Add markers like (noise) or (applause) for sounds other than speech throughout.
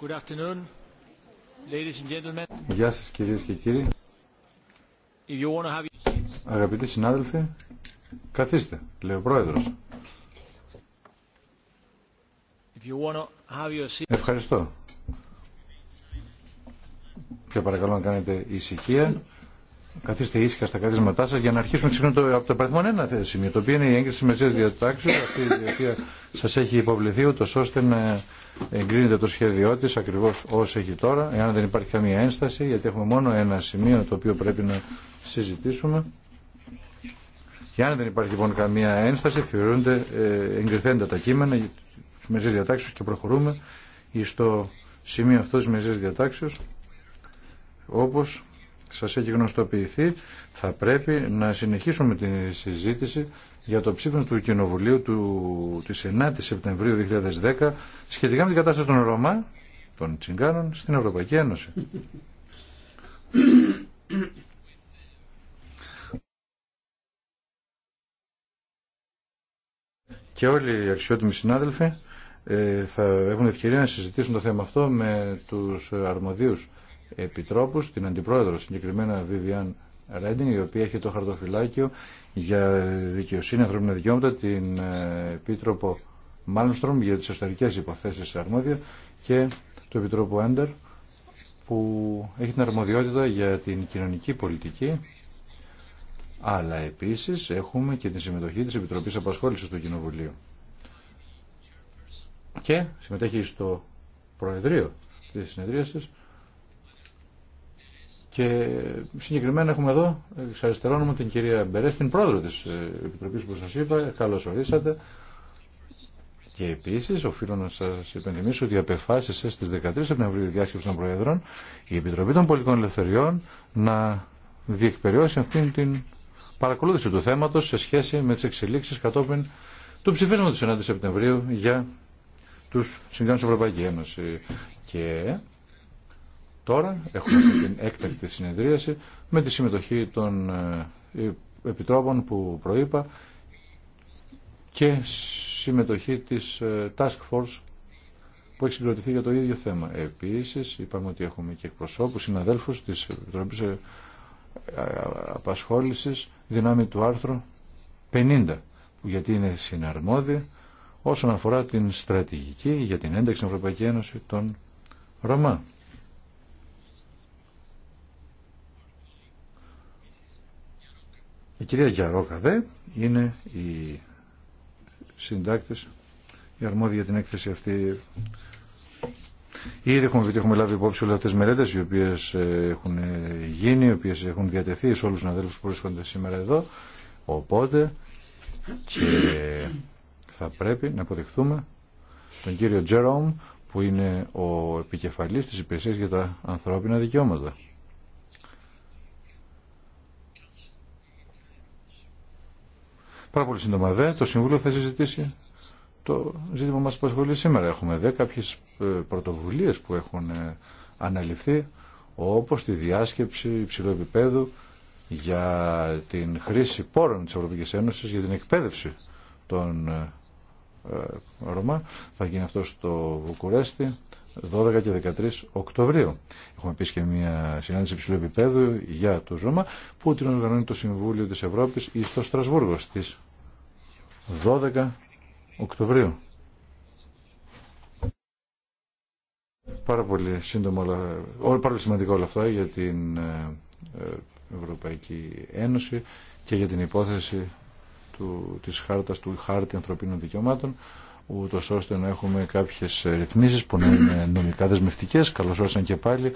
Good afternoon, ladies and gentlemen. Γεια σας κυρίες και κύριοι. If you want have... Αγαπητοί συνάδελφοι, καθίστε, λέει ο πρόεδρος. If you want to have your... Ευχαριστώ. Και παρακαλώ να κάνετε ησυχία καθίστε ήσυχα στα καθίσματά σα για να αρχίσουμε ξεκινούμε το, από το παρελθόν ένα σημείο, το οποίο είναι η έγκριση μεσαία διατάξεω, αυτή η οποία σα έχει υποβληθεί, ούτω ώστε να εγκρίνεται το σχέδιό τη ακριβώ όσο έχει τώρα, εάν δεν υπάρχει καμία ένσταση, γιατί έχουμε μόνο ένα σημείο το οποίο πρέπει να συζητήσουμε. Και αν δεν υπάρχει λοιπόν καμία ένσταση, θεωρούνται ε, εγκριθέντα τα κείμενα τη μεσαία διατάξεω και προχωρούμε στο σημείο αυτό τη μεσαία διατάξεω, όπω σας έχει γνωστοποιηθεί, θα πρέπει να συνεχίσουμε τη συζήτηση για το ψήφισμα του Κοινοβουλίου του, της 9 η Σεπτεμβρίου 2010 σχετικά με την κατάσταση των Ρωμά, των Τσιγκάνων, στην Ευρωπαϊκή Ένωση. Και όλοι οι αξιότιμοι συνάδελφοι ε, θα έχουν ευκαιρία να συζητήσουν το θέμα αυτό με τους αρμοδίους επιτρόπους, την αντιπρόεδρο συγκεκριμένα Vivian Ρέντινγκ, η οποία έχει το χαρτοφυλάκιο για δικαιοσύνη ανθρώπινα δικαιώματα, την ε, επίτροπο Μάλμστρομ για τις εσωτερικές υποθέσεις αρμόδια και το επιτρόπο Έντερ που έχει την αρμοδιότητα για την κοινωνική πολιτική αλλά επίσης έχουμε και τη συμμετοχή της Επιτροπής Απασχόλησης του Κοινοβουλίου και συμμετέχει στο Προεδρείο της συνεδρίασης και συγκεκριμένα έχουμε εδώ, εξ μου, την κυρία Μπερέ, την πρόεδρο της ε, Επιτροπής που σας είπα. Καλώς ορίσατε. Και επίση, οφείλω να σα υπενθυμίσω ότι απεφάσισε στι 13 Σεπτεμβρίου η διάσκεψη των Προέδρων η Επιτροπή των Πολιτικών Ελευθεριών να διεκπεριώσει αυτήν την παρακολούθηση του θέματο σε σχέση με τι εξελίξει κατόπιν του ψηφίσματο τη 9 Σεπτεμβρίου για του συγκάνου Ευρωπαϊκή Ένωση. Και Τώρα έχουμε αυτή την έκτακτη συνεδρίαση με τη συμμετοχή των ε, ε, επιτρόπων που προείπα και συμμετοχή της ε, Task Force που έχει συγκροτηθεί για το ίδιο θέμα. Επίσης είπαμε ότι έχουμε και εκπροσώπους, συναδέλφους της Επιτροπής Απασχόλησης δυνάμει του άρθρου 50 γιατί είναι συναρμόδιοι όσον αφορά την στρατηγική για την ένταξη στην Ευρωπαϊκή Ένωση των Ρωμά. Η κυρία Γιαρόκα δε είναι η συντάκτης, η αρμόδια για την έκθεση αυτή. Ήδη έχουμε, έχουμε λάβει υπόψη όλε αυτέ τι μελέτε οι οποίε ε, έχουν ε, γίνει, οι οποίε έχουν διατεθεί σε όλου του αδέλφου που βρίσκονται σήμερα εδώ. Οπότε θα πρέπει να αποδεχθούμε τον κύριο Τζέρομ που είναι ο επικεφαλής της υπηρεσίας για τα ανθρώπινα δικαιώματα. Πάρα πολύ σύντομα δε, το Συμβούλιο θα συζητήσει το ζήτημα που ασχολεί σήμερα. Έχουμε δε κάποιες ε, πρωτοβουλίες που έχουν ε, αναλυφθεί, όπως τη διάσκεψη υψηλού επίπεδου για την χρήση πόρων της Ευρωπαϊκής Ένωσης για την εκπαίδευση των ε, Ρωμά. Θα γίνει αυτό στο Βουκουρέστι 12 και 13 Οκτωβρίου. Έχουμε πει και μια συνάντηση υψηλού επίπεδου για το ζώμα που την οργανώνει το Συμβούλιο της Ευρώπης ή στο Στρασβούργο στις 12 Οκτωβρίου. Πάρα πολύ, σύντομα, όλα, πάρα πολύ σημαντικό όλα αυτά για την ε, ε, Ευρωπαϊκή Ένωση και για την υπόθεση του, της χάρτας του χάρτη ανθρωπίνων δικαιωμάτων ούτως ώστε να έχουμε κάποιες ρυθμίσεις που να είναι νομικά δεσμευτικές. Καλώς ήρθαν και πάλι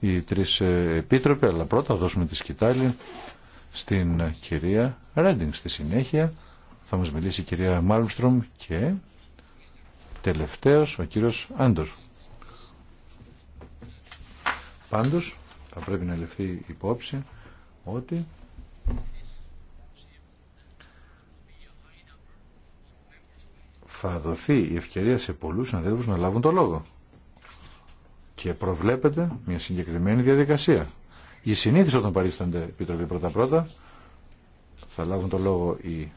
οι τρεις ε, επίτροποι, αλλά πρώτα θα δώσουμε τη σκητάλη στην ε, κυρία Ρέντινγκ. Στη συνέχεια θα μας μιλήσει η κυρία Μάλμστρομ και τελευταίος ο κύριος Άντορ. Πάντως θα πρέπει να λεφθεί υπόψη ότι θα δοθεί η ευκαιρία σε πολλούς συναδέλφους να λάβουν το λόγο. Και προβλέπεται μια συγκεκριμένη διαδικασία. Η συνήθω οταν όταν παρίστανται επιτροπή πρώτα-πρώτα θα λάβουν το λόγο οι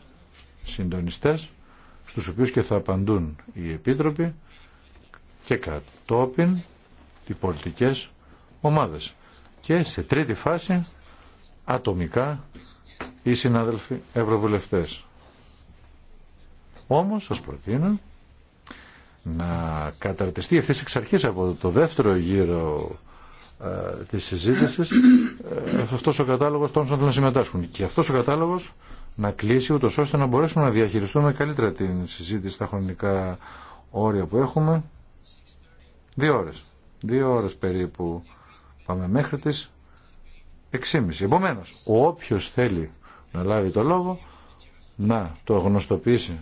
συντονιστές στους οποίους και θα απαντούν οι επίτροποι και κατόπιν οι πολιτικές ομάδες. Και σε τρίτη φάση ατομικά οι συνάδελφοι ευρωβουλευτές. Όμως σας προτείνω να καταρτιστεί ευθύ εξ αρχής από το δεύτερο γύρο ε, της συζήτησης ε, αυτός ο κατάλογος των όσων να συμμετάσχουν. Και αυτός ο κατάλογος να κλείσει ούτως ώστε να μπορέσουμε να διαχειριστούμε καλύτερα την συζήτηση στα χρονικά όρια που έχουμε. Δύο ώρες. Δύο ώρες περίπου πάμε μέχρι τις 6.30. Επομένω, όποιος θέλει να λάβει το λόγο, να το γνωστοποιήσει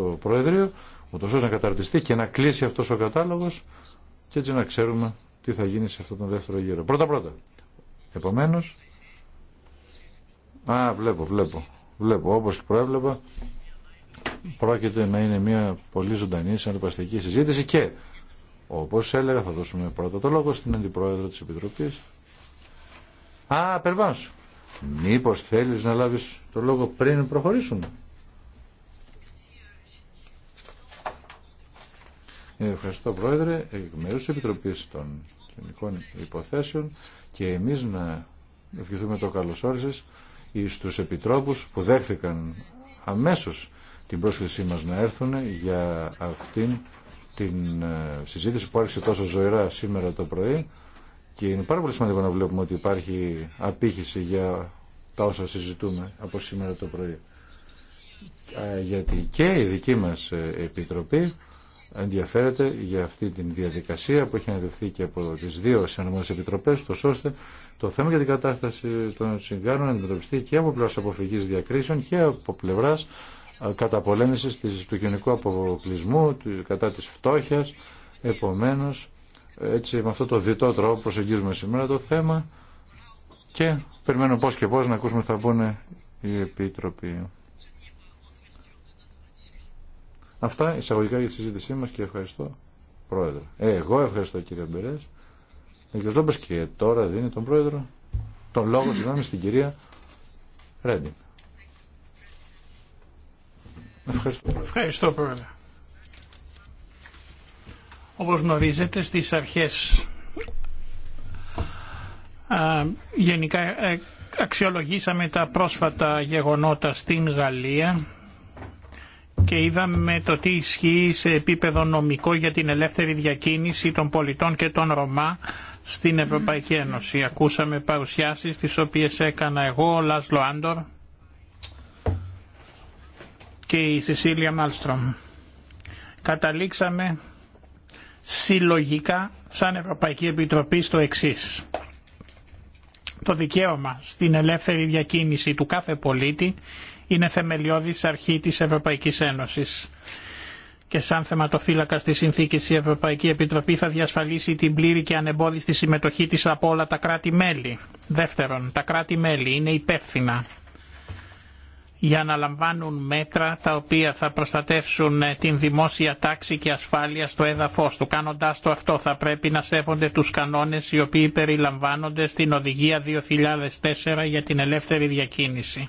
στο Προεδρείο, ούτω ώστε να καταρτιστεί και να κλείσει αυτό ο κατάλογο και έτσι να ξέρουμε τι θα γίνει σε αυτό τον δεύτερο γύρο. Πρώτα-πρώτα. Επομένω. Α, βλέπω, βλέπω. Βλέπω, Όπω προέβλεπα, πρόκειται να είναι μια πολύ ζωντανή συναρπαστική συζήτηση και, όπω έλεγα, θα δώσουμε πρώτα το λόγο στην Αντιπρόεδρο τη Επιτροπή. Α, Περβάνς, μήπως θέλεις να λάβεις το λόγο πριν προχωρήσουμε. Ευχαριστώ Πρόεδρε, εκ μέρους Επιτροπής των Κοινωνικών Υποθέσεων και εμείς να ευχηθούμε το καλώς όρισες στους επιτρόπους που δέχθηκαν αμέσως την πρόσκλησή μας να έρθουν για αυτήν την ε, συζήτηση που άρχισε τόσο ζωηρά σήμερα το πρωί και είναι πάρα πολύ σημαντικό να βλέπουμε ότι υπάρχει απήχηση για τα όσα συζητούμε από σήμερα το πρωί. Γιατί και η δική μας ε, Επιτροπή ενδιαφέρεται για αυτή την διαδικασία που έχει αναδευθεί και από τις δύο συνομόνες επιτροπές, ώστε το θέμα για την κατάσταση των συγκάνων να αντιμετωπιστεί και από πλευράς αποφυγής διακρίσεων και από πλευράς ε, καταπολέμησης του κοινωνικού αποκλεισμού, κατά της φτώχειας. Επομένως, έτσι με αυτό το διτό τρόπο προσεγγίζουμε σήμερα το θέμα και περιμένω πώς και πώς να ακούσουμε θα πούνε οι επίτροποι. Αυτά εισαγωγικά για τη συζήτησή μα και ευχαριστώ Πρόεδρε. Ε, εγώ ευχαριστώ κύριε Μπερές. Ο κ. και τώρα δίνει τον Πρόεδρο τον λόγο συγγνώμη στην κυρία Ρέντιν. Ευχαριστώ. Πρόεδρε. Όπως γνωρίζετε στι αρχές γενικά ε, αξιολογήσαμε τα πρόσφατα γεγονότα στην Γαλλία και είδαμε το τι ισχύει σε επίπεδο νομικό για την ελεύθερη διακίνηση των πολιτών και των Ρωμά στην Ευρωπαϊκή Ένωση. Ακούσαμε παρουσιάσεις τις οποίες έκανα εγώ, ο Λάσλο Άντορ και η Σισίλια Μάλστρομ. Καταλήξαμε συλλογικά σαν Ευρωπαϊκή Επιτροπή στο εξής. Το δικαίωμα στην ελεύθερη διακίνηση του κάθε πολίτη είναι θεμελιώδης αρχή της Ευρωπαϊκής Ένωσης. Και σαν θεματοφύλακα στη συνθήκη η Ευρωπαϊκή Επιτροπή θα διασφαλίσει την πλήρη και ανεμπόδιστη συμμετοχή της από όλα τα κράτη-μέλη. Δεύτερον, τα κράτη-μέλη είναι υπεύθυνα για να λαμβάνουν μέτρα τα οποία θα προστατεύσουν ε, την δημόσια τάξη και ασφάλεια στο έδαφος του. Κάνοντάς το αυτό θα πρέπει να σέβονται τους κανόνες οι οποίοι περιλαμβάνονται στην Οδηγία 2004 για την ελεύθερη διακίνηση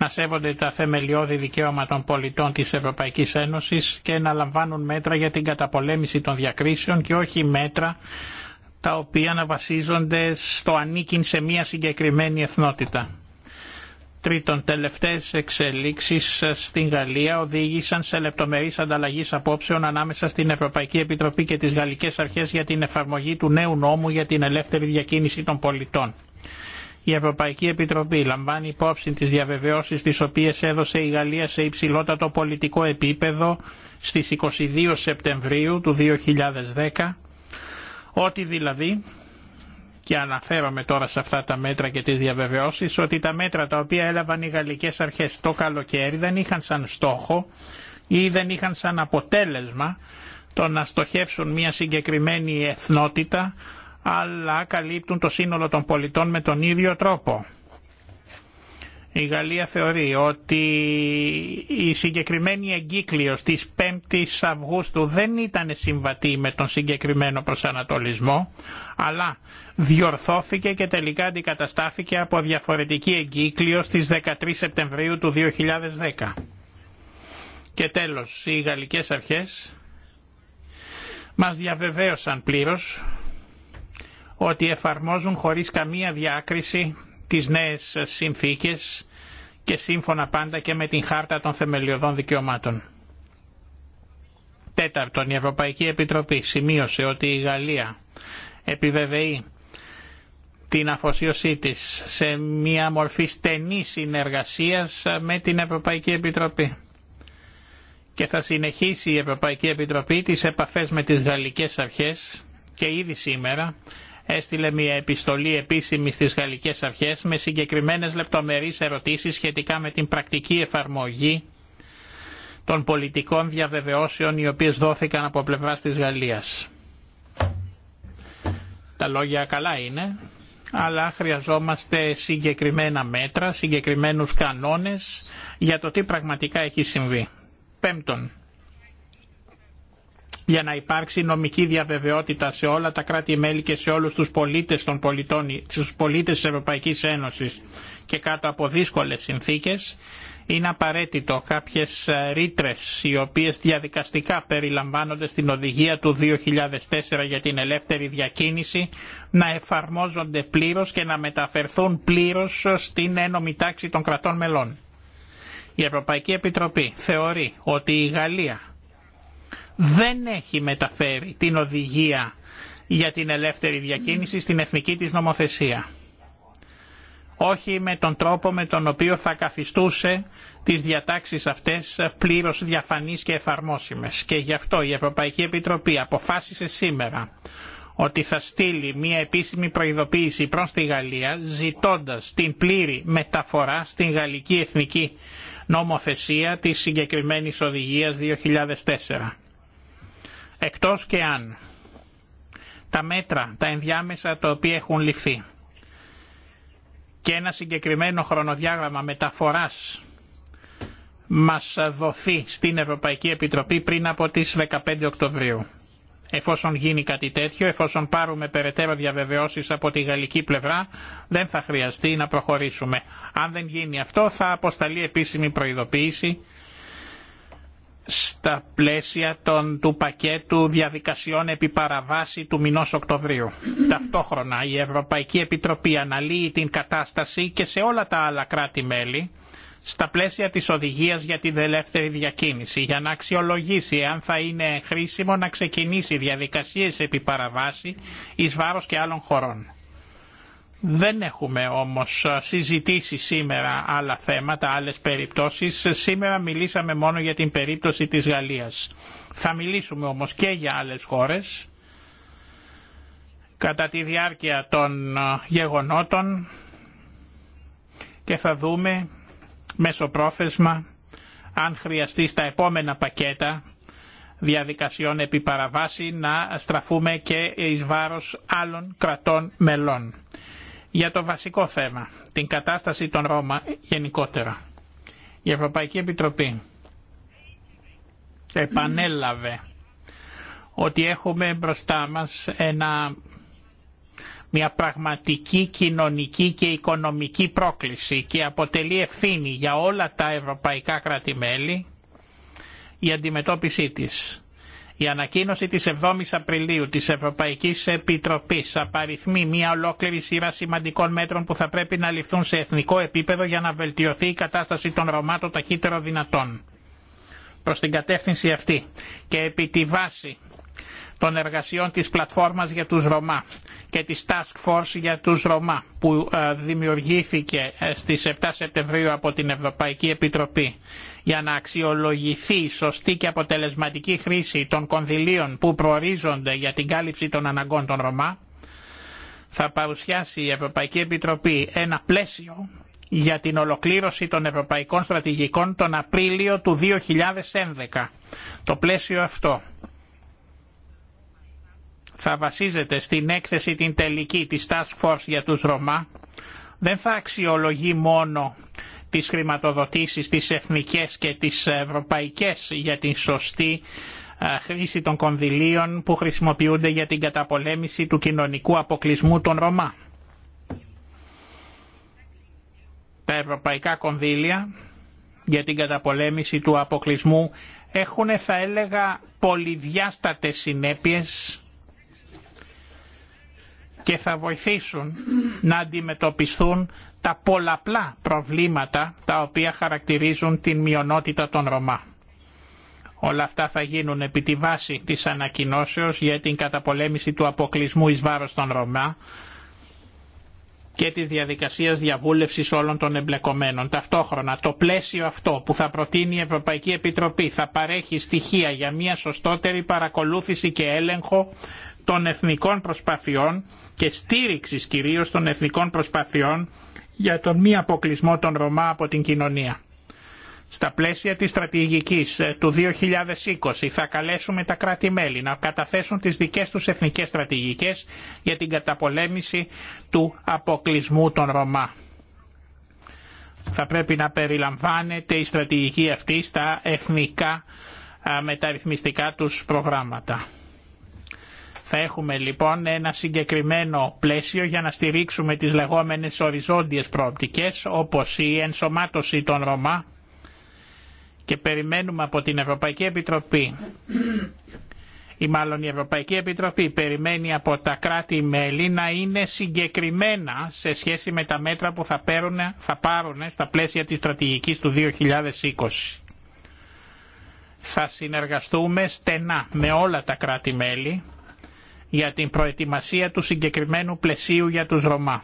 να σέβονται τα θεμελιώδη δικαίωμα των πολιτών της Ευρωπαϊκής Ένωσης και να λαμβάνουν μέτρα για την καταπολέμηση των διακρίσεων και όχι μέτρα τα οποία να βασίζονται στο ανήκειν σε μια συγκεκριμένη εθνότητα. Τρίτον, τελευταίες εξελίξεις στην Γαλλία οδήγησαν σε λεπτομερείς ανταλλαγής απόψεων ανάμεσα στην Ευρωπαϊκή Επιτροπή και τις Γαλλικές Αρχές για την εφαρμογή του νέου νόμου για την ελεύθερη διακίνηση των πολιτών. Η Ευρωπαϊκή Επιτροπή λαμβάνει υπόψη τις διαβεβαιώσεις τις οποίες έδωσε η Γαλλία σε υψηλότατο πολιτικό επίπεδο στις 22 Σεπτεμβρίου του 2010, ότι δηλαδή, και αναφέρομαι τώρα σε αυτά τα μέτρα και τις διαβεβαιώσεις, ότι τα μέτρα τα οποία έλαβαν οι γαλλικές αρχές το καλοκαίρι δεν είχαν σαν στόχο ή δεν είχαν σαν αποτέλεσμα το να στοχεύσουν μια συγκεκριμένη εθνότητα αλλά καλύπτουν το σύνολο των πολιτών με τον ίδιο τρόπο. Η Γαλλία θεωρεί ότι η συγκεκριμένη εγκύκλειος της 5ης Αυγούστου δεν ήταν συμβατή με τον συγκεκριμένο προσανατολισμό, αλλά διορθώθηκε και τελικά αντικαταστάθηκε από διαφορετική εγκύκλειος της 13 Σεπτεμβρίου του 2010. Και τέλος, οι γαλλικές αρχές μας διαβεβαίωσαν πλήρως ότι εφαρμόζουν χωρίς καμία διάκριση τις νέες συνθήκες και σύμφωνα πάντα και με την Χάρτα των Θεμελιωδών Δικαιωμάτων. Τέταρτον, η Ευρωπαϊκή Επιτροπή σημείωσε ότι η Γαλλία επιβεβαιεί την αφοσίωσή της σε μια μορφή στενή συνεργασίας με την Ευρωπαϊκή Επιτροπή και θα συνεχίσει η Ευρωπαϊκή Επιτροπή τις επαφές με τις γαλλικές αρχές και ήδη σήμερα έστειλε μια επιστολή επίσημη στις γαλλικές αρχές με συγκεκριμένες λεπτομερείς ερωτήσεις σχετικά με την πρακτική εφαρμογή των πολιτικών διαβεβαιώσεων οι οποίες δόθηκαν από πλευρά της Γαλλίας. Τα λόγια καλά είναι, αλλά χρειαζόμαστε συγκεκριμένα μέτρα, συγκεκριμένους κανόνες για το τι πραγματικά έχει συμβεί. Πέμπτον, για να υπάρξει νομική διαβεβαιότητα σε όλα τα κράτη-μέλη και σε όλους τους πολίτες, των πολιτών, της Ευρωπαϊκής Ένωσης και κάτω από δύσκολες συνθήκες, είναι απαραίτητο κάποιες ε, ρήτρε οι οποίες διαδικαστικά περιλαμβάνονται στην οδηγία του 2004 για την ελεύθερη διακίνηση να εφαρμόζονται πλήρως και να μεταφερθούν πλήρως στην ένωμη τάξη των κρατών μελών. Η Ευρωπαϊκή Επιτροπή θεωρεί ότι η Γαλλία δεν έχει μεταφέρει την οδηγία για την ελεύθερη διακίνηση στην εθνική της νομοθεσία. Όχι με τον τρόπο με τον οποίο θα καθιστούσε τις διατάξεις αυτές πλήρως διαφανείς και εφαρμόσιμες. Και γι' αυτό η Ευρωπαϊκή Επιτροπή αποφάσισε σήμερα ότι θα στείλει μια επίσημη προειδοποίηση προς τη Γαλλία ζητώντας την πλήρη μεταφορά στην γαλλική εθνική νομοθεσία της συγκεκριμένης οδηγίας 2004. Εκτός και αν τα μέτρα, τα ενδιάμεσα τα οποία έχουν ληφθεί και ένα συγκεκριμένο χρονοδιάγραμμα μεταφοράς μας δοθεί στην Ευρωπαϊκή Επιτροπή πριν από τις 15 Οκτωβρίου. Εφόσον γίνει κάτι τέτοιο, εφόσον πάρουμε περαιτέρω διαβεβαιώσεις από τη γαλλική πλευρά, δεν θα χρειαστεί να προχωρήσουμε. Αν δεν γίνει αυτό θα αποσταλεί επίσημη προειδοποίηση στα πλαίσια των, του πακέτου διαδικασιών επί παραβάση του μηνός Οκτωβρίου. Ταυτόχρονα η Ευρωπαϊκή Επιτροπή αναλύει την κατάσταση και σε όλα τα άλλα κράτη-μέλη στα πλαίσια της οδηγίας για την ελεύθερη διακίνηση για να αξιολογήσει αν θα είναι χρήσιμο να ξεκινήσει διαδικασίες επί παραβάση εις βάρος και άλλων χωρών. Δεν έχουμε όμως ε, συζητήσει σήμερα άλλα θέματα, άλλες περιπτώσεις. Σήμερα μιλήσαμε μόνο για την περίπτωση της Γαλλίας. Θα μιλήσουμε όμως και για άλλες χώρες. Κατά τη διάρκεια των ε, γεγονότων και θα δούμε μεσοπρόθεσμα αν χρειαστεί στα επόμενα πακέτα διαδικασιών επί να στραφούμε και εις βάρος άλλων κρατών μελών για το βασικό θέμα, την κατάσταση των Ρώμα γενικότερα. Η Ευρωπαϊκή Επιτροπή επανέλαβε ότι έχουμε μπροστά μας ένα, μια πραγματική κοινωνική και οικονομική πρόκληση και αποτελεί ευθύνη για όλα τα ευρωπαϊκά κράτη-μέλη η αντιμετώπιση της. Η ανακοίνωση της 7ης Απριλίου της Ευρωπαϊκής Επιτροπής απαριθμεί μια ολόκληρη σειρά σημαντικών μέτρων που θα πρέπει να ληφθούν σε εθνικό επίπεδο για να βελτιωθεί η κατάσταση των Ρωμά το ταχύτερο δυνατόν. Προς την κατεύθυνση αυτή και επί τη βάση των εργασιών της πλατφόρμας για τους Ρωμά και της Task Force για τους Ρωμά που ε, δημιουργήθηκε ε, στις 7 Σεπτεμβρίου από την Ευρωπαϊκή Επιτροπή για να αξιολογηθεί η σωστή και αποτελεσματική χρήση των κονδυλίων που προορίζονται για την κάλυψη των αναγκών των Ρωμά, θα παρουσιάσει η Ευρωπαϊκή Επιτροπή ένα πλαίσιο για την ολοκλήρωση των ευρωπαϊκών στρατηγικών τον Απρίλιο του 2011. Το πλαίσιο αυτό θα βασίζεται στην έκθεση την τελική της Task Force για τους Ρωμά, δεν θα αξιολογεί μόνο τις χρηματοδοτήσεις τις εθνικές και τις ευρωπαϊκές για την σωστή χρήση των κονδυλίων που χρησιμοποιούνται για την καταπολέμηση του κοινωνικού αποκλεισμού των Ρωμά. Τα ευρωπαϊκά κονδύλια για την καταπολέμηση του αποκλεισμού έχουν θα έλεγα πολυδιάστατες συνέπειες και θα βοηθήσουν να αντιμετωπιστούν τα πολλαπλά προβλήματα τα οποία χαρακτηρίζουν την μειονότητα των Ρωμά. Όλα αυτά θα γίνουν επί τη βάση της ανακοινώσεως για την καταπολέμηση του αποκλεισμού εις βάρος των Ρωμά και της διαδικασίας διαβούλευσης όλων των εμπλεκομένων. Ταυτόχρονα το πλαίσιο αυτό που θα προτείνει η Ευρωπαϊκή Επιτροπή θα παρέχει στοιχεία για μια σωστότερη παρακολούθηση και έλεγχο των εθνικών προσπαθειών και στήριξη κυρίως των εθνικών προσπαθειών για τον μη αποκλεισμό των Ρωμά από την κοινωνία. Στα πλαίσια της στρατηγικής ε, του 2020 θα καλέσουμε τα κράτη-μέλη να καταθέσουν τις δικές τους εθνικές στρατηγικές για την καταπολέμηση του αποκλεισμού των Ρωμά. Θα πρέπει να περιλαμβάνεται η στρατηγική αυτή στα εθνικά μεταρρυθμιστικά τους προγράμματα. Θα έχουμε λοιπόν ένα συγκεκριμένο πλαίσιο για να στηρίξουμε τις λεγόμενες οριζόντιες προοπτικές όπως η ενσωμάτωση των Ρωμά και περιμένουμε από την Ευρωπαϊκή Επιτροπή ή μάλλον η Ευρωπαϊκή Επιτροπή περιμένει από τα κράτη-μέλη να είναι συγκεκριμένα σε σχέση με τα μέτρα που θα, πάρουν, θα πάρουν στα πλαίσια της στρατηγικής του 2020. Θα συνεργαστούμε στενά με όλα τα κράτη-μέλη για την προετοιμασία του συγκεκριμένου πλαισίου για τους Ρωμά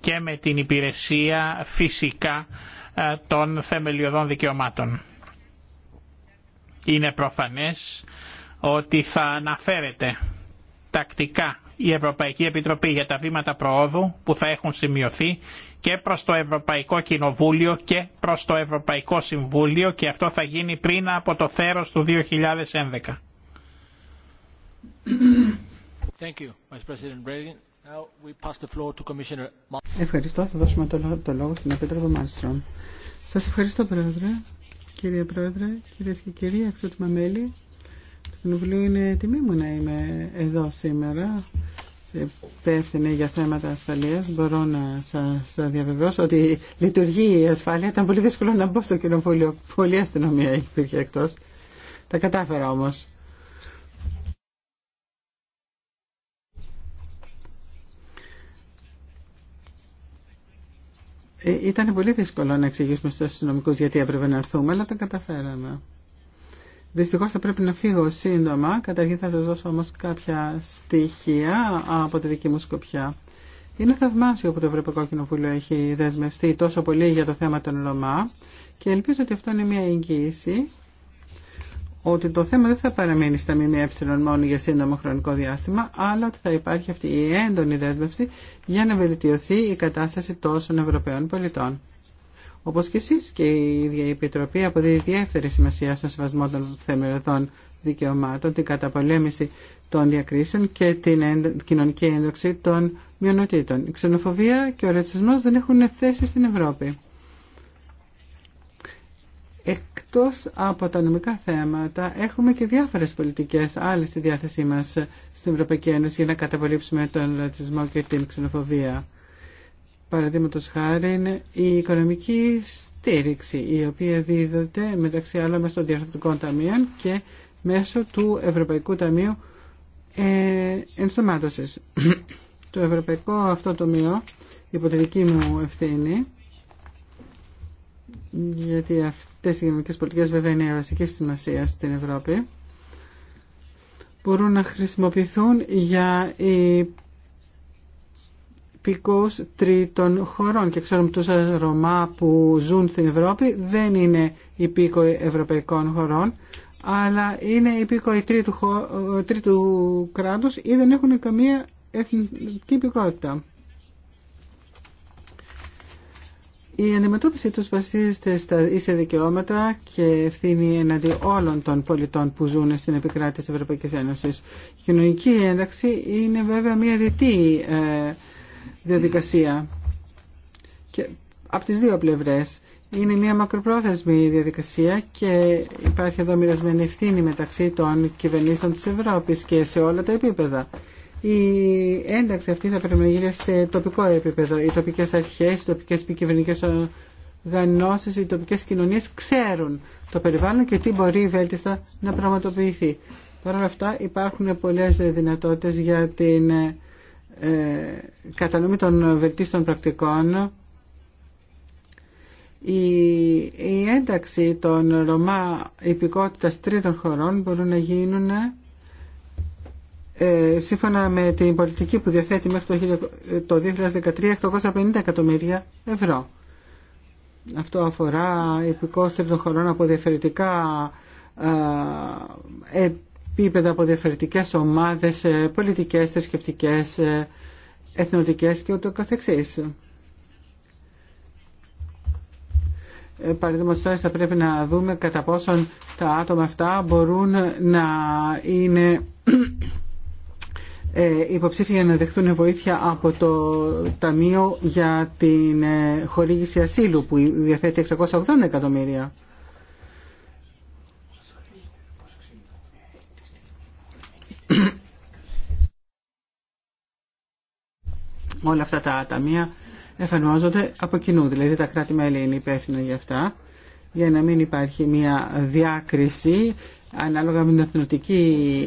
και με την υπηρεσία φυσικά ε, των θεμελιωδών δικαιωμάτων. Είναι προφανές ότι θα αναφέρεται τακτικά η Ευρωπαϊκή Επιτροπή για τα βήματα προόδου που θα έχουν σημειωθεί και προς το Ευρωπαϊκό Κοινοβούλιο και προς το Ευρωπαϊκό Συμβούλιο και αυτό θα γίνει πριν από το θέρος του 2011. Ευχαριστώ. Θα δώσουμε το, το λόγο στην Επίτροπο Μάλστρομ. Σα ευχαριστώ, Πρόεδρε. Κύριε Πρόεδρε, κυρίες και κύριοι, αξιότιμα μέλη του Κοινοβουλίου, είναι τιμή μου να είμαι εδώ σήμερα σε υπεύθυνη για θέματα ασφαλεία. Μπορώ να σα διαβεβαιώσω ότι λειτουργεί η ασφάλεια. Ήταν πολύ δύσκολο να μπω στο κοινοβούλιο. Πολύ αστυνομία υπήρχε εκτό. Τα κατάφερα όμω. Ε, ήταν πολύ δύσκολο να εξηγήσουμε στους αστυνομικούς γιατί έπρεπε να έρθουμε, αλλά τα καταφέραμε. Δυστυχώς θα πρέπει να φύγω σύντομα. Καταρχήν θα σας δώσω όμως κάποια στοιχεία από τη δική μου σκοπιά. Είναι θαυμάσιο που το Ευρωπαϊκό Κοινοβούλιο έχει δεσμευτεί τόσο πολύ για το θέμα των Ρωμά και ελπίζω ότι αυτό είναι μια εγγύηση ότι το θέμα δεν θα παραμείνει στα ΜΜΕ μόνο για σύντομο χρονικό διάστημα, αλλά ότι θα υπάρχει αυτή η έντονη δέσμευση για να βελτιωθεί η κατάσταση τόσων Ευρωπαίων πολιτών. Όπω και εσεί και η ίδια η Επιτροπή αποδίδει ιδιαίτερη σημασία στον σεβασμό των θεμελιωδών δικαιωμάτων, την καταπολέμηση των διακρίσεων και την κοινωνική ένδοξη των μειονοτήτων. Η ξενοφοβία και ο ρατσισμό δεν έχουν θέση στην Ευρώπη. Εκτός από τα νομικά θέματα έχουμε και διάφορες πολιτικές άλλες στη διάθεσή μας στην Ευρωπαϊκή Ένωση για να καταπολύψουμε τον ρατσισμό και την ξενοφοβία. Παραδείγματο χάρη είναι η οικονομική στήριξη η οποία δίδεται μεταξύ άλλων μέσω των διαφορετικών ταμείων και μέσω του Ευρωπαϊκού Ταμείου ε, Ενσωμάτωσης. το Ευρωπαϊκό αυτό τομείο, υπό μου ευθύνη, γιατί Αυτές οι πολιτικέ πολιτικές βέβαια είναι βασική σημασία στην Ευρώπη. Μπορούν να χρησιμοποιηθούν για υπηκούς τρίτων χωρών και ξέρουμε τους Ρωμά που ζουν στην Ευρώπη δεν είναι υπήκοοι ευρωπαϊκών χωρών αλλά είναι υπήκοοι τρίτου, τρίτου κράτους ή δεν έχουν καμία εθνική υπηκότητα. Η αντιμετώπιση τους βασίζεται στα ίσια δικαιώματα και ευθύνη εναντί όλων των πολιτών που ζουν στην επικράτηση της Ευρωπαϊκής Ένωσης. Η κοινωνική ένταξη είναι βέβαια μια διτή ε, διαδικασία και από τις δύο πλευρές. Είναι μια μακροπρόθεσμη διαδικασία και υπάρχει εδώ μοιρασμένη ευθύνη μεταξύ των κυβερνήσεων της Ευρώπης και σε όλα τα επίπεδα η ένταξη αυτή θα πρέπει να γίνει σε τοπικό επίπεδο. Οι τοπικές αρχές, οι τοπικές κυβερνικές οργανώσεις, οι τοπικές κοινωνίες ξέρουν το περιβάλλον και τι μπορεί βέλτιστα να πραγματοποιηθεί. Παρ' όλα αυτά υπάρχουν πολλές δυνατότητες για την ε, κατανομή των βελτίστων πρακτικών. Η, η ένταξη των Ρωμά υπηκότητας τρίτων χωρών μπορούν να γίνουν ε, σύμφωνα με την πολιτική που διαθέτει μέχρι το 2013 850 ε, εκατομμύρια ευρώ. Αυτό αφορά υπηκός χωρών από διαφορετικά ε, επίπεδα, από διαφορετικές ομάδες, πολιτικές, θρησκευτικέ, εθνοτικές και ούτω καθεξής. Παραδείγματος θα πρέπει να δούμε κατά πόσον τα άτομα αυτά μπορούν να είναι ε, υποψήφια υποψήφια να δεχτούν βοήθεια από το Ταμείο για την ε, χορήγηση ασύλου που διαθέτει 680 εκατομμύρια. Όλα αυτά τα ταμεία εφαρμόζονται από κοινού, δηλαδή τα κράτη-μέλη είναι υπεύθυνα για αυτά, για να μην υπάρχει μια διάκριση ανάλογα με την εθνοτική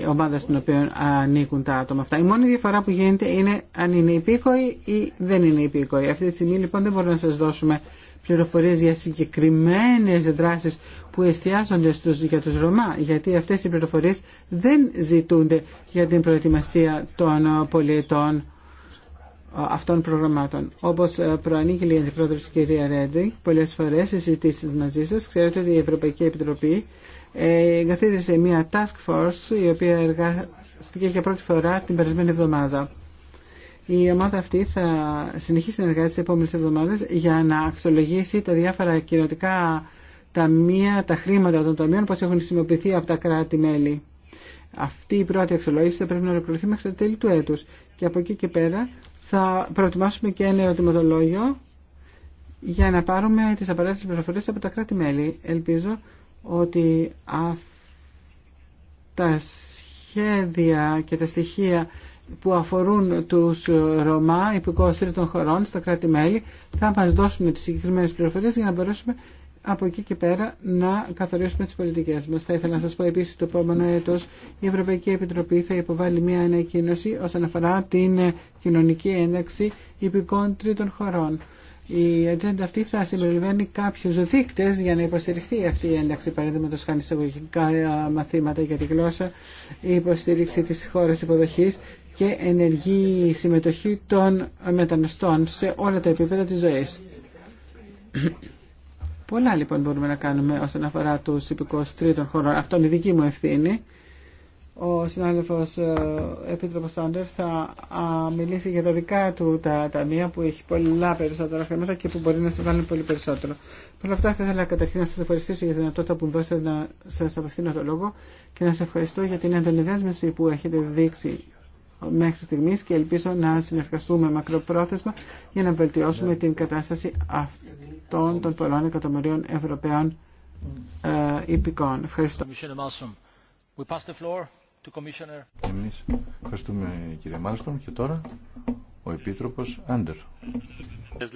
ομάδα στην οποία ανήκουν τα άτομα αυτά. Η μόνη διαφορά που γίνεται είναι αν είναι υπήκοοι ή δεν είναι υπήκοοι. Αυτή τη στιγμή λοιπόν δεν μπορούμε να σας δώσουμε πληροφορίες για συγκεκριμένες δράσεις που εστιάζονται στους, για τους Ρωμά, γιατί αυτές οι πληροφορίες δεν ζητούνται για την προετοιμασία των πολιτών ε, αυτών προγραμμάτων. Όπως ε, προανήκει η Αντιπρόεδρος κυρία Ρέντρινγκ, πολλές φορές στις συζητήσεις μαζί σας, ξέρετε ότι η Ευρωπαϊκή Επιτροπή εγκαθίδρυσε μια task force η οποία εργάστηκε για πρώτη φορά την περασμένη εβδομάδα. Η ομάδα αυτή θα συνεχίσει να εργάζεται τις επόμενες εβδομάδες για να αξιολογήσει τα διάφορα κοινωτικά ταμεία, τα χρήματα των ταμείων, που έχουν χρησιμοποιηθεί από τα κράτη-μέλη. Αυτή η πρώτη αξιολόγηση θα πρέπει να ολοκληρωθεί μέχρι το τέλη του έτους. Και από εκεί και πέρα θα προετοιμάσουμε και ένα ερωτηματολόγιο για να πάρουμε τις απαραίτητες πληροφορίες από τα κράτη-μέλη. Ελπίζω ότι τα σχέδια και τα στοιχεία που αφορούν τους Ρωμά υπηκόους τρίτων χωρών στα κράτη-μέλη θα μας δώσουν τις συγκεκριμένες πληροφορίες για να μπορέσουμε από εκεί και πέρα να καθορίσουμε τις πολιτικές μας. Θα ήθελα να σας πω επίσης το επόμενο έτος η Ευρωπαϊκή Επιτροπή θα υποβάλει μια ανακοίνωση όσον αφορά την κοινωνική ένταξη υπηκών τρίτων χωρών η ατζέντα αυτή θα συμπεριλαμβάνει κάποιου δείκτε για να υποστηριχθεί αυτή η ένταξη. Παραδείγματο, χάνει εισαγωγικά ε, μαθήματα για τη γλώσσα, η υποστήριξη τη χώρα υποδοχή και ενεργή συμμετοχή των μεταναστών σε όλα τα επίπεδα τη ζωή. Πολλά λοιπόν μπορούμε να κάνουμε όσον αφορά του υπηκόου τρίτων χωρών. Αυτό είναι η δική μου ευθύνη ο συνάδελφος ε, Επίτροπος Άντερ θα μιλήσει για τα δικά του τα ταμεία που έχει πολλά περισσότερα χρήματα και που μπορεί να συμβάλλουν πολύ περισσότερο. Παρ' όλα αυτά θα ήθελα καταρχήν να σας ευχαριστήσω για τη δυνατότητα που μου δώσετε να σας απευθύνω το λόγο και να σας ευχαριστώ για την δέσμευση που έχετε δείξει μέχρι στιγμής και ελπίζω να συνεργαστούμε μακροπρόθεσμα για να βελτιώσουμε την κατάσταση αυτών των πολλών εκατομμυρίων Ευρωπαίων ε, υπηκών. Ευχαριστώ. We pass the floor. Εμείς ευχαριστούμε κύριε Μάλστον και τώρα ο Επίτροπος Άντερ. Uh,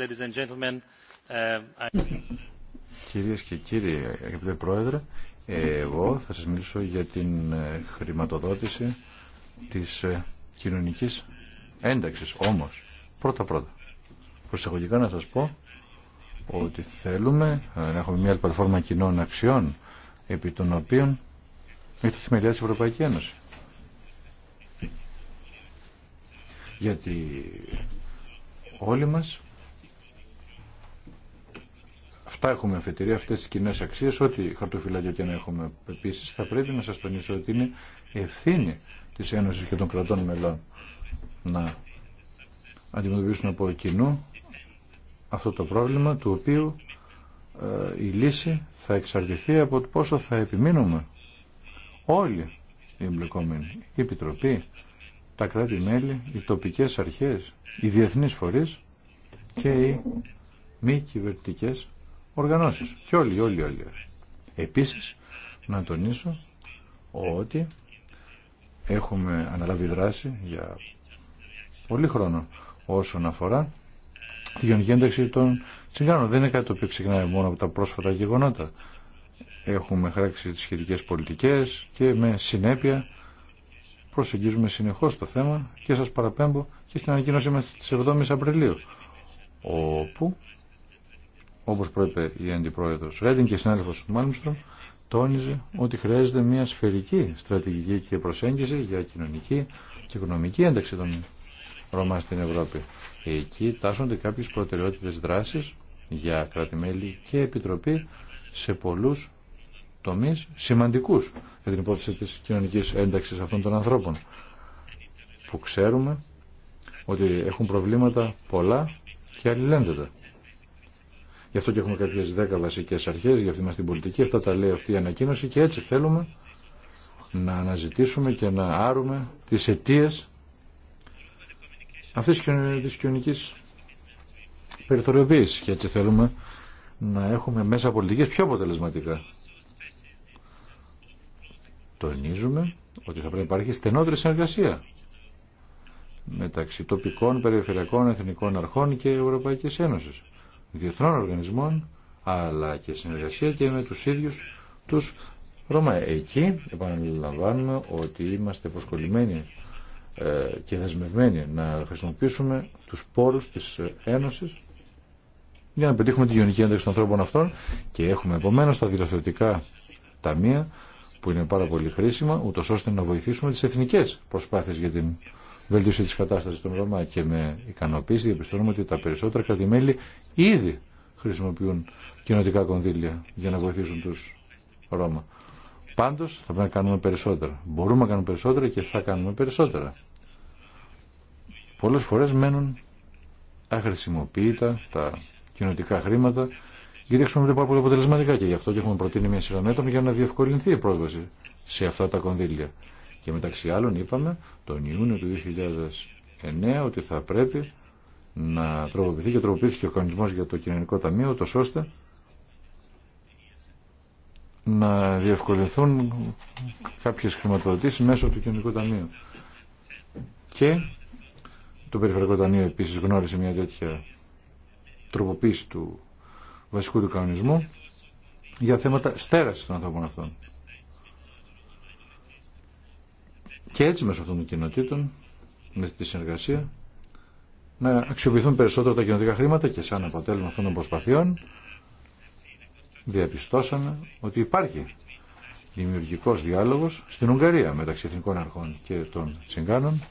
Κυρίες και κύριοι, αγαπητέ Πρόεδρε, εγώ θα σας μιλήσω για την ε, χρηματοδότηση της ε, κοινωνικής ένταξης. Όμως, πρώτα-πρώτα, Προσεχωγικά να σας πω ότι θέλουμε ε, να έχουμε μια πλατφόρμα κοινών αξιών επί των οποίων έχει τη θεμελιά της Ευρωπαϊκή Ένωση. γιατί όλοι μας αυτά έχουμε αφετηρία, αυτές τις κοινέ αξίες, ό,τι χαρτοφυλάκια και να έχουμε. επίση, θα πρέπει να σας τονίσω ότι είναι ευθύνη της Ένωσης και των κρατών μελών να αντιμετωπίσουν από κοινού αυτό το πρόβλημα του οποίου ε, η λύση θα εξαρτηθεί από το πόσο θα επιμείνουμε όλοι οι εμπλεκόμενοι, η Επιτροπή, τα κράτη-μέλη, οι τοπικές αρχές, οι διεθνείς φορείς και οι μη κυβερνητικέ οργανώσεις. Και όλοι, όλοι, όλοι. Επίσης, να τονίσω ότι έχουμε αναλάβει δράση για πολύ χρόνο όσον αφορά τη γενική ένταξη των τσιγκάνων. Δεν είναι κάτι το οποίο μόνο από τα πρόσφατα γεγονότα. Έχουμε χράξει τις σχετικές πολιτικές και με συνέπεια προσεγγίζουμε συνεχώ το θέμα και σα παραπέμπω και στην ανακοίνωσή μα τη 7 η Απριλίου όπου όπω προείπε η Αντιπρόεδρος Ρέντιν και συνάδελφο συνάδελφος Μάλμστρομ τόνιζε ότι χρειάζεται μια σφαιρική στρατηγική και προσέγγιση για κοινωνική και οικονομική ένταξη των Ρωμά στην Ευρώπη. Εκεί τάσσονται κάποιε προτεραιότητε δράση για κράτη-μέλη και επιτροπή σε πολλούς Τομεί, σημαντικούς για την υπόθεση τη κοινωνική ένταξης αυτών των ανθρώπων που ξέρουμε ότι έχουν προβλήματα πολλά και αλληλένδετα. Γι' αυτό και έχουμε κάποιες δέκα βασικέ αρχές, γι' αυτή μας την πολιτική, αυτά τα λέει αυτή η ανακοίνωση και έτσι θέλουμε να αναζητήσουμε και να άρουμε τις αιτίε αυτή τη κοινωνική περιθωριοποίηση. και έτσι θέλουμε να έχουμε μέσα πολιτικέ πιο αποτελεσματικά τονίζουμε ότι θα πρέπει να υπάρχει στενότερη συνεργασία μεταξύ τοπικών, περιφερειακών, εθνικών αρχών και Ευρωπαϊκής Ένωσης, διεθνών οργανισμών, αλλά και συνεργασία και με τους ίδιους τους Ρώμα. Εκεί επαναλαμβάνουμε ότι είμαστε προσκολλημένοι ε, και δεσμευμένοι να χρησιμοποιήσουμε τους πόρους της Ένωσης για να πετύχουμε την γενική ένταξη των ανθρώπων αυτών και έχουμε επομένως τα δηλωτικά ταμεία που είναι πάρα πολύ χρήσιμα, ούτω ώστε να βοηθήσουμε τι εθνικέ προσπάθειε για την βελτίωση τη κατάσταση των Ρωμά. Και με ικανοποίηση διαπιστώνουμε ότι τα περισσότερα κρατημέλη ήδη χρησιμοποιούν κοινοτικά κονδύλια για να βοηθήσουν του Ρώμα. Πάντω θα πρέπει να κάνουμε περισσότερα. Μπορούμε να κάνουμε περισσότερα και θα κάνουμε περισσότερα. Πολλέ φορέ μένουν αχρησιμοποιητά τα κοινοτικά χρήματα γιατί χρησιμοποιούνται πάρα πολύ αποτελεσματικά και γι' αυτό και έχουμε προτείνει μια σειρά μέτρων για να διευκολυνθεί η πρόσβαση σε αυτά τα κονδύλια. Και μεταξύ άλλων είπαμε τον Ιούνιο του 2009 ότι θα πρέπει να τροποποιηθεί και τροποποιήθηκε ο κανονισμό για το κοινωνικό ταμείο, τόσο ώστε να διευκολυνθούν κάποιες χρηματοδοτήσεις μέσω του κοινωνικού ταμείου. Και το Περιφερειακό Ταμείο επίσης γνώρισε μια τέτοια τροποποίηση του βασικού του κανονισμού για θέματα στέρασης των ανθρώπων αυτών. Και έτσι μέσω αυτών των κοινοτήτων, με τη συνεργασία, να αξιοποιηθούν περισσότερο τα κοινοτικά χρήματα και σαν αποτέλεσμα αυτών των προσπαθειών διαπιστώσαμε ότι υπάρχει δημιουργικός διάλογος στην Ουγγαρία μεταξύ εθνικών αρχών και των Τσιγκάνων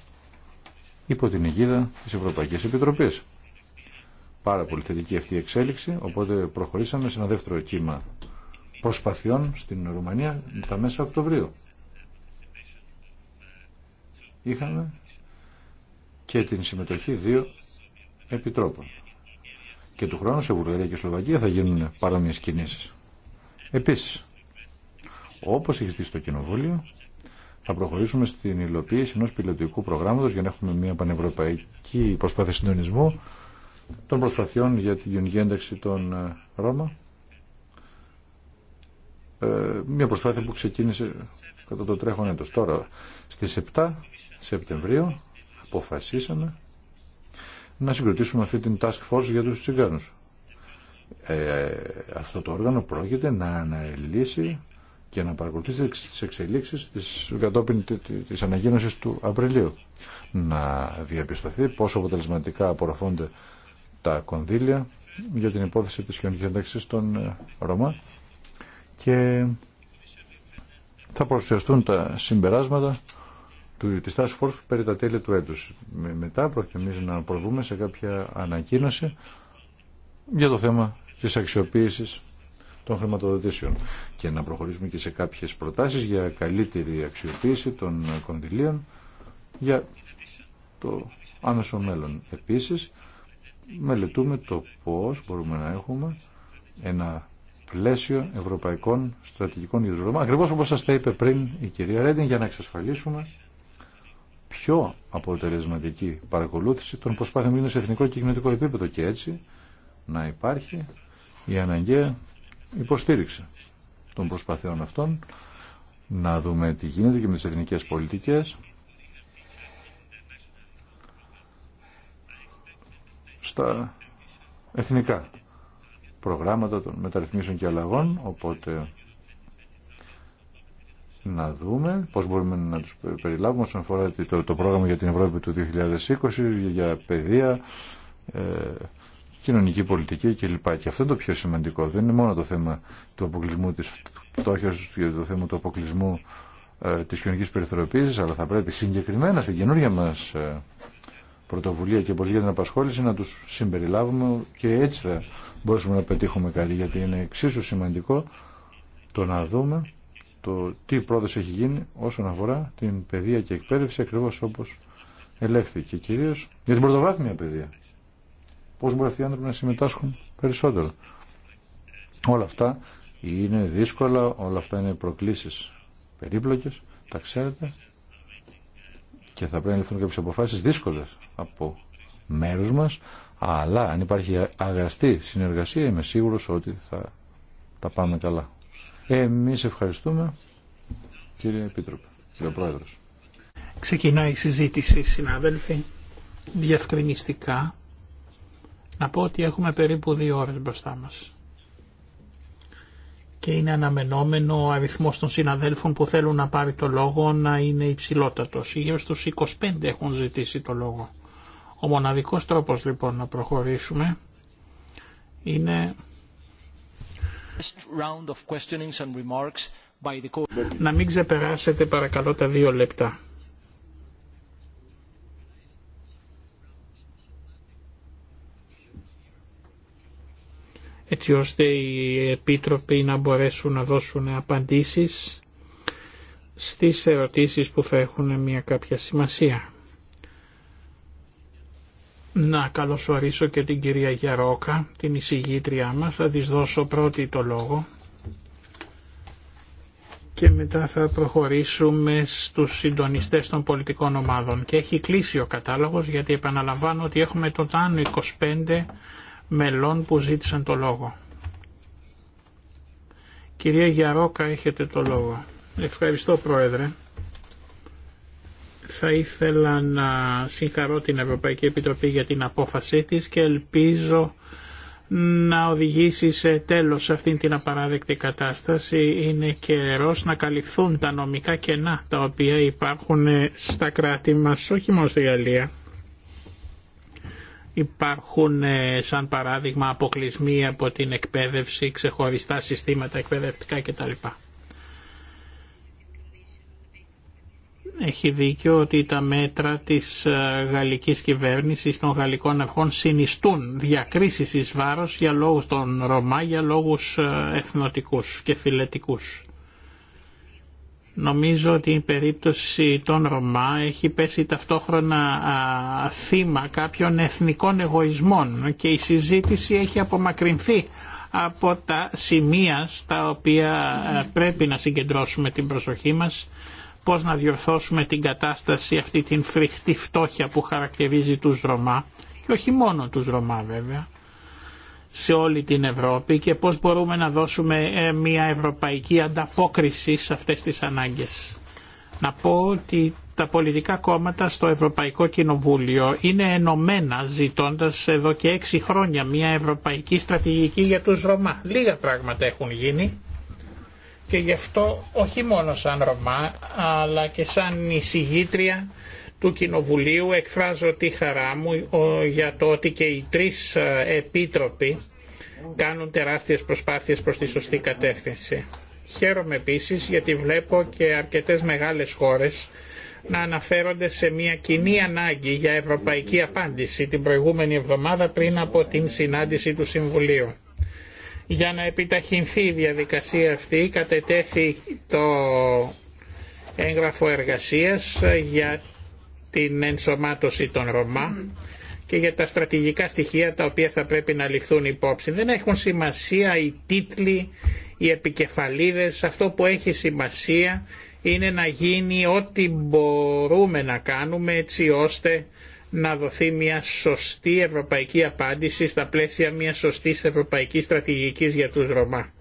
υπό την αιγίδα της Ευρωπαϊκής Επιτροπής πάρα πολύ θετική αυτή η εξέλιξη, οπότε προχωρήσαμε σε ένα δεύτερο κύμα προσπαθειών στην Ρουμανία τα μέσα Οκτωβρίου. Είχαμε και την συμμετοχή δύο επιτρόπων. Και του χρόνου σε Βουλγαρία και Σλοβακία θα γίνουν παρόμοιε κινήσει. Επίση, όπω έχει δει το Κοινοβούλιο, θα προχωρήσουμε στην υλοποίηση ενό πιλωτικού προγράμματο για να έχουμε μια πανευρωπαϊκή προσπάθεια συντονισμού των προσπαθειών για την γενική ένταξη των ε, Ρώμα. Ε, μια προσπάθεια που ξεκίνησε κατά το τρέχον έτος. Τώρα, στις 7 Σεπτεμβρίου αποφασίσαμε να συγκροτήσουμε αυτή την task force για τους τσιγκάνους. Ε, αυτό το όργανο πρόκειται να αναλύσει και να παρακολουθήσει τις εξελίξεις της, κατόπιν της του Απριλίου. Να διαπιστωθεί πόσο αποτελεσματικά απορροφώνται τα κονδύλια για την υπόθεση της κοινωνικής ένταξης των ε, Ρωμά και θα προσφερθούν τα συμπεράσματα του, της Task Force περί τα τέλη του έτους. μετά προκειμένου να προβούμε σε κάποια ανακοίνωση για το θέμα της αξιοποίησης των χρηματοδοτήσεων και να προχωρήσουμε και σε κάποιες προτάσεις για καλύτερη αξιοποίηση των κονδυλίων για το άμεσο μέλλον. Επίσης, μελετούμε το πώς μπορούμε να έχουμε ένα πλαίσιο ευρωπαϊκών στρατηγικών για Ακριβώς όπως σας τα είπε πριν η κυρία Ρέντιν για να εξασφαλίσουμε πιο αποτελεσματική παρακολούθηση των προσπάθειων που είναι σε εθνικό και κοινωνικό επίπεδο και έτσι να υπάρχει η αναγκαία υποστήριξη των προσπαθειών αυτών να δούμε τι γίνεται και με τις εθνικές πολιτικές στα εθνικά προγράμματα των μεταρρυθμίσεων και αλλαγών, οπότε να δούμε πώς μπορούμε να τους περιλάβουμε όσον αφορά το, το πρόγραμμα για την Ευρώπη του 2020, για παιδεία, ε, κοινωνική πολιτική κλπ. Και αυτό είναι το πιο σημαντικό. Δεν είναι μόνο το θέμα του αποκλεισμού της φτώχειας το θέμα του αποκλεισμού ε, της κοινωνικής περιθωριοποίησης, αλλά θα πρέπει συγκεκριμένα στην καινούργια μας ε, πρωτοβουλία και πολύ για την απασχόληση να τους συμπεριλάβουμε και έτσι θα μπορούμε να πετύχουμε κάτι γιατί είναι εξίσου σημαντικό το να δούμε το τι πρόοδος έχει γίνει όσον αφορά την παιδεία και εκπαίδευση ακριβώς όπως ελέγχθηκε και κυρίως για την πρωτοβάθμια παιδεία. Πώς μπορεί αυτοί οι άνθρωποι να συμμετάσχουν περισσότερο. Όλα αυτά είναι δύσκολα, όλα αυτά είναι προκλήσεις περίπλοκες, τα ξέρετε και θα πρέπει να ληφθούν κάποιες αποφάσεις δύσκολες από μέρους μας, αλλά αν υπάρχει αγαστή συνεργασία είμαι σίγουρος ότι θα τα πάμε καλά. Εμείς ευχαριστούμε κύριε Επίτροπε, κύριε Πρόεδρος. Ξεκινάει η συζήτηση συνάδελφοι, διευκρινιστικά. Να πω ότι έχουμε περίπου δύο ώρες μπροστά μας. Και είναι αναμενόμενο ο αριθμός των συναδέλφων που θέλουν να πάρει το λόγο να είναι υψηλότατος. Γύρω στους 25 έχουν ζητήσει το λόγο. Ο μοναδικός τρόπος λοιπόν να προχωρήσουμε είναι να μην ξεπεράσετε παρακαλώ τα δύο λεπτά. έτσι ώστε οι επίτροποι να μπορέσουν να δώσουν απαντήσεις στις ερωτήσεις που θα έχουν μια κάποια σημασία να καλωσορίσω και την κυρία Γιαρόκα, την εισηγήτριά μας. Θα της δώσω πρώτη το λόγο και μετά θα προχωρήσουμε στους συντονιστές των πολιτικών ομάδων. Και έχει κλείσει ο κατάλογος γιατί επαναλαμβάνω ότι έχουμε το τάνο 25 μελών που ζήτησαν το λόγο. Κυρία Γιαρόκα, έχετε το λόγο. Ευχαριστώ Πρόεδρε. Θα ήθελα να συγχαρώ την Ευρωπαϊκή Επιτροπή για την απόφασή της και ελπίζω να οδηγήσει σε τέλος αυτήν την απαράδεκτη κατάσταση. Είναι καιρός να καλυφθούν τα νομικά κενά τα οποία υπάρχουν στα κράτη μας, όχι μόνο στη Γαλλία. Υπάρχουν ε, σαν παράδειγμα αποκλεισμοί από την εκπαίδευση, ξεχωριστά συστήματα εκπαιδευτικά κτλ. έχει δίκιο ότι τα μέτρα της ε, γαλλικής κυβέρνησης των γαλλικών αρχών συνιστούν διακρίσεις εις βάρος για λόγους των Ρωμά, για λόγους ε, εθνοτικούς και φιλετικούς. Νομίζω ότι η περίπτωση των Ρωμά έχει πέσει ταυτόχρονα θύμα κάποιων εθνικών εγωισμών και η συζήτηση έχει απομακρυνθεί από τα σημεία στα οποία ε, πρέπει να συγκεντρώσουμε την προσοχή μας πώς να διορθώσουμε την κατάσταση αυτή την φρικτή φτώχεια που χαρακτηρίζει τους Ρωμά και όχι μόνο τους Ρωμά βέβαια σε όλη την Ευρώπη και πώς μπορούμε να δώσουμε ε, μια ευρωπαϊκή ανταπόκριση σε αυτές τις ανάγκες. Να πω ότι τα πολιτικά κόμματα στο Ευρωπαϊκό Κοινοβούλιο είναι ενωμένα ζητώντας εδώ και έξι χρόνια μια ευρωπαϊκή στρατηγική για τους Ρωμά. Λίγα πράγματα έχουν γίνει και γι' αυτό όχι μόνο σαν Ρωμά αλλά και σαν εισηγήτρια του Κοινοβουλίου εκφράζω τη χαρά μου για το ότι και οι τρεις ε, επίτροποι κάνουν τεράστιες προσπάθειες προς τη σωστή κατεύθυνση. Χαίρομαι επίσης γιατί βλέπω και αρκετές μεγάλες χώρες να αναφέρονται σε μια κοινή ανάγκη για ευρωπαϊκή απάντηση την προηγούμενη εβδομάδα πριν από την συνάντηση του Συμβουλίου. Για να επιταχυνθεί η διαδικασία αυτή κατετέθη το έγγραφο εργασίας για την ενσωμάτωση των Ρωμά και για τα στρατηγικά στοιχεία τα οποία θα πρέπει να ληφθούν υπόψη. Δεν έχουν σημασία οι τίτλοι, οι επικεφαλίδες, αυτό που έχει σημασία είναι να γίνει ό,τι μπορούμε να κάνουμε έτσι ώστε να δοθεί μια σωστή ευρωπαϊκή απάντηση στα πλαίσια μια σωστή ευρωπαϊκή στρατηγικής για τους Ρωμά.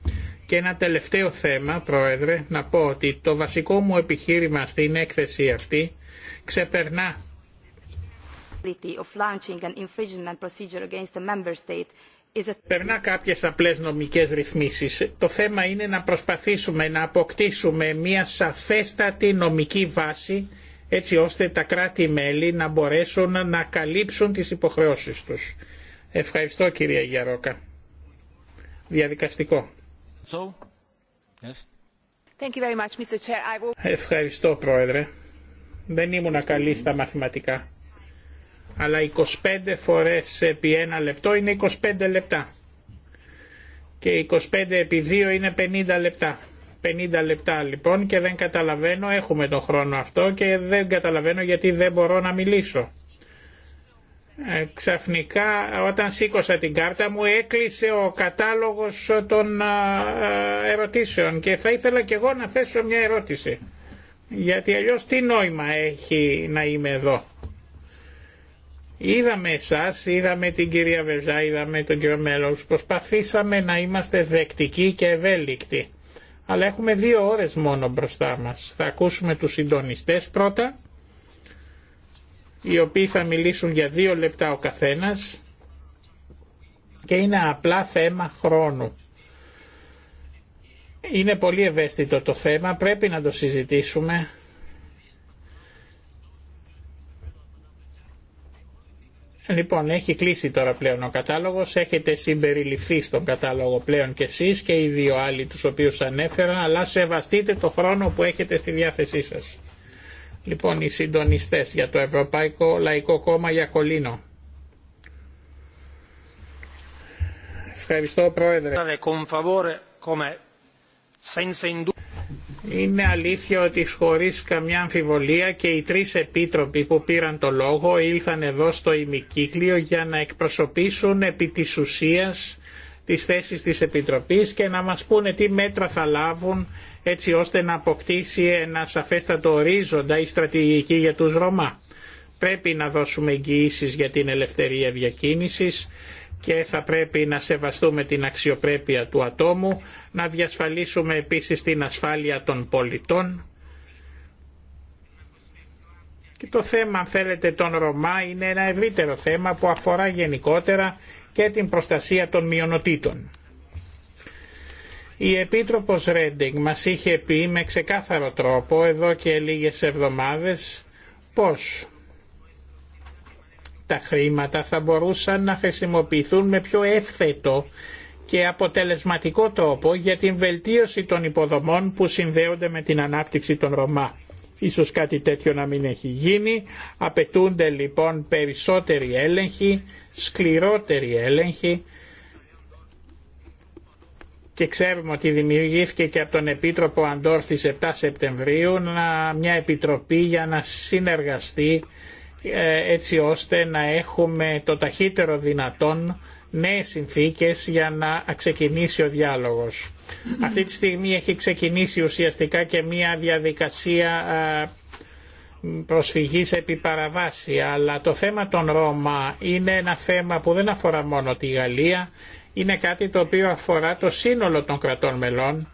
Και ένα τελευταίο θέμα, Πρόεδρε, να πω ότι το βασικό μου επιχείρημα στην έκθεση αυτή ξεπερνά Περνά κάποιες απλές νομικές ρυθμίσεις. Το θέμα είναι να προσπαθήσουμε να αποκτήσουμε μια σαφέστατη νομική βάση έτσι ώστε τα κράτη-μέλη να μπορέσουν να καλύψουν τις υποχρεώσεις τους. Ευχαριστώ κυρία Γιαρόκα. Διαδικαστικό. Thank you very much, Mr. Chair. I will... Ευχαριστώ πρόεδρε. Δεν ήμουν καλή στα μαθηματικά. Αλλά 25 φορές επί ένα λεπτό είναι 25 λεπτά. Και 25 επί 2 είναι 50 λεπτά. 50 λεπτά λοιπόν και δεν καταλαβαίνω, έχουμε τον χρόνο αυτό και δεν καταλαβαίνω γιατί δεν μπορώ να μιλήσω. Ε, ξαφνικά όταν σήκωσα την κάρτα μου έκλεισε ο κατάλογος των ε, ερωτήσεων και θα ήθελα και εγώ να θέσω μια ερώτηση. Γιατί αλλιώς τι νόημα έχει να είμαι εδώ. Είδαμε εσάς, είδαμε την κυρία Βεζά, είδαμε τον κύριο Μέλος, προσπαθήσαμε να είμαστε δεκτικοί και ευέλικτοι αλλά έχουμε δύο ώρες μόνο μπροστά μας. Θα ακούσουμε τους συντονιστές πρώτα, οι οποίοι θα μιλήσουν για δύο λεπτά ο καθένας και είναι απλά θέμα χρόνου. Είναι πολύ ευαίσθητο το θέμα, πρέπει να το συζητήσουμε Λοιπόν, έχει κλείσει τώρα πλέον ο κατάλογος, έχετε συμπεριληφθεί στον κατάλογο πλέον και εσείς και οι δύο άλλοι τους οποίους ανέφερα, αλλά σεβαστείτε το χρόνο που έχετε στη διάθεσή σας. Λοιπόν, οι συντονιστές για το Ευρωπαϊκό Λαϊκό Κόμμα για Κολίνο. Ευχαριστώ, Πρόεδρε. Είναι αλήθεια ότι χωρίς καμιά αμφιβολία και οι τρεις επίτροποι που πήραν το λόγο ήλθαν εδώ στο ημικύκλιο για να εκπροσωπήσουν επί της ουσίας τις θέσεις της Επιτροπής και να μας πούνε τι μέτρα θα λάβουν έτσι ώστε να αποκτήσει ένα σαφέστατο ορίζοντα η στρατηγική για τους Ρωμά. Πρέπει να δώσουμε εγγυήσει για την ελευθερία διακίνησης και θα πρέπει να σεβαστούμε την αξιοπρέπεια του ατόμου να διασφαλίσουμε επίσης την ασφάλεια των πολιτών και το θέμα αν θέλετε των Ρωμά είναι ένα ευρύτερο θέμα που αφορά γενικότερα και την προστασία των μειονοτήτων. Η Επίτροπος Ρέντινγκ μας είχε πει με ξεκάθαρο τρόπο εδώ και λίγες εβδομάδες πως τα χρήματα θα μπορούσαν να χρησιμοποιηθούν με πιο εύθετο και αποτελεσματικό τρόπο για την βελτίωση των υποδομών που συνδέονται με την ανάπτυξη των Ρωμά. Ίσως κάτι τέτοιο να μην έχει γίνει. Απαιτούνται λοιπόν περισσότεροι έλεγχοι, σκληρότεροι έλεγχοι και ξέρουμε ότι δημιουργήθηκε και από τον Επίτροπο Αντόρ στις 7 Σεπτεμβρίου μια επιτροπή για να συνεργαστεί ε, έτσι ώστε να έχουμε το ταχύτερο δυνατόν νέες συνθήκες για να ξεκινήσει ο διάλογος. Αυτή τη στιγμή έχει ξεκινήσει ουσιαστικά και μια διαδικασία προσφυγής επί παραβάση, αλλά το θέμα των Ρώμα είναι ένα θέμα που δεν αφορά μόνο τη Γαλλία, είναι κάτι το οποίο αφορά το σύνολο των κρατών μελών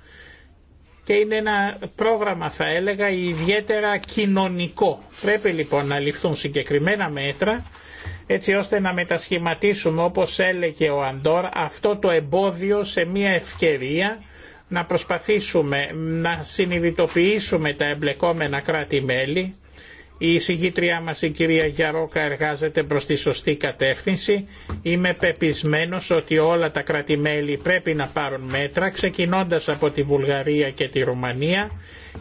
και είναι ένα πρόγραμμα θα έλεγα ιδιαίτερα κοινωνικό. Πρέπει λοιπόν να ληφθούν συγκεκριμένα μέτρα έτσι ώστε να μετασχηματίσουμε όπως έλεγε ο Αντόρ αυτό το εμπόδιο σε μια ευκαιρία να προσπαθήσουμε να συνειδητοποιήσουμε τα εμπλεκόμενα κράτη-μέλη. Η εισηγήτριά μας η κυρία Γιαρόκα εργάζεται προς τη σωστή κατεύθυνση. Είμαι πεπισμένος ότι όλα τα κράτη-μέλη πρέπει να πάρουν μέτρα ξεκινώντας από τη Βουλγαρία και τη Ρουμανία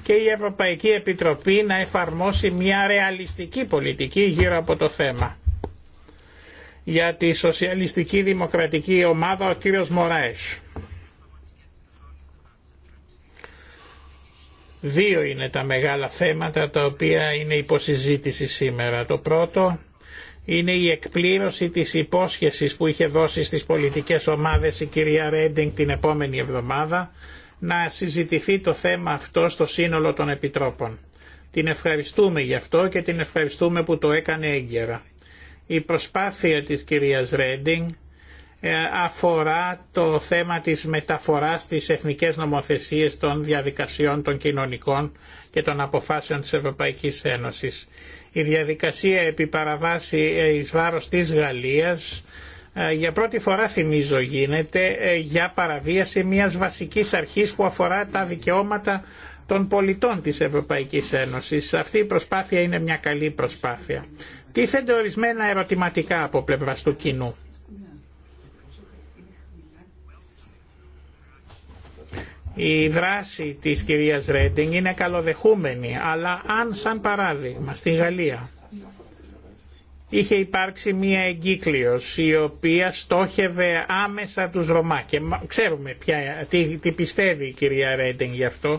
και η Ευρωπαϊκή Επιτροπή να εφαρμόσει μια ρεαλιστική πολιτική γύρω από το θέμα για τη Σοσιαλιστική Δημοκρατική Ομάδα ο κύριος Μωράης. Δύο είναι τα μεγάλα θέματα τα οποία είναι υποσυζήτηση σήμερα. Το πρώτο είναι η εκπλήρωση της υπόσχεσης που είχε δώσει στις πολιτικές ομάδες η κυρία Ρέντινγκ την επόμενη εβδομάδα να συζητηθεί το θέμα αυτό στο σύνολο των Επιτρόπων. Την ευχαριστούμε γι' αυτό και την ευχαριστούμε που το έκανε έγκαιρα. Η προσπάθεια της κυρίας Ρέντινγκ ε, αφορά το θέμα της μεταφοράς της εθνικές νομοθεσίες των διαδικασιών των κοινωνικών και των αποφάσεων της Ευρωπαϊκής Ένωσης. Η διαδικασία επί παραβάση ε, εις βάρος της Γαλλίας ε, για πρώτη φορά θυμίζω γίνεται για παραβίαση μιας βασικής αρχής που αφορά τα δικαιώματα των πολιτών της Ευρωπαϊκής Ένωσης. Αυτή η προσπάθεια είναι μια καλή προσπάθεια. Τίθενται ορισμένα ερωτηματικά από πλευρά του κοινού. Η δράση της κυρίας Ρέντινγκ είναι καλοδεχούμενη, αλλά αν σαν παράδειγμα στη Γαλλία είχε υπάρξει μία εγκύκλειος η οποία στόχευε άμεσα τους Ρωμά και ξέρουμε ποια, τι, τι πιστεύει η κυρία Ρέντινγκ γι' αυτό,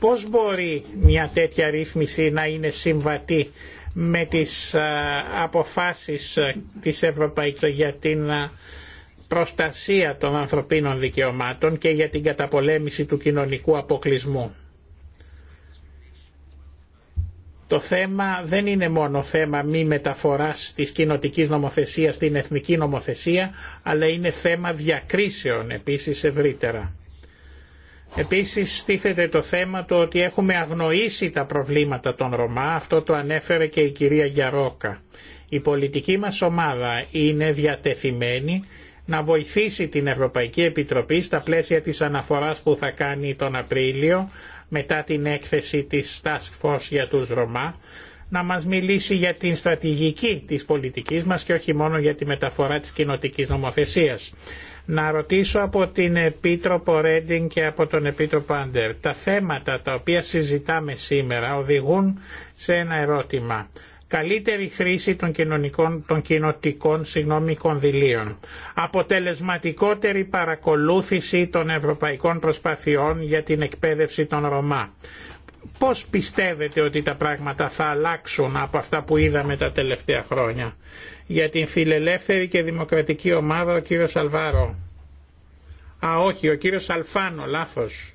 πώς μπορεί μια τέτοια ρύθμιση να είναι συμβατή με τις ε, αποφάσεις ε, της Ευρωπαϊκής για την ε, προστασία των ανθρωπίνων δικαιωμάτων και για την καταπολέμηση του κοινωνικού αποκλεισμού. Το θέμα δεν είναι μόνο θέμα μη μεταφοράς της κοινοτικής νομοθεσίας στην εθνική νομοθεσία, αλλά είναι θέμα διακρίσεων επίσης ευρύτερα. Επίσης στήθεται το θέμα το ότι έχουμε αγνοήσει τα προβλήματα των Ρωμά, αυτό το ανέφερε και η κυρία Γιαρόκα. Η πολιτική μας ομάδα είναι διατεθειμένη να βοηθήσει την Ευρωπαϊκή Επιτροπή στα πλαίσια της αναφοράς που θα κάνει τον Απρίλιο μετά την έκθεση της Task Force για τους Ρωμά να μας μιλήσει για την στρατηγική της πολιτικής μας και όχι μόνο για τη μεταφορά της κοινοτικής νομοθεσίας να ρωτήσω από την Επίτροπο Ρέντινγκ και από τον Επίτροπο Άντερ. Τα θέματα τα οποία συζητάμε σήμερα οδηγούν σε ένα ερώτημα. Καλύτερη χρήση των, κοινωνικών, των κοινοτικών συγγνώμη, κονδυλίων. Αποτελεσματικότερη παρακολούθηση των ευρωπαϊκών προσπαθειών για την εκπαίδευση των Ρωμά. Πώς πιστεύετε ότι τα πράγματα θα αλλάξουν από αυτά που είδαμε τα τελευταία χρόνια. Για την φιλελεύθερη και δημοκρατική ομάδα ο κύριος Αλβάρο. Α, όχι, ο κύριος Αλφάνο, λάθος.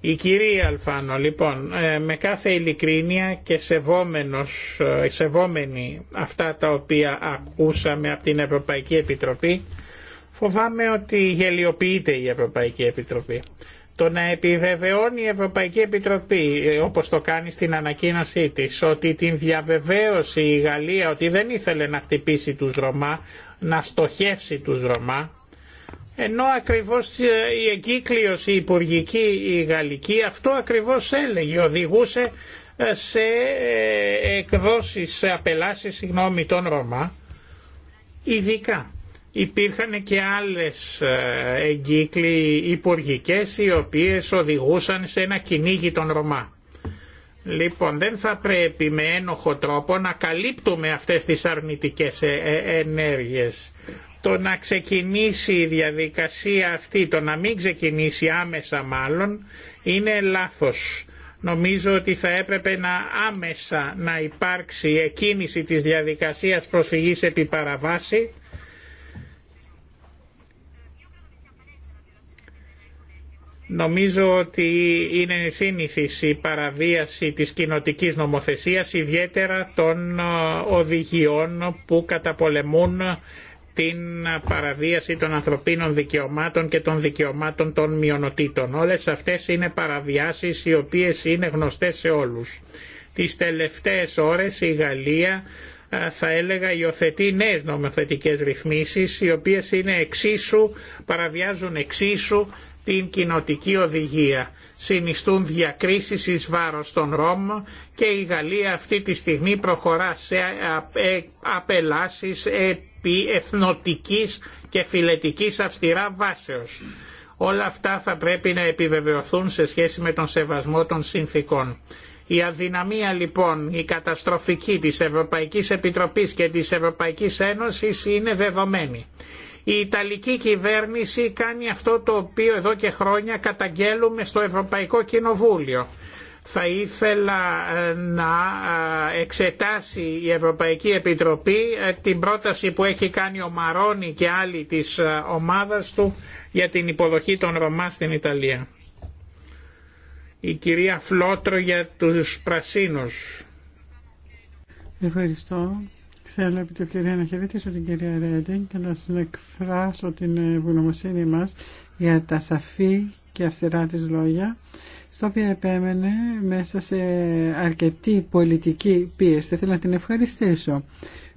Η κυρία Αλφάνο, λοιπόν, ε, με κάθε ειλικρίνεια και σεβόμενος, ε, σεβόμενη αυτά τα οποία ακούσαμε από την Ευρωπαϊκή Επιτροπή, Φοβάμαι ότι γελιοποιείται η Ευρωπαϊκή Επιτροπή. Το να επιβεβαιώνει η Ευρωπαϊκή Επιτροπή, ε, όπως το κάνει στην ανακοίνωσή της, ότι την διαβεβαίωση η Γαλλία ότι δεν ήθελε να χτυπήσει τους Ρωμά, να στοχεύσει τους Ρωμά, ενώ ακριβώς ε, η εγκύκλειος, η υπουργική, η γαλλική, αυτό ακριβώς έλεγε, οδηγούσε ε, σε εκδόσεις, σε απελάσεις, συγγνώμη, των Ρωμά, ειδικά Υπήρχαν και άλλες ε, εγκύκλοι υπουργικές οι οποίες οδηγούσαν σε ένα κυνήγι των Ρωμά. Λοιπόν, δεν θα πρέπει με ένοχο τρόπο να καλύπτουμε αυτές τις αρνητικές ε, ε, ενέργειες. Το να ξεκινήσει η διαδικασία αυτή, το να μην ξεκινήσει άμεσα μάλλον, είναι λάθος. Νομίζω ότι θα έπρεπε να άμεσα να υπάρξει εκκίνηση της διαδικασίας προσφυγής επί παραβάση Νομίζω ότι είναι σύνηθις η παραβίαση της κοινοτική νομοθεσίας, ιδιαίτερα των οδηγιών που καταπολεμούν την παραβίαση των ανθρωπίνων δικαιωμάτων και των δικαιωμάτων των μειονοτήτων. Όλες αυτές είναι παραβιάσεις οι οποίες είναι γνωστές σε όλους. Τις τελευταίες ώρες η Γαλλία θα έλεγα υιοθετεί νέες νομοθετικές ρυθμίσεις οι οποίες είναι εξίσου, παραβιάζουν εξίσου την κοινοτική οδηγία. Συνιστούν διακρίσεις εις βάρος των Ρώμων και η Γαλλία αυτή τη στιγμή προχωρά σε ε, απελάσεις επί εθνοτικής και φιλετικής αυστηρά βάσεως. Όλα αυτά θα πρέπει να επιβεβαιωθούν σε σχέση με τον σεβασμό των συνθήκων. Η αδυναμία λοιπόν, η καταστροφική της Ευρωπαϊκής Επιτροπής και της Ευρωπαϊκής Ένωσης είναι δεδομένη. Η Ιταλική κυβέρνηση κάνει αυτό το οποίο εδώ και χρόνια καταγγέλουμε στο Ευρωπαϊκό Κοινοβούλιο. Θα ήθελα ε, να ε, εξετάσει η Ευρωπαϊκή Επιτροπή ε, την πρόταση που έχει κάνει ο Μαρόνι και άλλοι της ομάδας του για την υποδοχή των Ρωμά στην Ιταλία. Η κυρία Φλότρο για τους Πρασίνους. Ευχαριστώ. Θέλω επί την ευκαιρία να χαιρετήσω την κυρία Ρέντιν και να συνεκφράσω την ευγνωμοσύνη μας για τα σαφή και αυστηρά της λόγια, στο οποίο επέμενε μέσα σε αρκετή πολιτική πίεση. Θα να την ευχαριστήσω.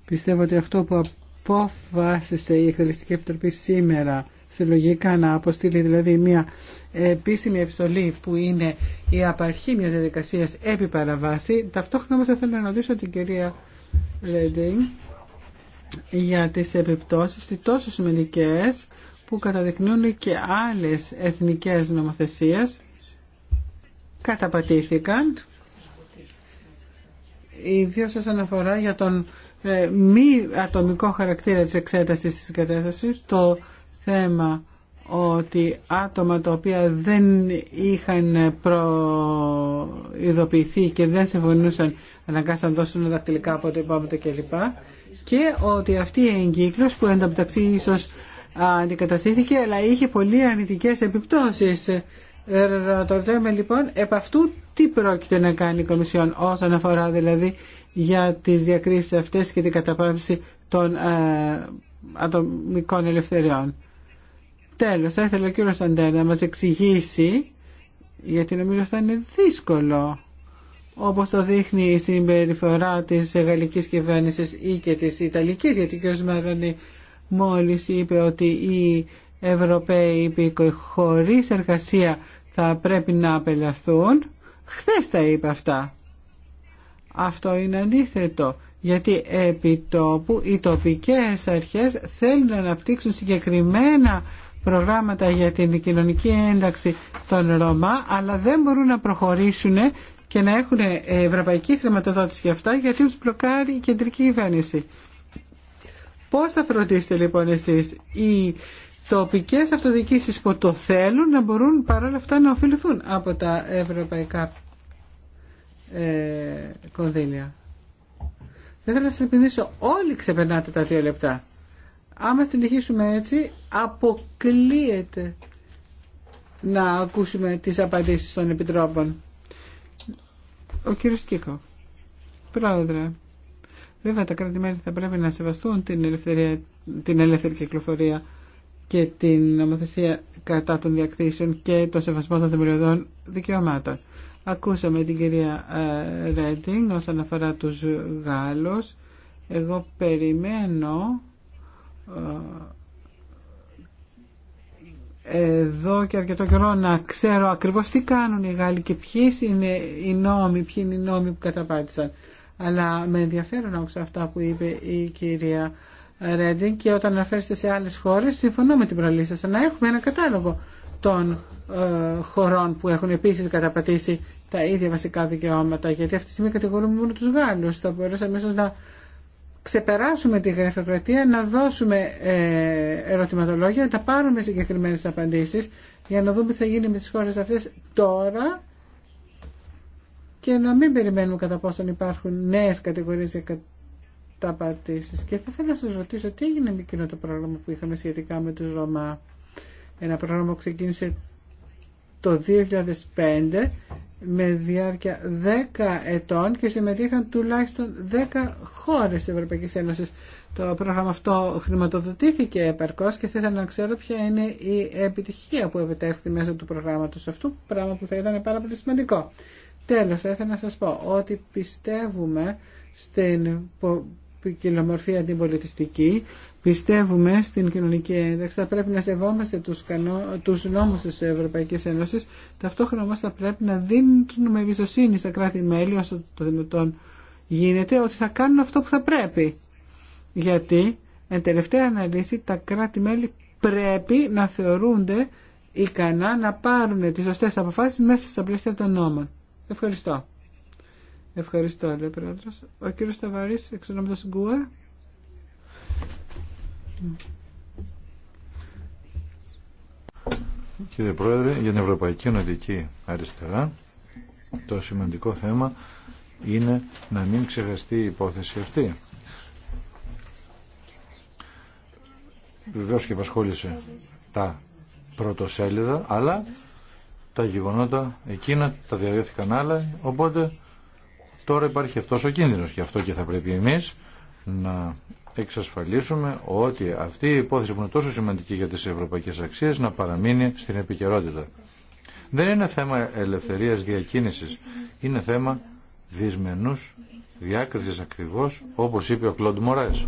Πιστεύω ότι αυτό που απόφασισε η Εκτελεστική Επιτροπή σήμερα συλλογικά να αποστείλει δηλαδή μια επίσημη επιστολή που είναι η απαρχή μιας διαδικασίας επί παραβάση. Ταυτόχρονα όμως θα ήθελα να ρωτήσω την κυρία για για τις επιπτώσεις τόσο σημαντικές που καταδεικνύουν και άλλες εθνικές νομοθεσίες καταπατήθηκαν ιδίως σας αναφορά για τον ε, μη ατομικό χαρακτήρα της εξέτασης της κατάστασης το θέμα ότι άτομα τα οποία δεν είχαν προειδοποιηθεί και δεν συμφωνούσαν αναγκάστηκαν να δώσουν δακτυλικά από το υπόμετρο κλπ. Και ότι αυτή η εγκύκλωση που εντωμεταξύ ίσως αντικαταστήθηκε αλλά είχε πολύ αρνητικές επιπτώσεις. Ρωτώμε ε, λοιπόν επ' αυτού τι πρόκειται να κάνει η Κομισιόν όσον αφορά δηλαδή για τις διακρίσεις αυτές και την καταπάμψη των ε, ατομικών ελευθεριών. Τέλος, θα ήθελα ο κύριο Σαντέρ να μας εξηγήσει, γιατί νομίζω θα είναι δύσκολο, όπως το δείχνει η συμπεριφορά της γαλλικής κυβέρνησης ή και της Ιταλικής, γιατί ο κύριος Μαρονή μόλις είπε ότι οι Ευρωπαίοι υπήκοοι χωρίς εργασία θα πρέπει να απελαθούν. Χθες τα είπε αυτά. Αυτό είναι αντίθετο γιατί επί τόπου οι τοπικές αρχές θέλουν να αναπτύξουν συγκεκριμένα προγράμματα για την κοινωνική ένταξη των Ρωμά, αλλά δεν μπορούν να προχωρήσουν και να έχουν ευρωπαϊκή χρηματοδότηση για αυτά, γιατί τους μπλοκάρει η κεντρική κυβέρνηση. Πώς θα φροντίσετε λοιπόν εσείς οι τοπικές αυτοδιοίκησεις που το θέλουν να μπορούν παρόλα αυτά να ωφεληθούν από τα ευρωπαϊκά ε, κονδύλια. Δεν θέλω να σας επενδύσω όλοι ξεπερνάτε τα δύο λεπτά. Άμα συνεχίσουμε έτσι, αποκλείεται να ακούσουμε τις απαντήσεις των επιτρόπων. Ο κύριος Κίχο, πρόεδρε, βέβαια τα κρατημένα θα πρέπει να σεβαστούν την, ελευθερία, την ελεύθερη κυκλοφορία και την νομοθεσία κατά των διακτήσεων και το σεβασμό των θεμελιωδών δικαιωμάτων. Ακούσαμε την κυρία ε, Ρέντινγκ όσον αφορά τους Γάλλους. Εγώ περιμένω ε, εδώ και αρκετό καιρό να ξέρω ακριβώς τι κάνουν οι Γάλλοι και ποιοι είναι οι νόμοι, ποιοι είναι οι νόμοι που καταπάτησαν. Αλλά με ενδιαφέρον άκουσα αυτά που είπε η κυρία Ρέντιν και όταν αναφέρεστε σε άλλες χώρες συμφωνώ με την προλή σας να έχουμε ένα κατάλογο των ε, χωρών που έχουν επίσης καταπατήσει τα ίδια βασικά δικαιώματα γιατί αυτή τη στιγμή κατηγορούμε μόνο τους Γάλλους θα μπορούσαμε ίσως να ξεπεράσουμε τη γραφειοκρατία, να δώσουμε ε, ερωτηματολόγια, να τα πάρουμε συγκεκριμένες απαντήσεις για να δούμε τι θα γίνει με τις χώρες αυτές τώρα και να μην περιμένουμε κατά πόσον υπάρχουν νέες κατηγορίες για καταπατήσεις. Και θα ήθελα να σας ρωτήσω τι έγινε με εκείνο το πρόγραμμα που είχαμε σχετικά με τους Ρωμά. Ένα πρόγραμμα που ξεκίνησε το 2005 με διάρκεια 10 ετών και συμμετείχαν τουλάχιστον 10 χώρες της Ευρωπαϊκής Ένωσης. Το πρόγραμμα αυτό χρηματοδοτήθηκε επαρκώς και θα ήθελα να ξέρω ποια είναι η επιτυχία που επιτεύχθη μέσω του προγράμματος αυτού, πράγμα που θα ήταν πάρα πολύ σημαντικό. Τέλος, θα ήθελα να σας πω ότι πιστεύουμε στην ποικιλομορφία αντιπολιτιστική πιστεύουμε στην κοινωνική ένταξη, θα πρέπει να σεβόμαστε τους, κανό, τους νόμους της Ευρωπαϊκής Ένωσης, ταυτόχρονα όμως θα πρέπει να δίνουμε εμπιστοσύνη στα κράτη-μέλη όσο το δυνατόν γίνεται, ότι θα κάνουν αυτό που θα πρέπει. Γιατί, εν τελευταία αναλύση, τα κράτη-μέλη πρέπει να θεωρούνται ικανά να πάρουν τις σωστές αποφάσεις μέσα στα πλαίσια των νόμων. Ευχαριστώ. Ευχαριστώ, λέει ο Πρόεδρος. Ο κύριος Σταβαρής, εξ Γκουέ. Κύριε Πρόεδρε, για την Ευρωπαϊκή Ενωτική Αριστερά το σημαντικό θέμα είναι να μην ξεχαστεί η υπόθεση αυτή. Βεβαίως και απασχόλησε τα πρωτοσέλιδα, αλλά τα γεγονότα εκείνα τα διαδέθηκαν άλλα, οπότε τώρα υπάρχει αυτός ο κίνδυνος και αυτό και θα πρέπει εμείς να εξασφαλίσουμε ότι αυτή η υπόθεση που είναι τόσο σημαντική για τις ευρωπαϊκές αξίες να παραμείνει στην επικαιρότητα. Δεν είναι θέμα ελευθερίας διακίνησης, είναι θέμα δυσμενούς διάκρισης ακριβώς όπως είπε ο Κλοντ Μωράης.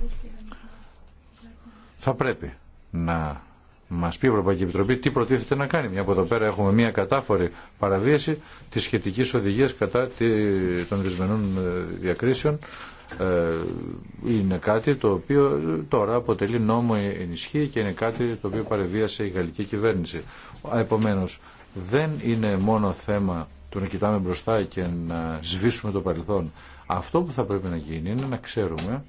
Θα πρέπει να μας πει η Ευρωπαϊκή Επιτροπή τι προτίθεται να κάνει. Μια από εδώ πέρα έχουμε μια κατάφορη παραβίαση της σχετικής οδηγίας κατά των δυσμενών ε, διακρίσεων ε, είναι κάτι το οποίο τώρα αποτελεί νόμο ενισχύει και είναι κάτι το οποίο παρεβίασε η γαλλική κυβέρνηση. Επομένως, δεν είναι μόνο θέμα του να κοιτάμε μπροστά και να σβήσουμε το παρελθόν. Αυτό που θα πρέπει να γίνει είναι να ξέρουμε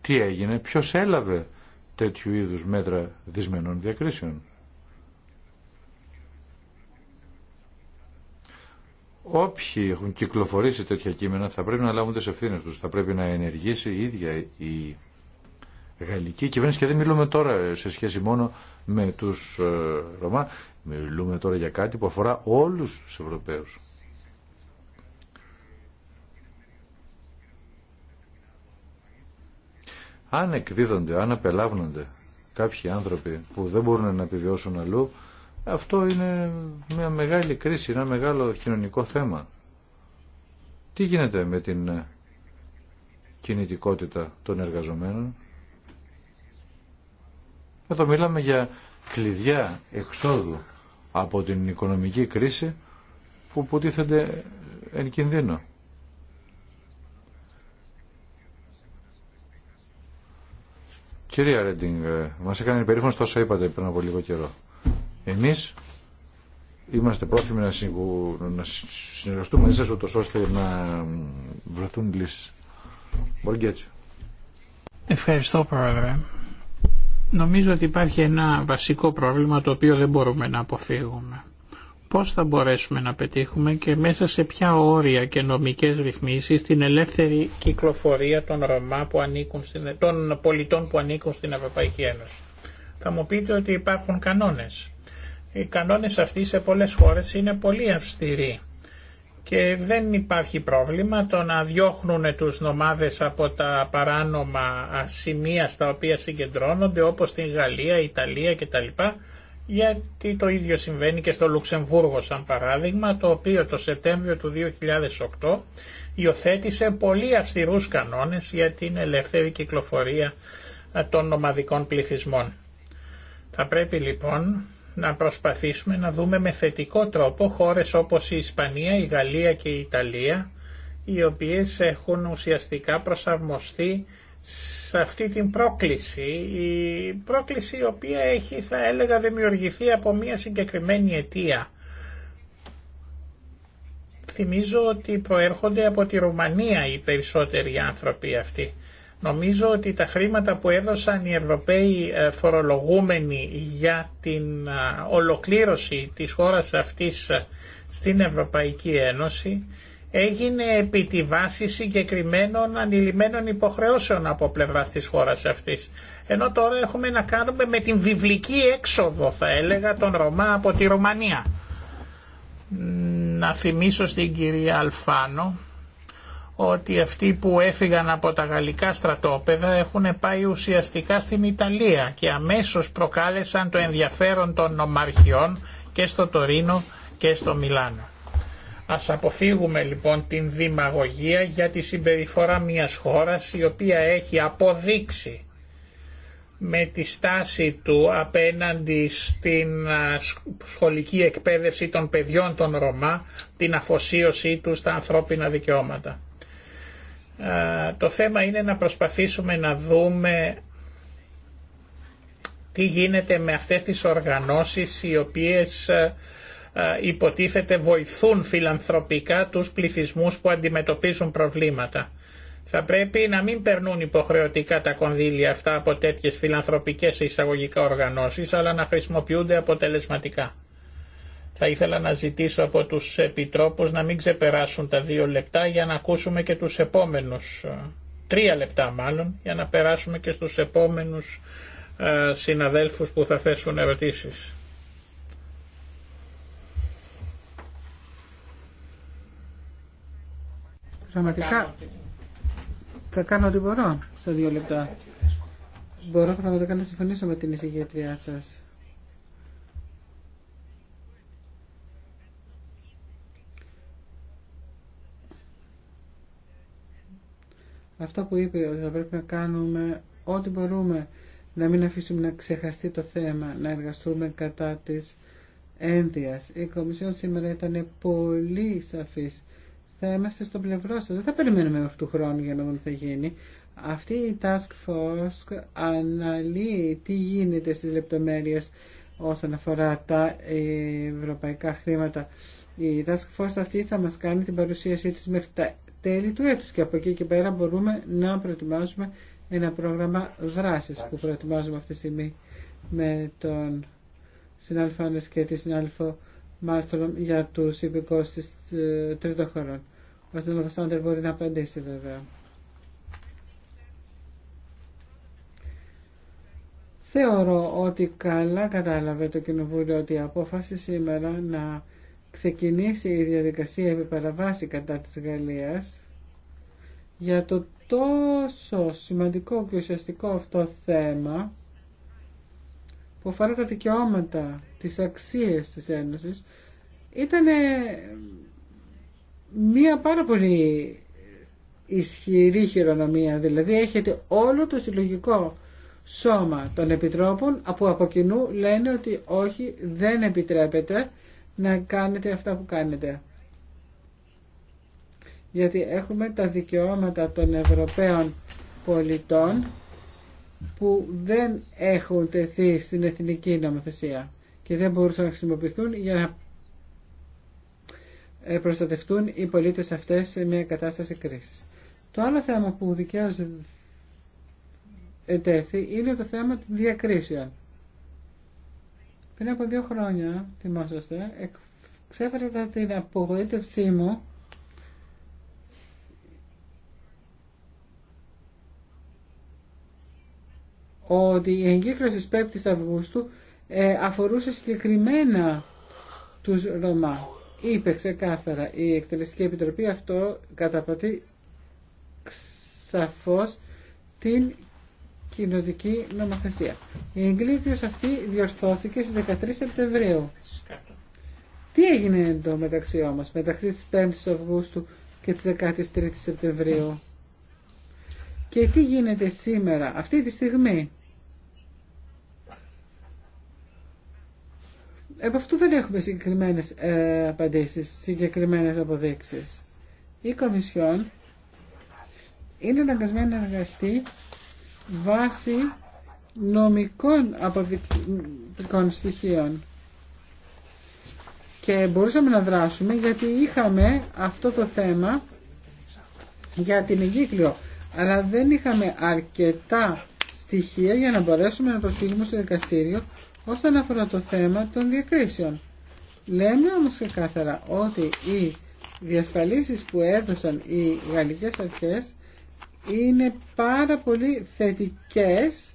τι έγινε, ποιος έλαβε τέτοιου είδους μέτρα δυσμενών διακρίσεων. όποιοι έχουν κυκλοφορήσει τέτοια κείμενα θα πρέπει να λάβουν τις ευθύνε τους. Θα πρέπει να ενεργήσει η ίδια η γαλλική κυβέρνηση και δεν μιλούμε τώρα σε σχέση μόνο με τους ε, Ρωμά. Μιλούμε τώρα για κάτι που αφορά όλους τους Ευρωπαίους. Αν εκδίδονται, αν απελάβνονται κάποιοι άνθρωποι που δεν μπορούν να επιβιώσουν αλλού, αυτό είναι μια μεγάλη κρίση, ένα μεγάλο κοινωνικό θέμα. Τι γίνεται με την ε, κινητικότητα των εργαζομένων. Εδώ μιλάμε για κλειδιά εξόδου από την οικονομική κρίση που πούτιθεται εν κινδύνο. Κυρία Ρέντινγκ, ε, μας έκανε υπερήφανος τόσο είπατε πριν από λίγο καιρό. Εμείς είμαστε πρόθυμοι να, συνεργαστούμε μαζί σας ούτως ώστε να βρεθούν λύσεις. έτσι. Ευχαριστώ Πρόεδρε. Νομίζω ότι υπάρχει ένα βασικό πρόβλημα το οποίο δεν μπορούμε να αποφύγουμε. Πώς θα μπορέσουμε να πετύχουμε και μέσα σε ποια όρια και νομικές ρυθμίσεις την ελεύθερη κυκλοφορία των Ρωμά που ανήκουν στην... των πολιτών που ανήκουν στην Ευρωπαϊκή Ένωση. Θα μου πείτε ότι υπάρχουν κανόνες οι κανόνες αυτοί σε πολλές χώρες είναι πολύ αυστηροί και δεν υπάρχει πρόβλημα το να διώχνουν τους νομάδες από τα παράνομα σημεία στα οποία συγκεντρώνονται όπως στην Γαλλία, Ιταλία κτλ. Γιατί το ίδιο συμβαίνει και στο Λουξεμβούργο σαν παράδειγμα το οποίο το Σεπτέμβριο του 2008 υιοθέτησε πολύ αυστηρούς κανόνες για την ελεύθερη κυκλοφορία των νομαδικών πληθυσμών. Θα πρέπει λοιπόν να προσπαθήσουμε να δούμε με θετικό τρόπο χώρες όπως η Ισπανία, η Γαλλία και η Ιταλία οι οποίες έχουν ουσιαστικά προσαρμοστεί σε αυτή την πρόκληση. Η πρόκληση η οποία έχει θα έλεγα δημιουργηθεί από μια συγκεκριμένη αιτία. Θυμίζω ότι προέρχονται από τη Ρουμανία οι περισσότεροι άνθρωποι αυτοί. Νομίζω ότι τα χρήματα που έδωσαν οι Ευρωπαίοι ε, φορολογούμενοι για την ε, ολοκλήρωση της χώρας αυτής ε, στην Ευρωπαϊκή Ένωση έγινε επί τη βάση συγκεκριμένων ανηλυμένων υποχρεώσεων από πλευράς της χώρας αυτής. Ενώ τώρα έχουμε να κάνουμε με την βιβλική έξοδο θα έλεγα των Ρωμά από τη Ρωμανία. Να θυμίσω στην κυρία Αλφάνο ότι αυτοί που έφυγαν από τα γαλλικά στρατόπεδα έχουν πάει ουσιαστικά στην Ιταλία και αμέσως προκάλεσαν το ενδιαφέρον των νομαρχιών και στο Τωρίνο και στο Μιλάνο. Ας αποφύγουμε λοιπόν την δημαγωγία για τη συμπεριφορά μιας χώρας η οποία έχει αποδείξει με τη στάση του απέναντι στην σχολική εκπαίδευση των παιδιών των Ρωμά την αφοσίωσή του στα ανθρώπινα δικαιώματα. Ε, το θέμα είναι να προσπαθήσουμε να δούμε τι γίνεται με αυτές τις οργανώσεις οι οποίες ε, ε, υποτίθεται βοηθούν φιλανθρωπικά τους πληθυσμούς που αντιμετωπίζουν προβλήματα. Θα πρέπει να μην περνούν υποχρεωτικά τα κονδύλια αυτά από τέτοιες φιλανθρωπικές εισαγωγικά οργανώσεις, αλλά να χρησιμοποιούνται αποτελεσματικά. Θα ήθελα να ζητήσω από τους επιτρόπους να μην ξεπεράσουν τα δύο λεπτά για να ακούσουμε και τους επόμενους, ε, τρία λεπτά μάλλον, για να περάσουμε και στους επόμενους ε, συναδέλφους που θα θέσουν ερωτήσεις. Πραγματικά θα κάνω ό,τι μπορώ στα δύο λεπτά. Μπορώ πραγματικά να συμφωνήσω με την εισηγήτριά σας. αυτό που είπε ότι θα πρέπει να κάνουμε ό,τι μπορούμε να μην αφήσουμε να ξεχαστεί το θέμα, να εργαστούμε κατά της ένδυας. Η Κομισιόν σήμερα ήταν πολύ σαφής. Θα είμαστε στο πλευρό σας. Δεν θα περιμένουμε αυτού του χρόνου για να δούμε τι θα γίνει. Αυτή η Task Force αναλύει τι γίνεται στις λεπτομέρειες όσον αφορά τα ευρωπαϊκά χρήματα. Η Task Force αυτή θα μας κάνει την παρουσίασή της μέχρι τα τέλη του έτους και από εκεί και πέρα μπορούμε να προετοιμάσουμε ένα πρόγραμμα δράσης που προετοιμάζουμε αυτή τη στιγμή με τον συνάδελφο Άνες και τη συνάδελφο Μάρτρομ για τους υπηκούς της ε, τρίτων χωρών. Ο συνάδελφος Άντερ μπορεί να απαντήσει βέβαια. Θεωρώ ότι καλά κατάλαβε το Κοινοβούλιο ότι η απόφαση σήμερα να ξεκινήσει η διαδικασία παραβάση κατά της Γαλλίας για το τόσο σημαντικό και ουσιαστικό αυτό θέμα που αφορά τα δικαιώματα, τις αξίες της Ένωσης ήταν μία πάρα πολύ ισχυρή χειρονομία. Δηλαδή έχετε όλο το συλλογικό σώμα των επιτρόπων που από κοινού λένε ότι όχι δεν επιτρέπεται να κάνετε αυτά που κάνετε. Γιατί έχουμε τα δικαιώματα των Ευρωπαίων πολιτών που δεν έχουν τεθεί στην εθνική νομοθεσία και δεν μπορούσαν να χρησιμοποιηθούν για να ε, προστατευτούν οι πολίτες αυτές σε μια κατάσταση κρίσης. Το άλλο θέμα που δικαίως ετέθη είναι το θέμα των διακρίσεων. Πριν από δύο χρόνια, θυμόσαστε, ξέφερα την απογοήτευσή μου ότι η εγκύκλωση της 5ης Αυγούστου ε, αφορούσε συγκεκριμένα τους Ρωμά. Είπε ξεκάθαρα η Εκτελεστική Επιτροπή αυτό καταπατεί σαφώς την κοινωνική νομοθεσία. Η εγκλήπιος αυτή διορθώθηκε στις 13 Σεπτεμβρίου. Τι έγινε εδώ μεταξύ όμως, μεταξύ της 5 η Αυγούστου και της 13 η Σεπτεμβρίου. Και τι γίνεται σήμερα, αυτή τη στιγμή. Επ' αυτού δεν έχουμε συγκεκριμένε ε, απαντήσεις, συγκεκριμένες αποδείξεις. Η Κομισιόν είναι αναγκασμένη να εργαστεί βάση νομικών αποδεικτικών στοιχείων. Και μπορούσαμε να δράσουμε γιατί είχαμε αυτό το θέμα για την εγκύκλιο. Αλλά δεν είχαμε αρκετά στοιχεία για να μπορέσουμε να προσφύγουμε στο δικαστήριο όσον αφορά το θέμα των διακρίσεων. Λέμε όμως ξεκάθαρα ότι οι διασφαλίσεις που έδωσαν οι γαλλικές αρχές είναι πάρα πολύ θετικές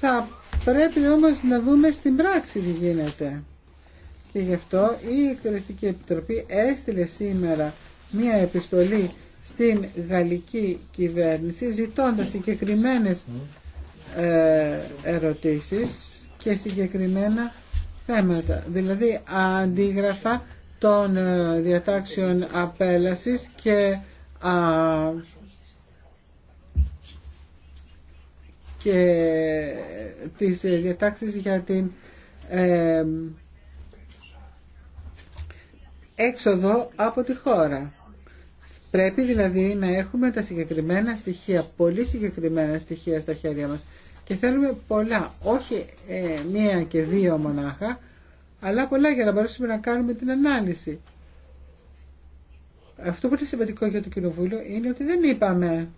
θα πρέπει όμως να δούμε στην πράξη τι γίνεται και γι' αυτό η Εκτελεστική Επιτροπή έστειλε σήμερα μία επιστολή στην γαλλική κυβέρνηση ζητώντας συγκεκριμένες ε, ερωτήσεις και συγκεκριμένα θέματα δηλαδή αντίγραφα των ε, διατάξεων απέλασης και και ε, τις διατάξεις για την ε, έξοδο από τη χώρα. Πρέπει δηλαδή να έχουμε τα συγκεκριμένα στοιχεία, πολύ συγκεκριμένα στοιχεία στα χέρια μας και θέλουμε πολλά, όχι ε, μία και δύο μονάχα, αλλά πολλά για να μπορέσουμε να κάνουμε την ανάλυση. Αυτό που είναι σημαντικό για το Κοινοβούλιο είναι ότι δεν είπαμε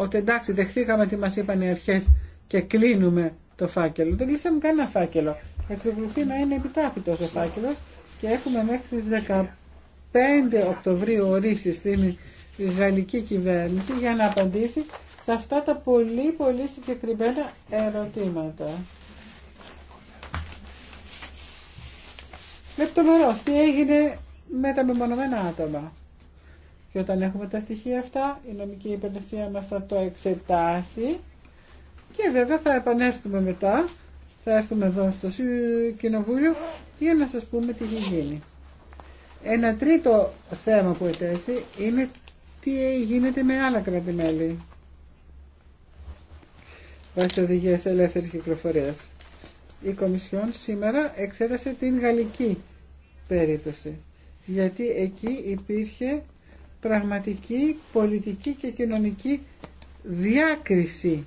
ότι εντάξει δεχτήκαμε τι μας είπαν οι αρχές και κλείνουμε το φάκελο. Δεν κλείσαμε κανένα φάκελο. Εξακολουθεί να είναι επιτάπητος ο φάκελος και έχουμε μέχρι τις 15 Οκτωβρίου ορίσει στην γαλλική κυβέρνηση για να απαντήσει σε αυτά τα πολύ πολύ συγκεκριμένα ερωτήματα. Λεπτομερώς, τι έγινε με τα μεμονωμένα άτομα. Και όταν έχουμε τα στοιχεία αυτά, η νομική υπηρεσία μας θα το εξετάσει και βέβαια θα επανέλθουμε μετά, θα έρθουμε εδώ στο Κοινοβούλιο για να σας πούμε τι έχει γίνει. Ένα τρίτο θέμα που ετέθη είναι τι γίνεται με άλλα κράτη-μέλη βάσει οδηγία ελεύθερη κυκλοφορία. Η Κομισιόν σήμερα εξέτασε την γαλλική περίπτωση. Γιατί εκεί υπήρχε πραγματική πολιτική και κοινωνική διάκριση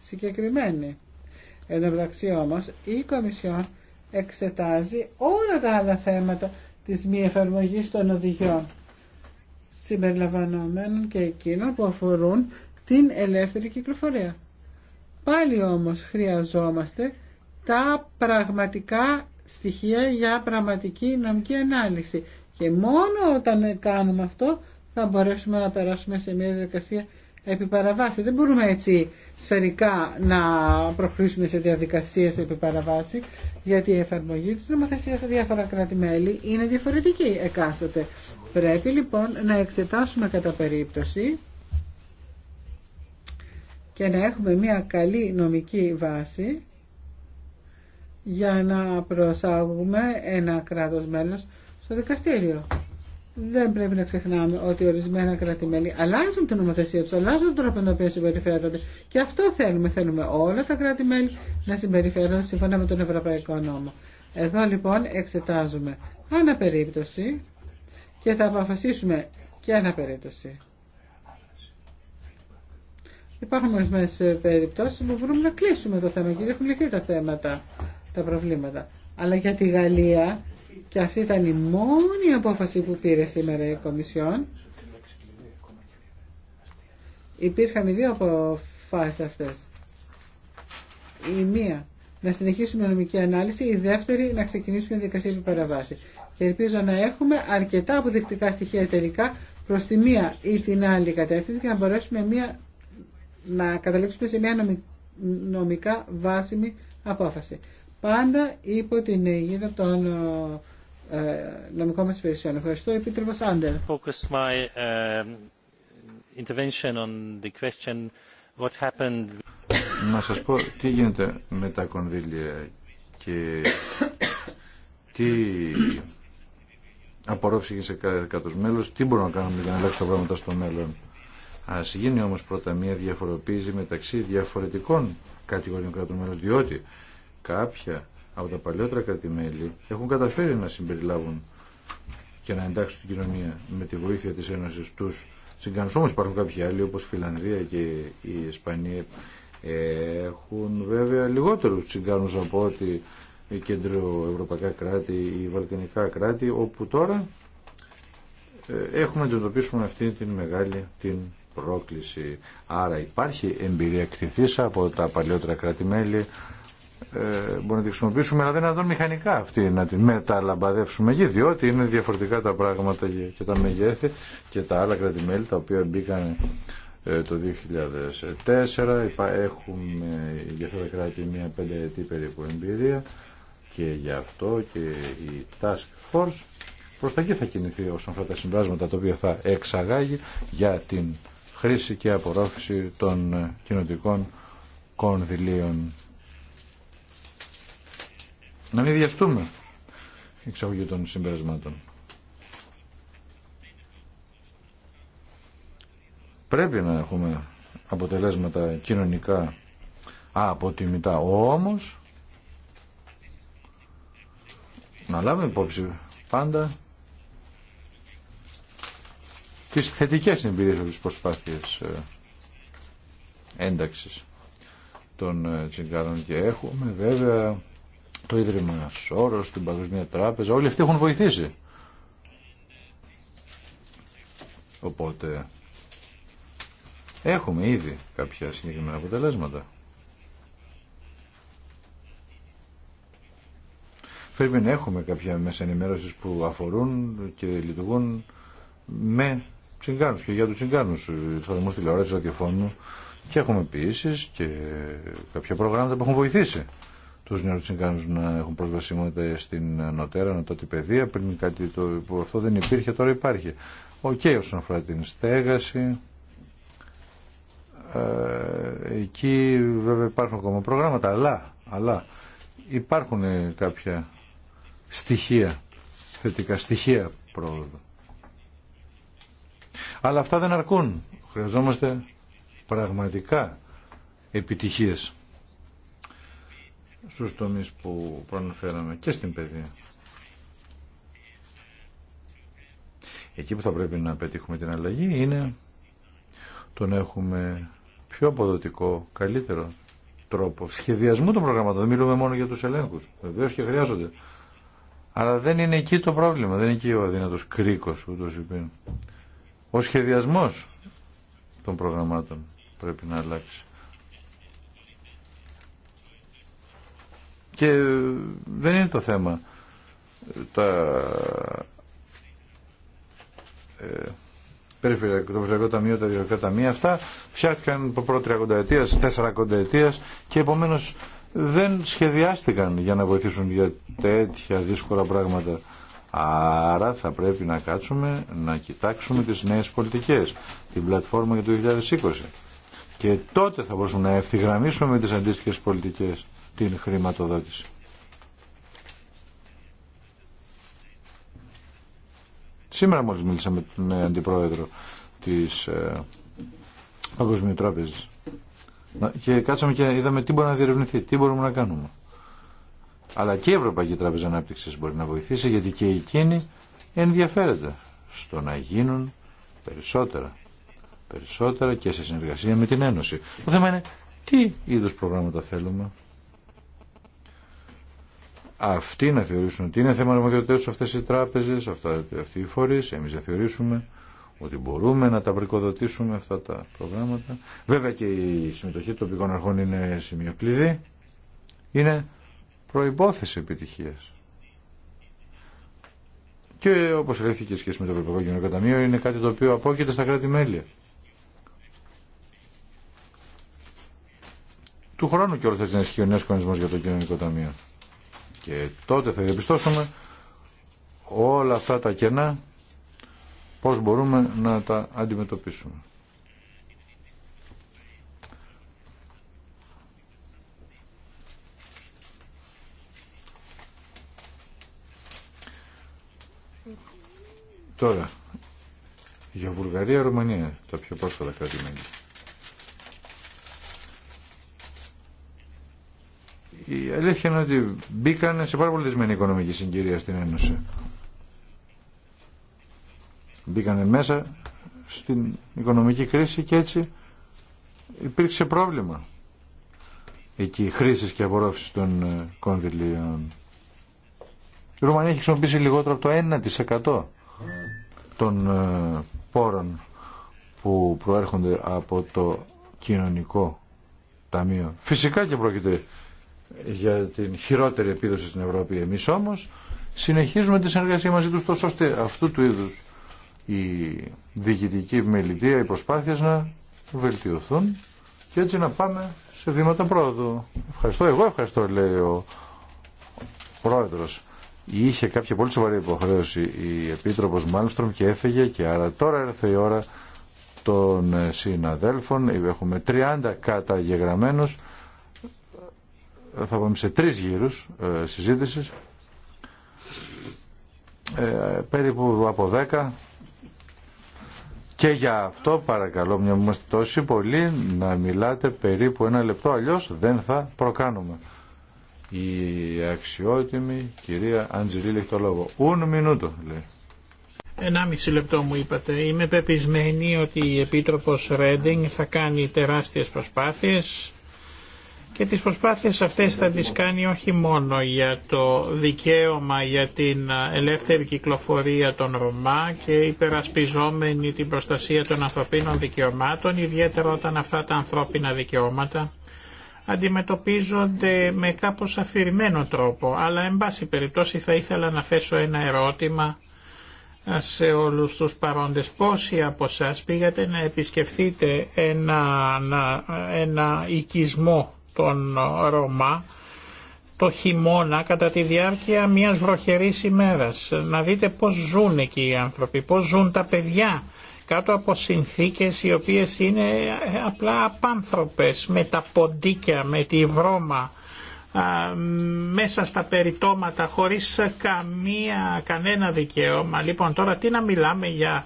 συγκεκριμένη. Εν μεταξύ όμως η Κομισιόν εξετάζει όλα τα άλλα θέματα της μη εφαρμογής των οδηγιών συμπεριλαμβανομένων και εκείνων που αφορούν την ελεύθερη κυκλοφορία. Πάλι όμως χρειαζόμαστε τα πραγματικά στοιχεία για πραγματική νομική ανάλυση και μόνο όταν κάνουμε αυτό θα μπορέσουμε να περάσουμε σε μια διαδικασία επί παραβάση. Δεν μπορούμε έτσι σφαιρικά να προχωρήσουμε σε διαδικασίες επί παραβάση, γιατί η εφαρμογή της νομοθεσίας σε διάφορα κράτη-μέλη είναι διαφορετική εκάστοτε. Πρέπει λοιπόν να εξετάσουμε κατά περίπτωση και να έχουμε μια καλή νομική βάση για να προσάγουμε ένα κράτος μέλος στο δικαστήριο. Δεν πρέπει να ξεχνάμε ότι ορισμένα κράτη-μέλη αλλάζουν την ομοθεσία του, αλλάζουν τον τρόπο με τον οποίο συμπεριφέρονται. Και αυτό θέλουμε. Θέλουμε όλα τα κράτη-μέλη να συμπεριφέρονται σύμφωνα με τον Ευρωπαϊκό νόμο. Εδώ λοιπόν εξετάζουμε αναπερίπτωση και θα αποφασίσουμε και αναπερίπτωση. Υπάρχουν ορισμένε περιπτώσει που μπορούμε να κλείσουμε το θέμα και έχουν λυθεί τα θέματα, τα προβλήματα. Αλλά για τη Γαλλία και αυτή ήταν η μόνη απόφαση που πήρε σήμερα η Κομισιόν. Υπήρχαν οι δύο αποφάσεις αυτές. Η μία να συνεχίσουμε νομική ανάλυση, η δεύτερη να ξεκινήσουμε δικασία του παραβάση. Και ελπίζω να έχουμε αρκετά αποδεικτικά στοιχεία τελικά προς τη μία ή την άλλη κατεύθυνση για να μπορέσουμε μία, να καταλήξουμε σε μία νομικά βάσιμη απόφαση. Πάντα υπό την αιγίδα των ε, νομικών μας υπηρεσιών. Ευχαριστώ. Επίτροπος Άντερ. Focus my ε, intervention on the question what happened. Να σας πω τι γίνεται με τα κονδύλια και τι απορρόφηση σε κάτω μέλος, τι μπορούμε να κάνουμε για να αλλάξουμε τα πράγματα στο μέλλον. Ας γίνει όμως πρώτα μία διαφοροποίηση μεταξύ διαφορετικών κατηγοριών κράτων μέλος, διότι κάποια από τα παλιότερα κρατημέλη έχουν καταφέρει να συμπεριλάβουν και να εντάξουν την κοινωνία με τη βοήθεια της Ένωσης τους συγκανούς. Όμως υπάρχουν κάποιοι άλλοι όπως η Φιλανδία και η Ισπανία ε, έχουν βέβαια λιγότερους συγκάνους από ότι οι κεντροευρωπαϊκά κράτη ή βαλκανικά κράτη όπου τώρα ε, έχουμε να αντιμετωπίσουμε αυτή την μεγάλη την πρόκληση. Άρα υπάρχει εμπειρία κτηθήσα από τα παλιότερα κράτη-μέλη ε, μπορούμε να τη χρησιμοποιήσουμε, αλλά δεν είναι μηχανικά αυτή να τη μεταλαμπαδεύσουμε εκεί, διότι είναι διαφορετικά τα πράγματα και τα μεγέθη και τα άλλα κρατημέλη τα οποία μπήκαν ε, το 2004. Έχουμε για αυτά τα κράτη μια πενταετή περίπου εμπειρία και γι' αυτό και η Task Force προς τα εκεί θα κινηθεί όσον αφορά τα συμπράσματα τα οποία θα εξαγάγει για την χρήση και απορρόφηση των κοινοτικών κονδυλίων να μην βιαστούμε εξαγωγή των συμπερασμάτων. Πρέπει να έχουμε αποτελέσματα κοινωνικά αποτιμητά. Όμως, να λάβουμε υπόψη πάντα τις θετικές εμπειρίες από τις προσπάθειες ε, ένταξης των ε, τσιγκάρων και έχουμε βέβαια το Ίδρυμα Σόρος, την Παγκοσμία Τράπεζα, όλοι αυτοί έχουν βοηθήσει. Οπότε έχουμε ήδη κάποια συγκεκριμένα αποτελέσματα. Πρέπει να έχουμε κάποια μέσα ενημέρωση που αφορούν και λειτουργούν με τσιγκάνους και για τους τσιγκάνους, εφαρμός τηλεόρασης, ραδιοφώνου και έχουμε επίση και κάποια προγράμματα που έχουν βοηθήσει τους νεροτσιγκάνους να έχουν προσβασιμότητα στην νοτέρα, τότε παιδεία. Πριν κάτι το, που αυτό δεν υπήρχε, τώρα υπάρχει. Οκ, okay, όσον αφορά την στέγαση, ε, εκεί βέβαια υπάρχουν ακόμα προγράμματα, αλλά, αλλά υπάρχουν κάποια στοιχεία, θετικά στοιχεία πρόοδου. Αλλά αυτά δεν αρκούν. Χρειαζόμαστε πραγματικά επιτυχίες στους τομείς που προαναφέραμε και στην παιδεία. Εκεί που θα πρέπει να πετύχουμε την αλλαγή είναι το να έχουμε πιο αποδοτικό, καλύτερο τρόπο σχεδιασμού των προγραμμάτων. Δεν μιλούμε μόνο για τους ελέγχους. Βεβαίω και χρειάζονται. Αλλά δεν είναι εκεί το πρόβλημα. Δεν είναι εκεί ο αδύνατος κρίκος, ούτως είπε. Ο σχεδιασμός των προγραμμάτων πρέπει να αλλάξει. Και ε, δεν είναι το θέμα τα ε, περιφερειακό, το Περιφερειακό Ταμείο, τα Διευθυντικά Ταμεία, αυτά φτιάχτηκαν από πρώτη τριακονταετία, και επομένω δεν σχεδιάστηκαν για να βοηθήσουν για τέτοια δύσκολα πράγματα. Άρα θα πρέπει να κάτσουμε να κοιτάξουμε τις νέες πολιτικές, την πλατφόρμα για το 2020. Και τότε θα μπορούσαμε να ευθυγραμμίσουμε με τις αντίστοιχες πολιτικές την χρηματοδότηση. Σήμερα μόλις μίλησαμε με αντιπρόεδρο της ε, Παγκοσμίου και κάτσαμε και είδαμε τι μπορεί να διερευνηθεί, τι μπορούμε να κάνουμε. Αλλά και η Ευρωπαϊκή Τράπεζα Ανάπτυξης μπορεί να βοηθήσει γιατί και εκείνη ενδιαφέρεται στο να γίνουν περισσότερα. Περισσότερα και σε συνεργασία με την Ένωση. Το θέμα είναι τι είδους προγράμματα θέλουμε αυτοί να θεωρήσουν ότι είναι θέμα αρμοδιότητας αυτέ οι τράπεζε, αυτοί οι φορεί. εμείς να θεωρήσουμε ότι μπορούμε να τα πρικοδοτήσουμε αυτά τα προγράμματα. Βέβαια και η συμμετοχή των τοπικών αρχών είναι σημείο κλειδί. Είναι προπόθεση επιτυχία. Και όπως ελέγχθηκε σχέση με το Ευρωπαϊκό Κοινωνικό Ταμείο είναι κάτι το οποίο απόκειται στα κράτη-μέλη. Του χρόνου και όλε θα είναι νέο κανονισμό για το Κοινωνικό Ταμείο. Και τότε θα διαπιστώσουμε όλα αυτά τα κενά πώς μπορούμε να τα αντιμετωπίσουμε. Τώρα, για Βουλγαρία, Ρουμανία, τα πιο πρόσφατα η αλήθεια είναι ότι μπήκαν σε πάρα πολύ δεσμένη οικονομική συγκυρία στην Ένωση. Μπήκανε μέσα στην οικονομική κρίση και έτσι υπήρξε πρόβλημα εκεί χρήση και απορρόφηση των ε, κονδυλίων. Η Ρουμανία έχει χρησιμοποιήσει λιγότερο από το 1% των ε, πόρων που προέρχονται από το κοινωνικό ταμείο. Φυσικά και πρόκειται για την χειρότερη επίδοση στην Ευρώπη. Εμείς όμως συνεχίζουμε τη συνεργασία μαζί τους τόσο ώστε αυτού του είδους η διοικητική μελητεία, οι προσπάθειες να βελτιωθούν και έτσι να πάμε σε βήματα πρόοδου. Ευχαριστώ, εγώ ευχαριστώ λέει ο πρόεδρος. Είχε κάποια πολύ σοβαρή υποχρέωση η Επίτροπος Μάλμστρομ και έφυγε και άρα τώρα έρθε η ώρα των συναδέλφων. Έχουμε 30 καταγεγραμμένους θα πάμε σε τρεις γύρους ε, συζήτησης ε, περίπου από 10 και για αυτό παρακαλώ μια που είμαστε τόσοι πολλοί να μιλάτε περίπου ένα λεπτό αλλιώς δεν θα προκάνουμε η αξιότιμη κυρία Αντζελίλη έχει το λόγο ούν μινούτο λέει ένα μισή λεπτό μου είπατε. Είμαι πεπισμένη ότι η Επίτροπος Ρέντινγκ θα κάνει τεράστιες προσπάθειες και τις προσπάθειες αυτές θα τις κάνει όχι μόνο για το δικαίωμα για την ελεύθερη κυκλοφορία των Ρωμά και υπερασπιζόμενη την προστασία των ανθρωπίνων δικαιωμάτων, ιδιαίτερα όταν αυτά τα ανθρώπινα δικαιώματα αντιμετωπίζονται με κάπως αφηρημένο τρόπο. Αλλά, εν πάση περιπτώσει, θα ήθελα να θέσω ένα ερώτημα σε όλους τους παρόντες. Πόσοι από εσά πήγατε να επισκεφθείτε ένα, ένα, ένα οικισμό τον Ρωμά το χειμώνα κατά τη διάρκεια μιας βροχερής ημέρας. Να δείτε πώς ζουν εκεί οι άνθρωποι, πώς ζουν τα παιδιά κάτω από συνθήκες οι οποίες είναι απλά απάνθρωπες με τα ποντίκια, με τη βρώμα μέσα στα περιτώματα χωρίς καμία, κανένα δικαίωμα. Λοιπόν τώρα τι να μιλάμε για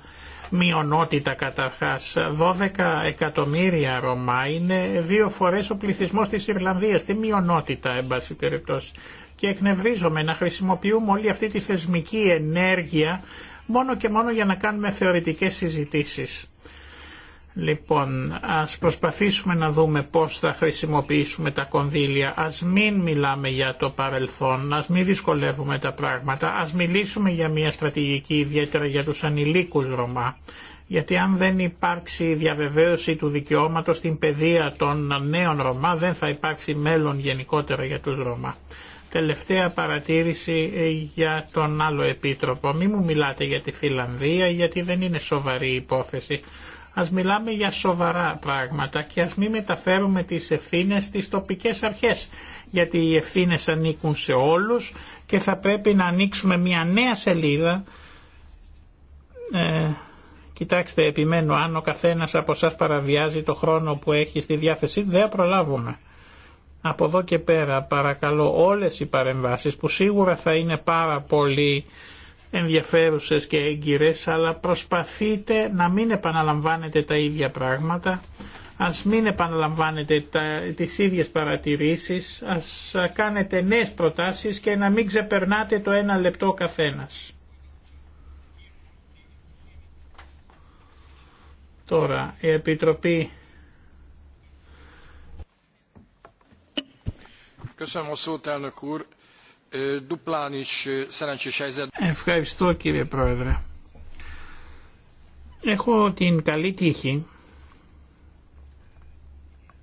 μειονότητα καταρχάς. 12 εκατομμύρια Ρωμά είναι δύο φορές ο πληθυσμός της Ιρλανδίας. Τι μειονότητα, εν πάση περιπτώσει. Και εκνευρίζομαι να χρησιμοποιούμε όλη αυτή τη θεσμική ενέργεια μόνο και μόνο για να κάνουμε θεωρητικές συζητήσεις. Λοιπόν, ας προσπαθήσουμε να δούμε πώς θα χρησιμοποιήσουμε τα κονδύλια. Ας μην μιλάμε για το παρελθόν, ας μην δυσκολεύουμε τα πράγματα, ας μιλήσουμε για μια στρατηγική ιδιαίτερα για τους ανηλίκους Ρωμά. Γιατί αν δεν υπάρξει διαβεβαίωση του δικαιώματος στην παιδεία των νέων Ρωμά, δεν θα υπάρξει μέλλον γενικότερα για τους Ρωμά. Τελευταία παρατήρηση ε, για τον άλλο επίτροπο. Μη μου μιλάτε για τη Φιλανδία, γιατί δεν είναι σοβαρή υπόθεση. Ας μιλάμε για σοβαρά πράγματα και ας μην μεταφέρουμε τις ευθύνες στις τοπικές αρχές, γιατί οι ευθύνες ανήκουν σε όλους και θα πρέπει να ανοίξουμε μια νέα σελίδα. Ε, κοιτάξτε, επιμένω, αν ο καθένας από εσά παραβιάζει το χρόνο που έχει στη διάθεσή δεν προλάβουμε. Από εδώ και πέρα παρακαλώ όλες οι παρεμβάσεις που σίγουρα θα είναι πάρα πολύ ενδιαφέρουσες και έγκυρες, αλλά προσπαθείτε να μην επαναλαμβάνετε τα ίδια πράγματα, ας μην επαναλαμβάνετε τι τις ίδιες παρατηρήσεις, ας κάνετε νέες προτάσεις και να μην ξεπερνάτε το ένα λεπτό καθένας. Τώρα, η Επιτροπή... Köszönöm a Ευχαριστώ κύριε Πρόεδρε. Έχω την καλή τύχη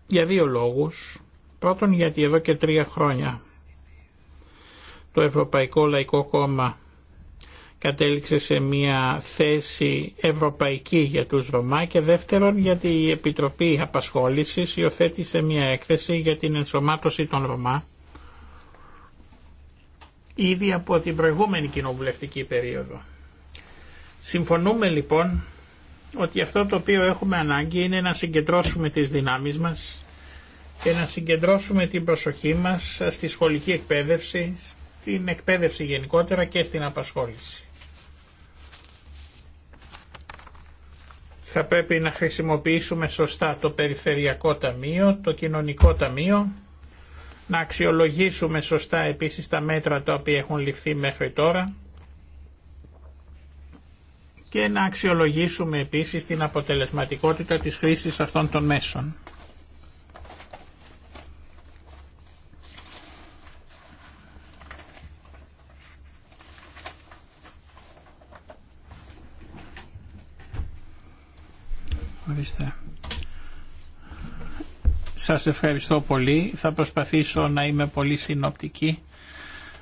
για δύο λόγους. Πρώτον γιατί εδώ και τρία χρόνια το Ευρωπαϊκό Λαϊκό Κόμμα κατέληξε σε μια θέση ευρωπαϊκή για τους Ρωμά και δεύτερον γιατί η Επιτροπή Απασχόλησης υιοθέτησε μια έκθεση για την ενσωμάτωση των Ρωμά ήδη από την προηγούμενη κοινοβουλευτική περίοδο. Συμφωνούμε λοιπόν ότι αυτό το οποίο έχουμε ανάγκη είναι να συγκεντρώσουμε τις δυνάμεις μας και να συγκεντρώσουμε την προσοχή μας στη σχολική εκπαίδευση, στην εκπαίδευση γενικότερα και στην απασχόληση. Θα πρέπει να χρησιμοποιήσουμε σωστά το Περιφερειακό Ταμείο, το Κοινωνικό Ταμείο να αξιολογήσουμε σωστά επίσης τα μέτρα τα οποία έχουν ληφθεί μέχρι τώρα και να αξιολογήσουμε επίσης την αποτελεσματικότητα της χρήσης αυτών των μέσων. Ορίστε. Σας ευχαριστώ πολύ. Θα προσπαθήσω να είμαι πολύ συνοπτική.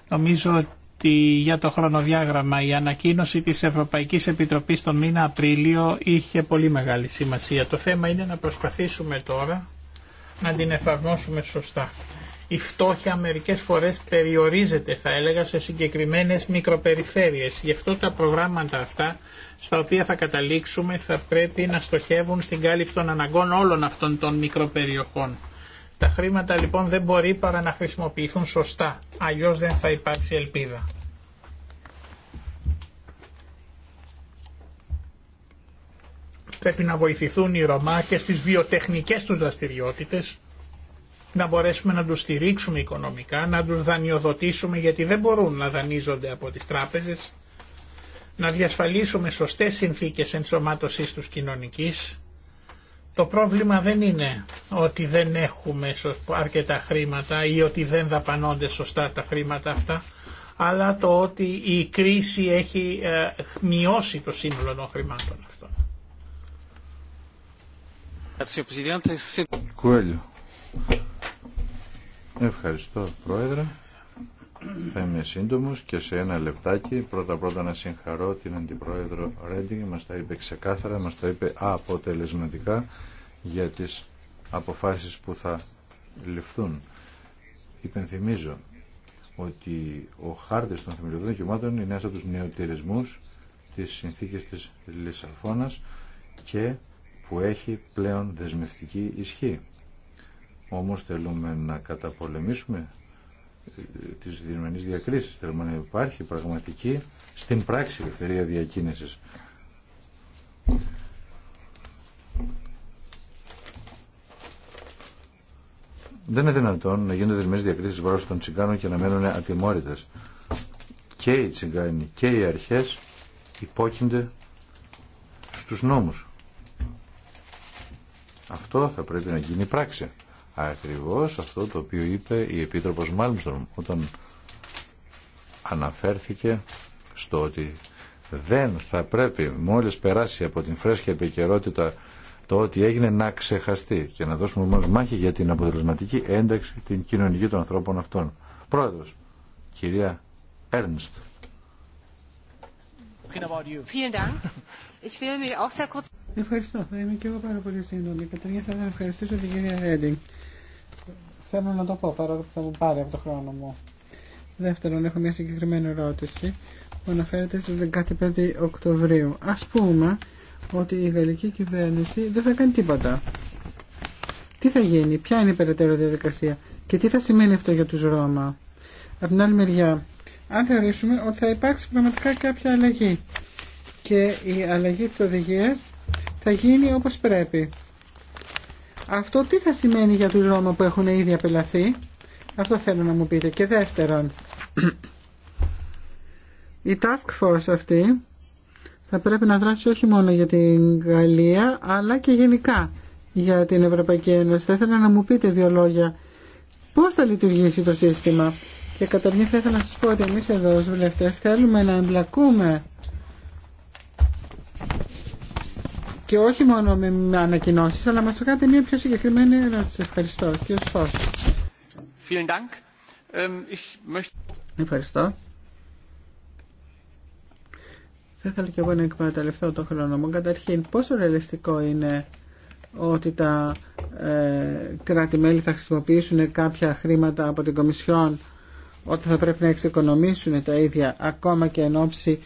Νομίζω ότι για το χρονοδιάγραμμα η ανακοίνωση της Ευρωπαϊκής Επιτροπής τον μήνα Απρίλιο είχε πολύ μεγάλη σημασία. Το θέμα είναι να προσπαθήσουμε τώρα να την εφαρμόσουμε σωστά η φτώχεια μερικές φορές περιορίζεται θα έλεγα σε συγκεκριμένες μικροπεριφέρειες. Γι' αυτό τα προγράμματα αυτά στα οποία θα καταλήξουμε θα πρέπει να στοχεύουν στην κάλυψη των αναγκών όλων αυτών των μικροπεριοχών. Τα χρήματα λοιπόν δεν μπορεί παρά να χρησιμοποιηθούν σωστά, αλλιώς δεν θα υπάρξει ελπίδα. Πρέπει να βοηθηθούν οι Ρωμά και στις βιοτεχνικές τους δραστηριότητες να μπορέσουμε να τους στηρίξουμε οικονομικά, να τους δανειοδοτήσουμε γιατί δεν μπορούν να δανείζονται από τις τράπεζες, να διασφαλίσουμε σωστές συνθήκες ενσωμάτωσής τους κοινωνικής. Το πρόβλημα δεν είναι ότι δεν έχουμε αρκετά χρήματα ή ότι δεν δαπανώνται σωστά τα χρήματα αυτά, αλλά το ότι η κρίση έχει ε, μειώσει το σύνολο των χρημάτων αυτών. Ευχαριστώ Πρόεδρε. Θα είμαι σύντομο και σε ένα λεπτάκι πρώτα πρώτα να συγχαρώ την Αντιπρόεδρο Ρέντινγκ. Μας τα είπε ξεκάθαρα, μας τα είπε αποτελεσματικά για τις αποφάσεις που θα ληφθούν. Υπενθυμίζω ότι ο χάρτης των θεμελιωδών δικαιωμάτων είναι ένας από τους νεοτηρισμούς της συνθήκης της Λισαφώνας και που έχει πλέον δεσμευτική ισχύ. Όμως θέλουμε να καταπολεμήσουμε ε, τις δυσμενείς διακρίσεις. Θέλουμε να υπάρχει πραγματική στην πράξη ελευθερία διακίνησης. Δεν είναι δυνατόν να γίνονται δεσμές διακρίσεις βάρος των τσιγκάνων και να μένουν ατιμόρυτες. Και οι τσιγκάνοι και οι αρχές υπόκεινται στους νόμους. Αυτό θα πρέπει να γίνει πράξη ακριβώς αυτό το οποίο είπε η Επίτροπος Μάλμστρομ όταν αναφέρθηκε στο ότι δεν θα πρέπει μόλις περάσει από την φρέσκια επικαιρότητα το ότι έγινε να ξεχαστεί και να δώσουμε μόνο μάχη για την αποτελεσματική ένταξη την κοινωνική των ανθρώπων αυτών. Πρόεδρος, κυρία Έρνστ. Ευχαριστώ. Θα είμαι και εγώ πάρα πολύ σύντομη. Καταρχήν θα ευχαριστήσω την κυρία Ρέντινγκ. Θέλω να το πω παρόλο που θα μου πάρει από το χρόνο μου. Δεύτερον, έχω μια συγκεκριμένη ερώτηση που αναφέρεται στις 15 Οκτωβρίου. Ας πούμε ότι η γαλλική κυβέρνηση δεν θα κάνει τίποτα. Τι θα γίνει, ποια είναι η περαιτέρω διαδικασία και τι θα σημαίνει αυτό για τους Ρώμα. Από την άλλη μεριά, αν θεωρήσουμε ότι θα υπάρξει πραγματικά κάποια αλλαγή και η αλλαγή τη οδηγία θα γίνει όπως πρέπει. Αυτό τι θα σημαίνει για τους Ρώμα που έχουν ήδη απελαθεί. Αυτό θέλω να μου πείτε. Και δεύτερον, η task force αυτή θα πρέπει να δράσει όχι μόνο για την Γαλλία αλλά και γενικά για την Ευρωπαϊκή Ένωση. Θα ήθελα να μου πείτε δύο λόγια πώς θα λειτουργήσει το σύστημα. Και καταρχήν θα ήθελα να σας πω ότι εμείς εδώ ως βουλευτές θέλουμε να εμπλακούμε και όχι μόνο με ανακοινώσει, αλλά μας κάνετε μια πιο συγκεκριμένη ερώτηση. Ευχαριστώ. Ähm, Ευχαριστώ. Θα ήθελα και εγώ να εκμεταλλευτώ το χρόνο μου. Καταρχήν, πόσο ρεαλιστικό είναι ότι τα ε, κράτη-μέλη θα χρησιμοποιήσουν κάποια χρήματα από την Κομισιόν όταν θα πρέπει να εξοικονομήσουν τα ίδια ακόμα και εν ώψη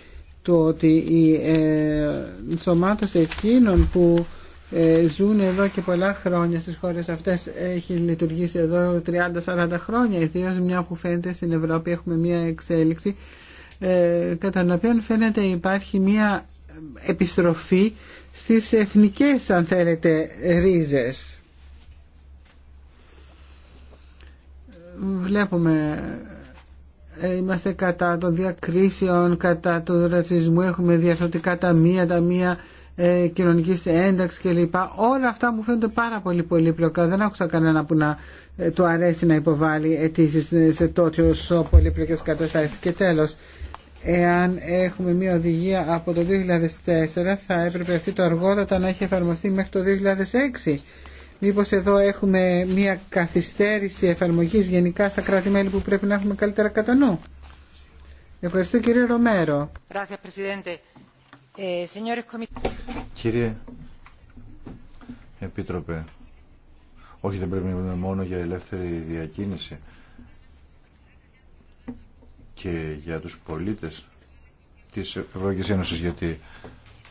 το ότι η ε, σωμάτωση εκείνων που ε, ζουν εδώ και πολλά χρόνια στις χώρες αυτές έχει λειτουργήσει εδώ 30-40 χρόνια ιδίω μια που φαίνεται στην Ευρώπη έχουμε μια εξέλιξη ε, κατά την οποία φαίνεται υπάρχει μια επιστροφή στις εθνικές αν θέλετε ρίζες βλέπουμε ε, είμαστε κατά των διακρίσεων, κατά του ρατσισμού, έχουμε διαρθρωτικά ταμεία, ταμεία ε, κοινωνική ένταξη κλπ. Όλα αυτά μου φαίνονται πάρα πολύ πολύπλοκα. Δεν άκουσα κανένα που να ε, του αρέσει να υποβάλει αιτήσει σε τόσο πολύπλοκε καταστάσει Και τέλο. εάν έχουμε μια οδηγία από το 2004 θα έπρεπε αυτή το αργότατα να έχει εφαρμοστεί μέχρι το 2006 Μήπως εδώ έχουμε μια καθυστέρηση εφαρμογής γενικά στα κράτη-μέλη που πρέπει να έχουμε καλύτερα κατά νου. Ευχαριστώ κύριε Ρομέρο. Ε, κύριε Επίτροπε, όχι δεν πρέπει να μιλούμε μόνο για ελεύθερη διακίνηση και για τους πολίτες της Ευρωπαϊκής Ένωσης γιατί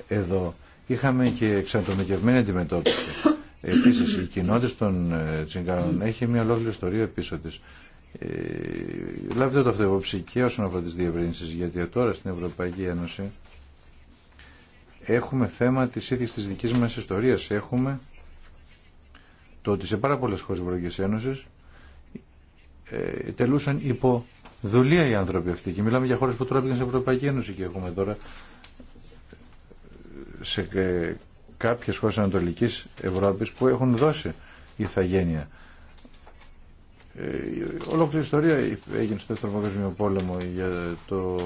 εδώ είχαμε και εξατομικευμένη αντιμετώπιση Επίση η κοινότητα των ε, τσιγκάνων έχει μια ολόκληρη ιστορία πίσω τη. Ε, λάβετε το αυτό υπόψη και όσον αφορά τι διευρύνσει, γιατί τώρα στην Ευρωπαϊκή Ένωση έχουμε θέμα τη ίδια τη δική μα ιστορία. Έχουμε το ότι σε πάρα πολλές χώρες Ευρωπαϊκής Ένωσης ε, τελούσαν υπό δουλεία οι άνθρωποι αυτοί. Και μιλάμε για χώρε που τώρα πήγαν στην Ευρωπαϊκή Ένωση και έχουμε τώρα σε ε, κάποιες χώρες Ανατολικής Ευρώπης που έχουν δώσει ηθαγένεια. Ε, ολόκληρη η ιστορία έγινε στο Δεύτερο Παγκόσμιο Πόλεμο για το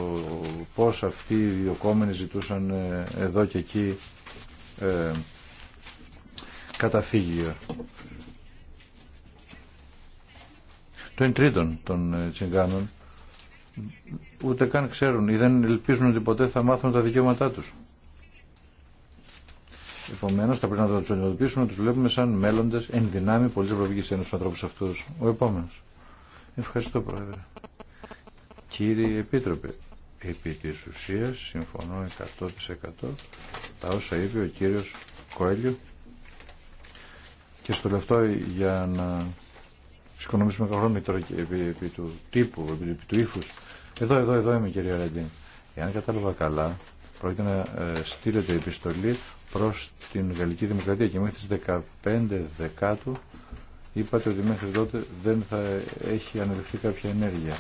πώς αυτοί οι διοκόμενοι ζητούσαν ε, εδώ και εκεί ε, καταφύγιο. Το εν τρίτον των ε, τσιγκάνων ούτε καν ξέρουν ή δεν ελπίζουν ότι ποτέ θα μάθουν τα δικαιώματά τους. Επομένω, θα πρέπει να του αντιμετωπίσουμε, να του βλέπουμε σαν μέλλοντε εν δυνάμει πολλή Ευρωπαϊκή Ένωση του ανθρώπου αυτού. Ο επόμενο. Ευχαριστώ, Πρόεδρε. Κύριε Επίτροπε, επί τη ουσία συμφωνώ 100% τα όσα είπε ο κύριο Κοέλιο και στο λεφτό για να συγκονομήσουμε χρόνο τώρα και επί, επί, του τύπου, επί, του ύφου. Εδώ, εδώ, εδώ είμαι κύριε Ρεντίν. Εάν κατάλαβα καλά, πρόκειται να ε, στείλετε επιστολή προς την Γαλλική Δημοκρατία και μέχρι τις 15 Δεκάτου είπατε ότι μέχρι τότε δεν θα έχει ανελευθεί κάποια ενέργεια.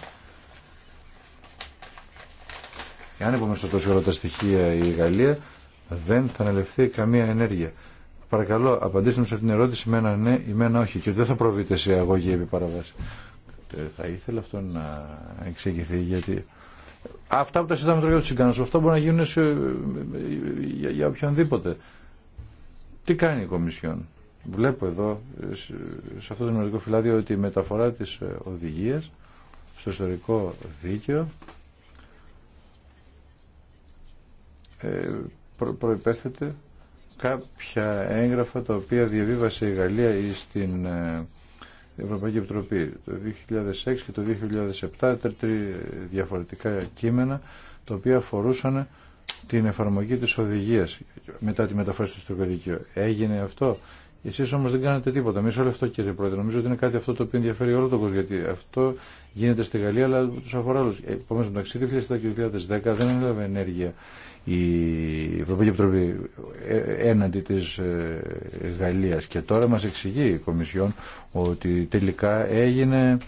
Εάν επομένως το τόσο όλα τα στοιχεία η Γαλλία δεν θα ανελευθεί καμία ενέργεια. Παρακαλώ απαντήστε μου σε αυτήν την ερώτηση με ένα ναι ή με ένα όχι και δεν θα προβείτε σε αγωγή επί παραβάση. Ε, θα ήθελα αυτό να εξηγηθεί γιατί Αυτά που τα συζητάμε τώρα για του συγκάνου, αυτά μπορεί να γίνουν σε, για, για οποιονδήποτε. Τι κάνει η Κομισιόν. Βλέπω εδώ σε αυτό το νομικό φυλάδιο ότι η μεταφορά της ε, οδηγίας στο ιστορικό δίκαιο ε, προϋπέθεται κάποια έγγραφα τα οποία διαβίβασε η Γαλλία ή στην ε, Ευρωπαϊκή Επιτροπή το 2006 και το 2007 τρει διαφορετικά κείμενα τα οποία αφορούσαν την εφαρμογή της οδηγίας μετά τη μεταφράση του ιστορικού Έγινε αυτό Εσεί όμω δεν κάνετε τίποτα. Μισό αυτό κύριε Πρόεδρε. Νομίζω ότι είναι κάτι αυτό το οποίο ενδιαφέρει όλο τον κόσμο. Γιατί αυτό γίνεται στη Γαλλία, αλλά ε, του αφορά όλου. Επομένω, μεταξύ 2007 και 2010 δεν έλαβε ενέργεια η Ευρωπαϊκή Επιτροπή ε, έναντι τη ε, Γαλλία. Και τώρα μα εξηγεί η Κομισιόν ότι τελικά έγινε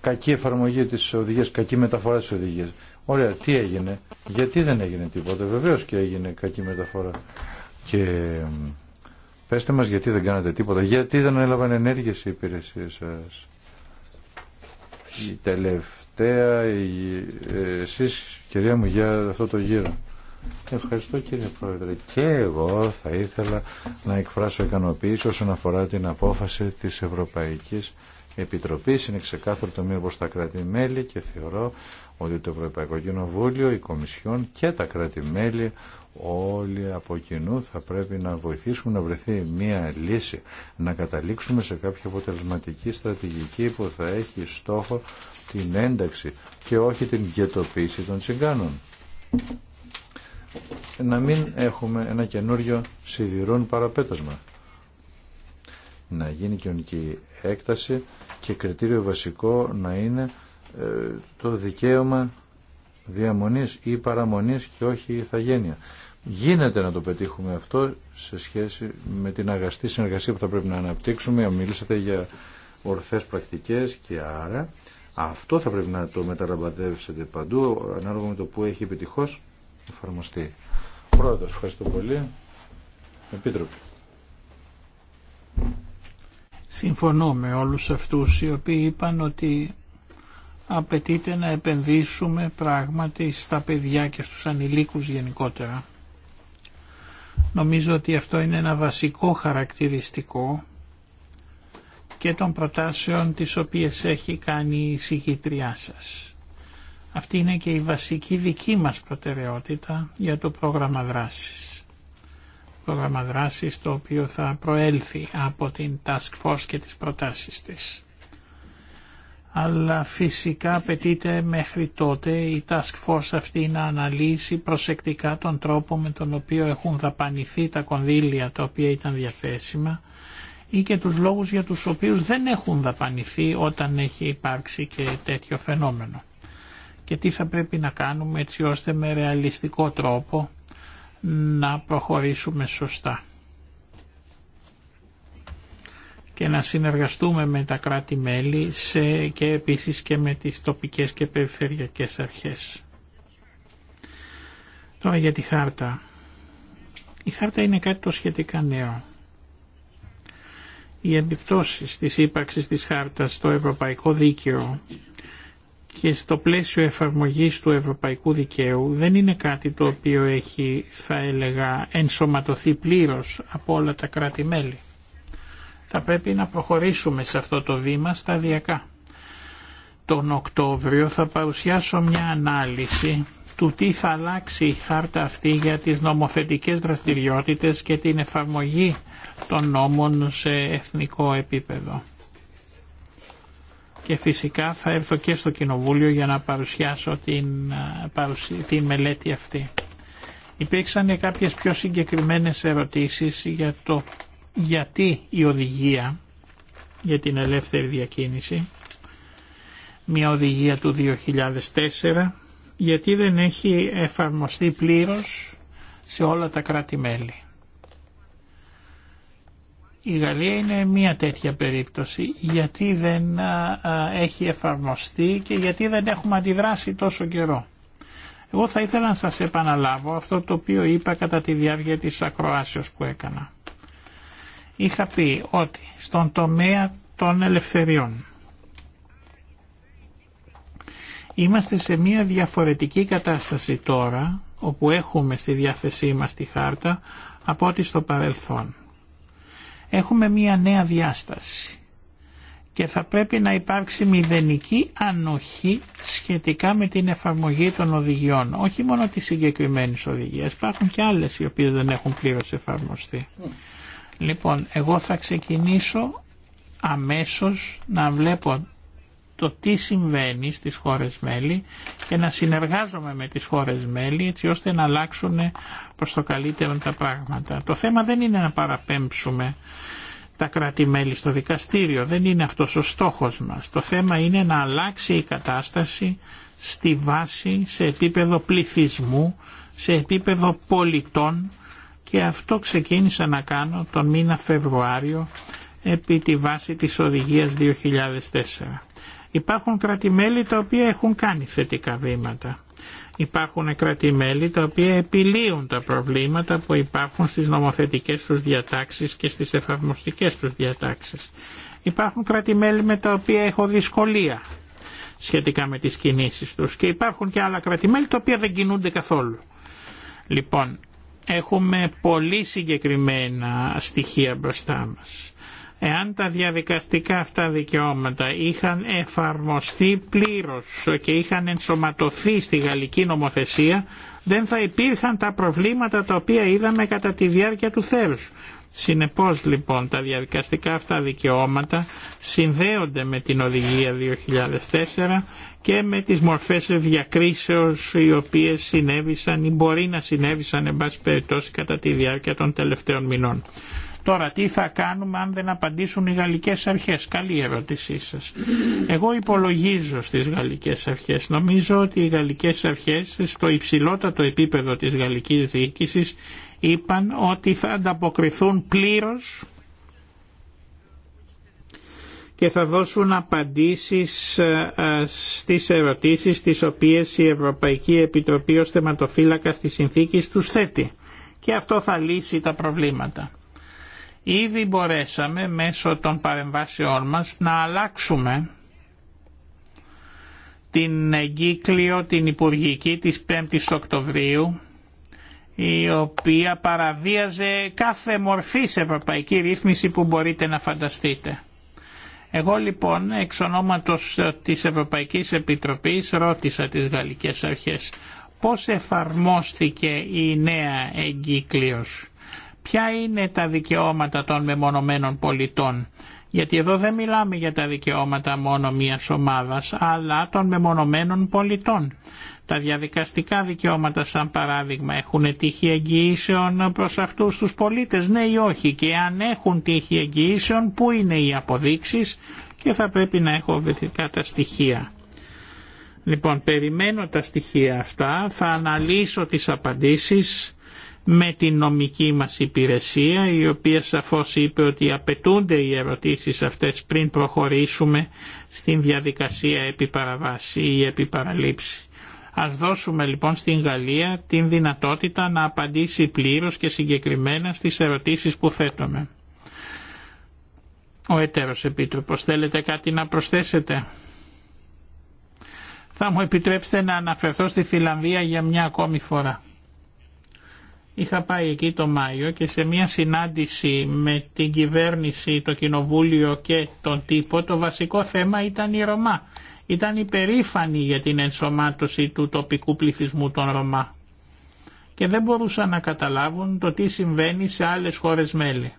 κακή εφαρμογή τη οδηγία, κακή μεταφορά τη οδηγία. Ωραία, τι έγινε, γιατί δεν έγινε τίποτα. Βεβαίω και έγινε κακή μεταφορά. Και Πέστε μας γιατί δεν κάνατε τίποτα, γιατί δεν έλαβαν ενέργειες οι υπηρεσίες σας. Η τελευταία, η... εσείς κυρία μου για αυτό το γύρο. Ευχαριστώ κύριε Πρόεδρε. Και εγώ θα ήθελα να εκφράσω ικανοποίηση όσον αφορά την απόφαση της Ευρωπαϊκής Επιτροπής. Είναι ξεκάθαρο το μήπως τα κράτη-μέλη και θεωρώ ότι το Ευρωπαϊκό Κοινοβούλιο, η Κομισιόν και τα κράτη-μέλη όλοι από κοινού θα πρέπει να βοηθήσουν να βρεθεί μία λύση, να καταλήξουμε σε κάποια αποτελεσματική στρατηγική που θα έχει στόχο την ένταξη και όχι την γετοποίηση των τσιγκάνων. Να μην έχουμε ένα καινούριο σιδηρούν παραπέτασμα. Να γίνει κοινωνική έκταση και κριτήριο βασικό να είναι ε, το δικαίωμα διαμονής ή παραμονής και όχι η ηθαγένεια. Γίνεται να το πετύχουμε αυτό σε σχέση με την αγαστή συνεργασία που θα πρέπει να αναπτύξουμε. Μιλήσατε για ορθές πρακτικές και άρα αυτό θα πρέπει να το μεταλαμπαδεύσετε παντού ανάλογα με το που έχει επιτυχώς εφαρμοστεί. Πρώτα. ευχαριστώ πολύ. Επίτροπη. Συμφωνώ με όλους αυτούς οι οποίοι είπαν ότι απαιτείται να επενδύσουμε πράγματι στα παιδιά και στους ανηλίκους γενικότερα. Νομίζω ότι αυτό είναι ένα βασικό χαρακτηριστικό και των προτάσεων τις οποίες έχει κάνει η συγχυτριά σας. Αυτή είναι και η βασική δική μας προτεραιότητα για το πρόγραμμα δράσης. Πρόγραμμα δράσης το οποίο θα προέλθει από την Task Force και τις προτάσεις της αλλά φυσικά απαιτείται μέχρι τότε η Task Force αυτή να αναλύσει προσεκτικά τον τρόπο με τον οποίο έχουν δαπανηθεί τα κονδύλια τα οποία ήταν διαθέσιμα ή και τους λόγους για τους οποίους δεν έχουν δαπανηθεί όταν έχει υπάρξει και τέτοιο φαινόμενο. Και τι θα πρέπει να κάνουμε έτσι ώστε με ρεαλιστικό τρόπο να προχωρήσουμε σωστά και να συνεργαστούμε με τα κράτη-μέλη και επίσης και με τις τοπικές και περιφερειακές αρχές. Τώρα για τη χάρτα. Η χάρτα είναι κάτι το σχετικά νέο. Οι επιπτώσεις της ύπαρξης της χάρτας στο ευρωπαϊκό δίκαιο και στο πλαίσιο εφαρμογής του ευρωπαϊκού δικαίου δεν είναι κάτι το οποίο έχει, θα έλεγα, ενσωματωθεί πλήρως από όλα τα κράτη-μέλη. Θα πρέπει να προχωρήσουμε σε αυτό το βήμα σταδιακά. Τον Οκτώβριο θα παρουσιάσω μια ανάλυση του τι θα αλλάξει η χάρτα αυτή για τις νομοθετικές δραστηριότητες και την εφαρμογή των νόμων σε εθνικό επίπεδο. Και φυσικά θα έρθω και στο Κοινοβούλιο για να παρουσιάσω την, μελέτη αυτή. Υπήρξαν κάποιες πιο συγκεκριμένες ερωτήσεις για το γιατί η οδηγία για την ελεύθερη διακίνηση, μια οδηγία του 2004, γιατί δεν έχει εφαρμοστεί πλήρως σε όλα τα κράτη-μέλη. Η Γαλλία είναι μια τέτοια περίπτωση γιατί δεν έχει εφαρμοστεί και γιατί δεν έχουμε αντιδράσει τόσο καιρό. Εγώ θα ήθελα να σας επαναλάβω αυτό το οποίο είπα κατά τη διάρκεια της ακροάσεως που έκανα είχα πει ότι στον τομέα των ελευθεριών είμαστε σε μια διαφορετική κατάσταση τώρα όπου έχουμε στη διάθεσή μας τη χάρτα από ό,τι στο παρελθόν. Έχουμε μια νέα διάσταση και θα πρέπει να υπάρξει μηδενική ανοχή σχετικά με την εφαρμογή των οδηγιών. Όχι μόνο τις συγκεκριμένες οδηγίες. υπάρχουν και άλλες οι οποίες δεν έχουν πλήρως εφαρμοστεί. Λοιπόν, εγώ θα ξεκινήσω αμέσως να βλέπω το τι συμβαίνει στις χώρες μέλη και να συνεργάζομαι με τις χώρες μέλη έτσι ώστε να αλλάξουν προς το καλύτερο τα πράγματα. Το θέμα δεν είναι να παραπέμψουμε τα κράτη-μέλη στο δικαστήριο, δεν είναι αυτός ο στόχος μας. Το θέμα είναι να αλλάξει η κατάσταση στη βάση, σε επίπεδο πληθυσμού, σε επίπεδο πολιτών και αυτό ξεκίνησα να κάνω τον μήνα Φεβρουάριο επί τη βάση της οδηγίας 2004. Υπάρχουν κρατημέλη τα οποία έχουν κάνει θετικά βήματα. Υπάρχουν κρατημέλη τα οποία επιλύουν τα προβλήματα που υπάρχουν στις νομοθετικές τους διατάξεις και στις εφαρμοστικές τους διατάξεις. Υπάρχουν κρατημέλη με τα οποία έχω δυσκολία σχετικά με τις κινήσεις τους και υπάρχουν και άλλα κρατημέλη τα οποία δεν κινούνται καθόλου. Λοιπόν, έχουμε πολύ συγκεκριμένα στοιχεία μπροστά μας. Εάν τα διαδικαστικά αυτά δικαιώματα είχαν εφαρμοστεί πλήρως και είχαν ενσωματωθεί στη γαλλική νομοθεσία, δεν θα υπήρχαν τα προβλήματα τα οποία είδαμε κατά τη διάρκεια του θέρους. Συνεπώς λοιπόν τα διαδικαστικά αυτά δικαιώματα συνδέονται με την Οδηγία 2004 και με τις μορφές διακρίσεως οι οποίες συνέβησαν ή μπορεί να συνέβησαν εν πάση περιπτώσει κατά τη διάρκεια των τελευταίων μηνών. Τώρα τι θα κάνουμε αν δεν απαντήσουν οι γαλλικές αρχές. Καλή ερώτησή σας. Εγώ υπολογίζω στις γαλλικές αρχές. Νομίζω ότι οι γαλλικές αρχές στο υψηλότατο επίπεδο της γαλλικής διοίκησης είπαν ότι θα ανταποκριθούν πλήρως και θα δώσουν απαντήσεις ε, ε, στις ερωτήσεις τις οποίες η Ευρωπαϊκή Επιτροπή ως θεματοφύλακα της συνθήκη τους θέτει. Και αυτό θα λύσει τα προβλήματα. Ήδη μπορέσαμε μέσω των παρεμβάσεών μας να αλλάξουμε την εγκύκλιο την Υπουργική της 5ης Οκτωβρίου η οποία παραβίαζε κάθε σε ευρωπαϊκή ρύθμιση που μπορείτε να φανταστείτε. Εγώ λοιπόν εξ ονόματος της Ευρωπαϊκής Επιτροπής ρώτησα τις γαλλικές αρχές πώς εφαρμόστηκε η νέα εγκύκλειος. Ποια είναι τα δικαιώματα των μεμονωμένων πολιτών γιατί εδώ δεν μιλάμε για τα δικαιώματα μόνο μιας ομάδας, αλλά των μεμονωμένων πολιτών. Τα διαδικαστικά δικαιώματα, σαν παράδειγμα, έχουν τύχη εγγυήσεων προς αυτούς τους πολίτες, ναι ή όχι. Και αν έχουν τύχη εγγυήσεων, πού είναι οι αποδείξεις και θα πρέπει να έχω βρεθικά τα στοιχεία. Λοιπόν, περιμένω τα στοιχεία αυτά, θα αναλύσω τις απαντήσεις με την νομική μας υπηρεσία η οποία σαφώς είπε ότι απαιτούνται οι ερωτήσεις αυτές πριν προχωρήσουμε στην διαδικασία επιπαραβάση ή παραλήψη. Ας δώσουμε λοιπόν στην Γαλλία την δυνατότητα να απαντήσει πλήρως και συγκεκριμένα στις ερωτήσεις που θέτουμε. Ο Ετέρος Επίτροπος, θέλετε κάτι να προσθέσετε. Θα μου επιτρέψετε να αναφερθώ στη Φιλανδία για μια ακόμη φορά. Είχα πάει εκεί το Μάιο και σε μια συνάντηση με την κυβέρνηση, το κοινοβούλιο και τον τύπο το βασικό θέμα ήταν η Ρωμά. Ήταν υπερήφανη για την ενσωμάτωση του τοπικού πληθυσμού των Ρωμά και δεν μπορούσαν να καταλάβουν το τι συμβαίνει σε άλλες χώρες μέλη.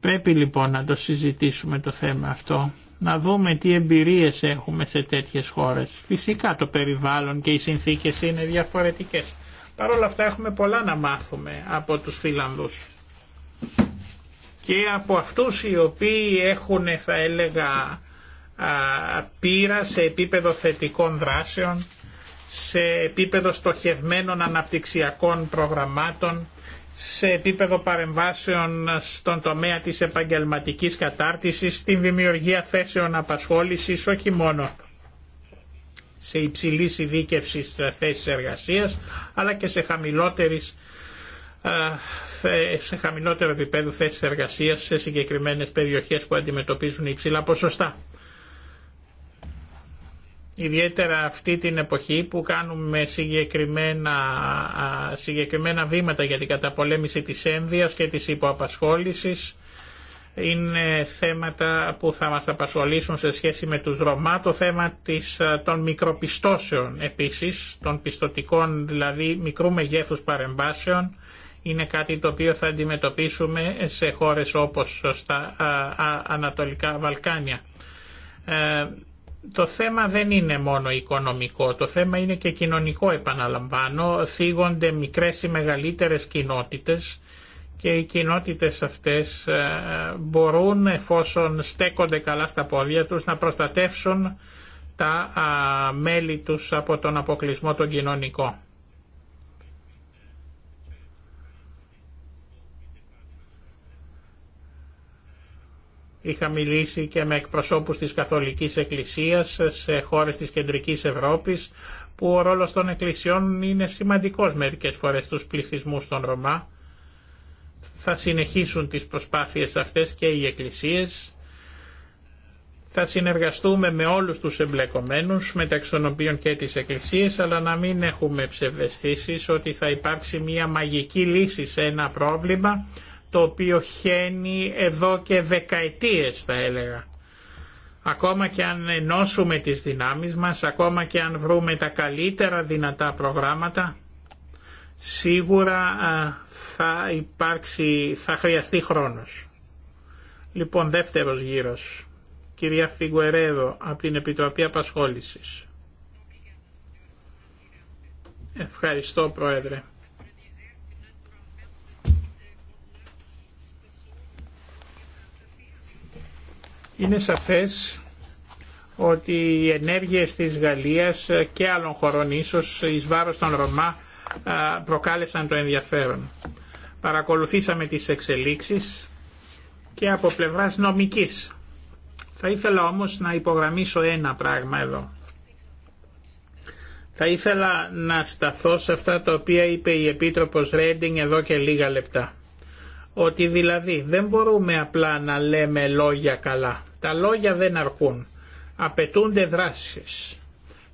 Πρέπει λοιπόν να το συζητήσουμε το θέμα αυτό, να δούμε τι εμπειρίες έχουμε σε τέτοιες χώρες. Φυσικά το περιβάλλον και οι συνθήκες είναι διαφορετικές Παρ' όλα αυτά έχουμε πολλά να μάθουμε από τους Φιλανδούς και από αυτούς οι οποίοι έχουν θα έλεγα πείρα σε επίπεδο θετικών δράσεων, σε επίπεδο στοχευμένων αναπτυξιακών προγραμμάτων, σε επίπεδο παρεμβάσεων στον τομέα της επαγγελματικής κατάρτισης, στην δημιουργία θέσεων απασχόλησης, όχι μόνο σε υψηλή ειδίκευση ε, θέσεις εργασίας αλλά και σε, χαμηλότερης, ε, σε χαμηλότερο επίπεδο θέσεις εργασίας σε συγκεκριμένες περιοχές που αντιμετωπίζουν υψηλά ποσοστά. Ιδιαίτερα αυτή την εποχή που κάνουμε συγκεκριμένα, συγκεκριμένα βήματα για την καταπολέμηση της ένδυας και της υποαπασχόλησης είναι θέματα που θα μας απασχολήσουν σε σχέση με τους Ρωμά, το θέμα της, ε, των μικροπιστώσεων επίσης, των πιστοτικών δηλαδή μικρού μεγέθους παρεμβάσεων, είναι κάτι το οποίο θα αντιμετωπίσουμε σε χώρες όπως στα Ανατολικά Βαλκάνια. Ε, το θέμα δεν είναι μόνο οικονομικό, το θέμα είναι και κοινωνικό επαναλαμβάνω, θίγονται μικρές ή μεγαλύτερες κοινότητες, και οι κοινότητες αυτές ε, μπορούν εφόσον στέκονται καλά στα πόδια τους να προστατεύσουν τα μέλη τους από τον αποκλεισμό τον κοινωνικό. Είχα μιλήσει και με εκπροσώπους της Καθολικής Εκκλησίας σε χώρες της Κεντρικής Ευρώπης που ο ρόλος των εκκλησιών είναι σημαντικός μερικές φορές στους πληθυσμούς των Ρωμά θα συνεχίσουν τις προσπάθειες αυτές και οι εκκλησίες. Θα συνεργαστούμε με όλους τους εμπλεκομένους, μεταξύ των οποίων και τις εκκλησίες, αλλά να μην έχουμε ψευδεστήσεις ότι θα υπάρξει μια μαγική λύση σε ένα πρόβλημα το οποίο χαίνει εδώ και δεκαετίες θα έλεγα. Ακόμα και αν ενώσουμε τις δυνάμεις μας, ακόμα και αν βρούμε τα καλύτερα δυνατά προγράμματα, σίγουρα θα υπάρξει, θα χρειαστεί χρόνος. Λοιπόν, δεύτερος γύρος. Κυρία Φιγουερέδο από την Επιτροπή Απασχόλησης. Ευχαριστώ, Πρόεδρε. Είναι σαφές ότι οι ενέργειες της Γαλλίας και άλλων χωρών ίσως εις βάρος των Ρωμά προκάλεσαν το ενδιαφέρον. Παρακολουθήσαμε τις εξελίξεις και από πλευράς νομικής. Θα ήθελα όμως να υπογραμμίσω ένα πράγμα εδώ. Θα ήθελα να σταθώ σε αυτά τα οποία είπε η Επίτροπος Ρέντινγκ εδώ και λίγα λεπτά. Ότι δηλαδή δεν μπορούμε απλά να λέμε λόγια καλά. Τα λόγια δεν αρκούν. Απαιτούνται δράσεις.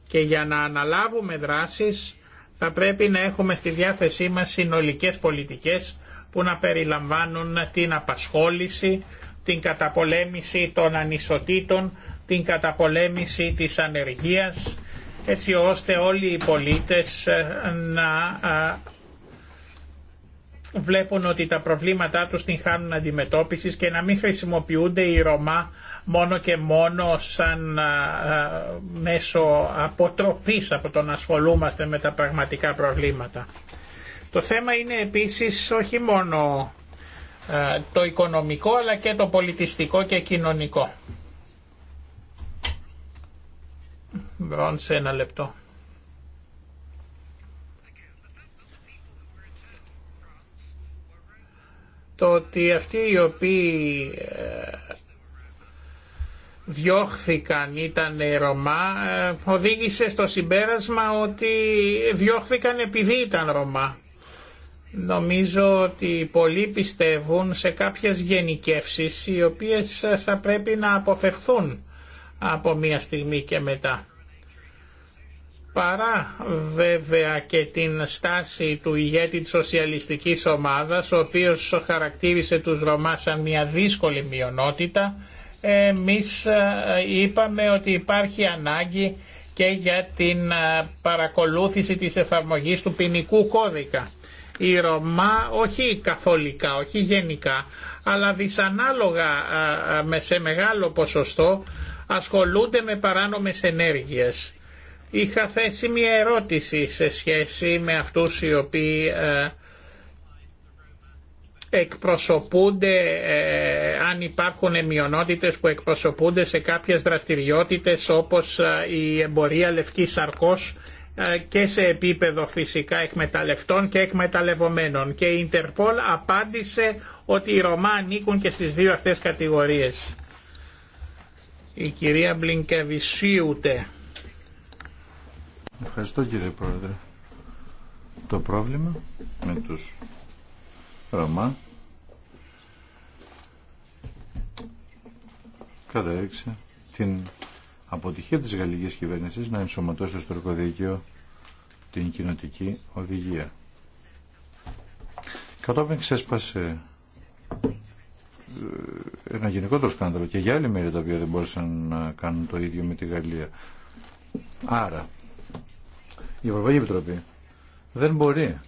Και για να αναλάβουμε δράσεις θα πρέπει να έχουμε στη διάθεσή μας συνολικές πολιτικές που να περιλαμβάνουν την απασχόληση, την καταπολέμηση των ανισοτήτων, την καταπολέμηση της ανεργίας, έτσι ώστε όλοι οι πολίτες ε, να ε, βλέπουν ότι τα προβλήματά τους την χάνουν αντιμετώπισης και να μην χρησιμοποιούνται οι Ρωμά μόνο και μόνο σαν μέσο αποτροπής από το να ασχολούμαστε με τα πραγματικά προβλήματα. Το θέμα είναι επίσης όχι μόνο το οικονομικό αλλά και το πολιτιστικό και κοινωνικό. σε ένα λεπτό. Το ότι αυτοί οι οποίοι διώχθηκαν, ήταν Ρωμά, ε, οδήγησε στο συμπέρασμα ότι διώχθηκαν επειδή ήταν Ρωμά. Νομίζω ότι πολλοί πιστεύουν σε κάποιες γενικεύσεις οι οποίες θα πρέπει να αποφευχθούν από μία στιγμή και μετά. Παρά βέβαια και την στάση του ηγέτη της σοσιαλιστικής ομάδας, ο οποίος χαρακτήρισε τους Ρωμά σαν μια δύσκολη μειονότητα, εμείς ε, είπαμε ότι υπάρχει ανάγκη και για την ε, παρακολούθηση της εφαρμογής του ποινικού κώδικα. Η Ρωμά όχι καθολικά, όχι γενικά, αλλά δυσανάλογα ε, σε μεγάλο ποσοστό ασχολούνται με παράνομες ενέργειες. Είχα θέσει μια ερώτηση σε σχέση με αυτούς οι οποίοι εκπροσωπούνται, ε, αν υπάρχουν μειονότητες που εκπροσωπούνται σε κάποιες δραστηριότητες όπως ε, η εμπορία λευκής σαρκός ε, και σε επίπεδο φυσικά εκμεταλλευτών και εκμεταλλευομένων και η Ιντερπολ απάντησε ότι οι Ρωμά ανήκουν και στις δύο αυτές κατηγορίες. Η κυρία Μπλινκεβισίουτε. Ευχαριστώ κύριε Πρόεδρε. Το πρόβλημα με τους Ρωμά έξι, την αποτυχία της γαλλικής κυβέρνησης να ενσωματώσει στο ιστορικό δίκαιο την κοινοτική οδηγία. Κατόπιν ξέσπασε ε, ένα γενικότερο σκάνδαλο και για άλλη μέρη τα οποία δεν μπόρεσαν να κάνουν το ίδιο με τη Γαλλία. Άρα, η Ευρωπαϊκή Επιτροπή δεν μπορεί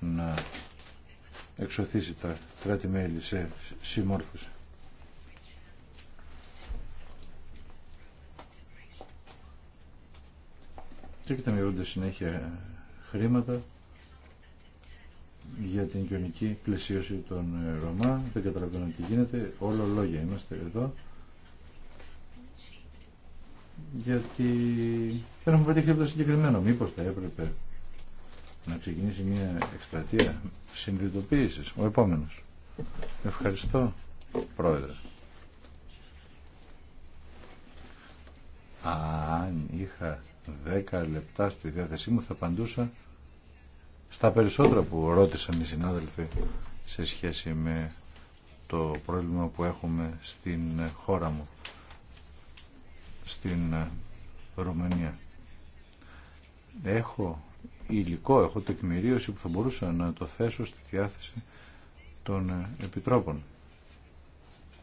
να εξωθήσει τα κράτη-μέλη σε συμμόρφωση. και εκταμιεύονται συνέχεια χρήματα για την κοινωνική πλαισίωση των ε, Ρωμά. Δεν καταλαβαίνω τι γίνεται. Όλο λόγια είμαστε εδώ. Γιατί δεν έχουμε πετύχει το συγκεκριμένο. μήπω θα έπρεπε να ξεκινήσει μια εκστρατεία συνειδητοποίηση. Ο επόμενος. Ευχαριστώ, Πρόεδρε. Αν είχα δέκα λεπτά στη διάθεσή μου θα απαντούσα στα περισσότερα που ρώτησαν οι συνάδελφοι σε σχέση με το πρόβλημα που έχουμε στην χώρα μου, στην ε, Ρουμανία. Έχω υλικό, έχω τεκμηρίωση που θα μπορούσα να το θέσω στη διάθεση των ε, επιτρόπων.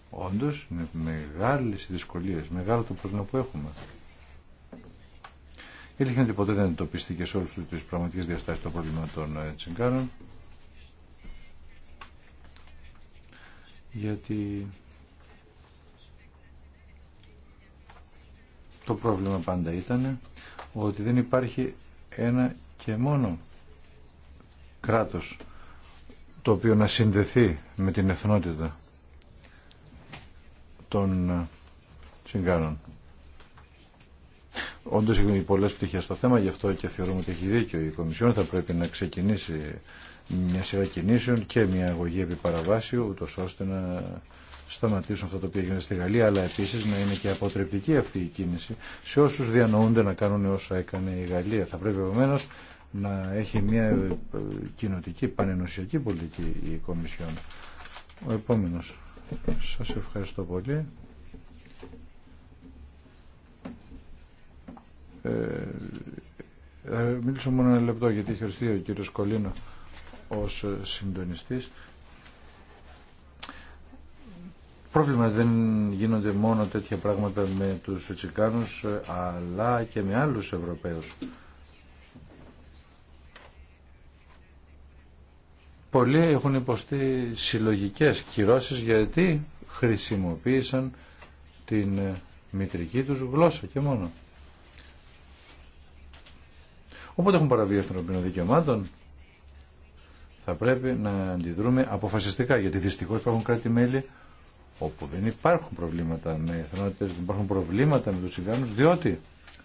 Όντως είναι μεγάλες δυσκολίες, μεγάλο το πρόβλημα που έχουμε. Ήλχε ότι ποτέ δεν εντοπίστηκε σε όλου τι πραγματικέ διαστάσει το πρόβλημα των ε, τσιγκάρων. Γιατί το πρόβλημα πάντα ήταν ότι δεν υπάρχει ένα και μόνο κράτος το οποίο να συνδεθεί με την εθνότητα των ε, τσιγκάνων. Όντω έχουν πολλέ πτυχέ στο θέμα, γι' αυτό και θεωρούμε ότι έχει δίκιο η Κομισιόν. Θα πρέπει να ξεκινήσει μια σειρά κινήσεων και μια αγωγή επί παραβάσεω, ούτω ώστε να σταματήσουν αυτά το οποία έγινε στη Γαλλία, αλλά επίση να είναι και αποτρεπτική αυτή η κίνηση σε όσου διανοούνται να κάνουν όσα έκανε η Γαλλία. Θα πρέπει επομένω να έχει μια ε, κοινοτική, πανενωσιακή πολιτική η Κομισιόν. Ο επόμενο. Σα ευχαριστώ πολύ. Ε, θα μιλήσω μόνο ένα λεπτό γιατί έχει οριστεί ο κύριος Κολίνο ως ε, συντονιστής. Πρόβλημα δεν γίνονται μόνο τέτοια πράγματα με τους Τσικάνους ε, αλλά και με άλλους Ευρωπαίους. Πολλοί έχουν υποστεί συλλογικές κυρώσεις γιατί χρησιμοποίησαν την μητρική τους γλώσσα και μόνο. Οπότε έχουν παραβεί ανθρωπίνων δικαιωμάτων. Θα πρέπει να αντιδρούμε αποφασιστικά, γιατί δυστυχώ υπάρχουν κράτη-μέλη όπου δεν υπάρχουν προβλήματα με εθνότητες, δεν υπάρχουν προβλήματα με τους Τσιγκάνους, διότι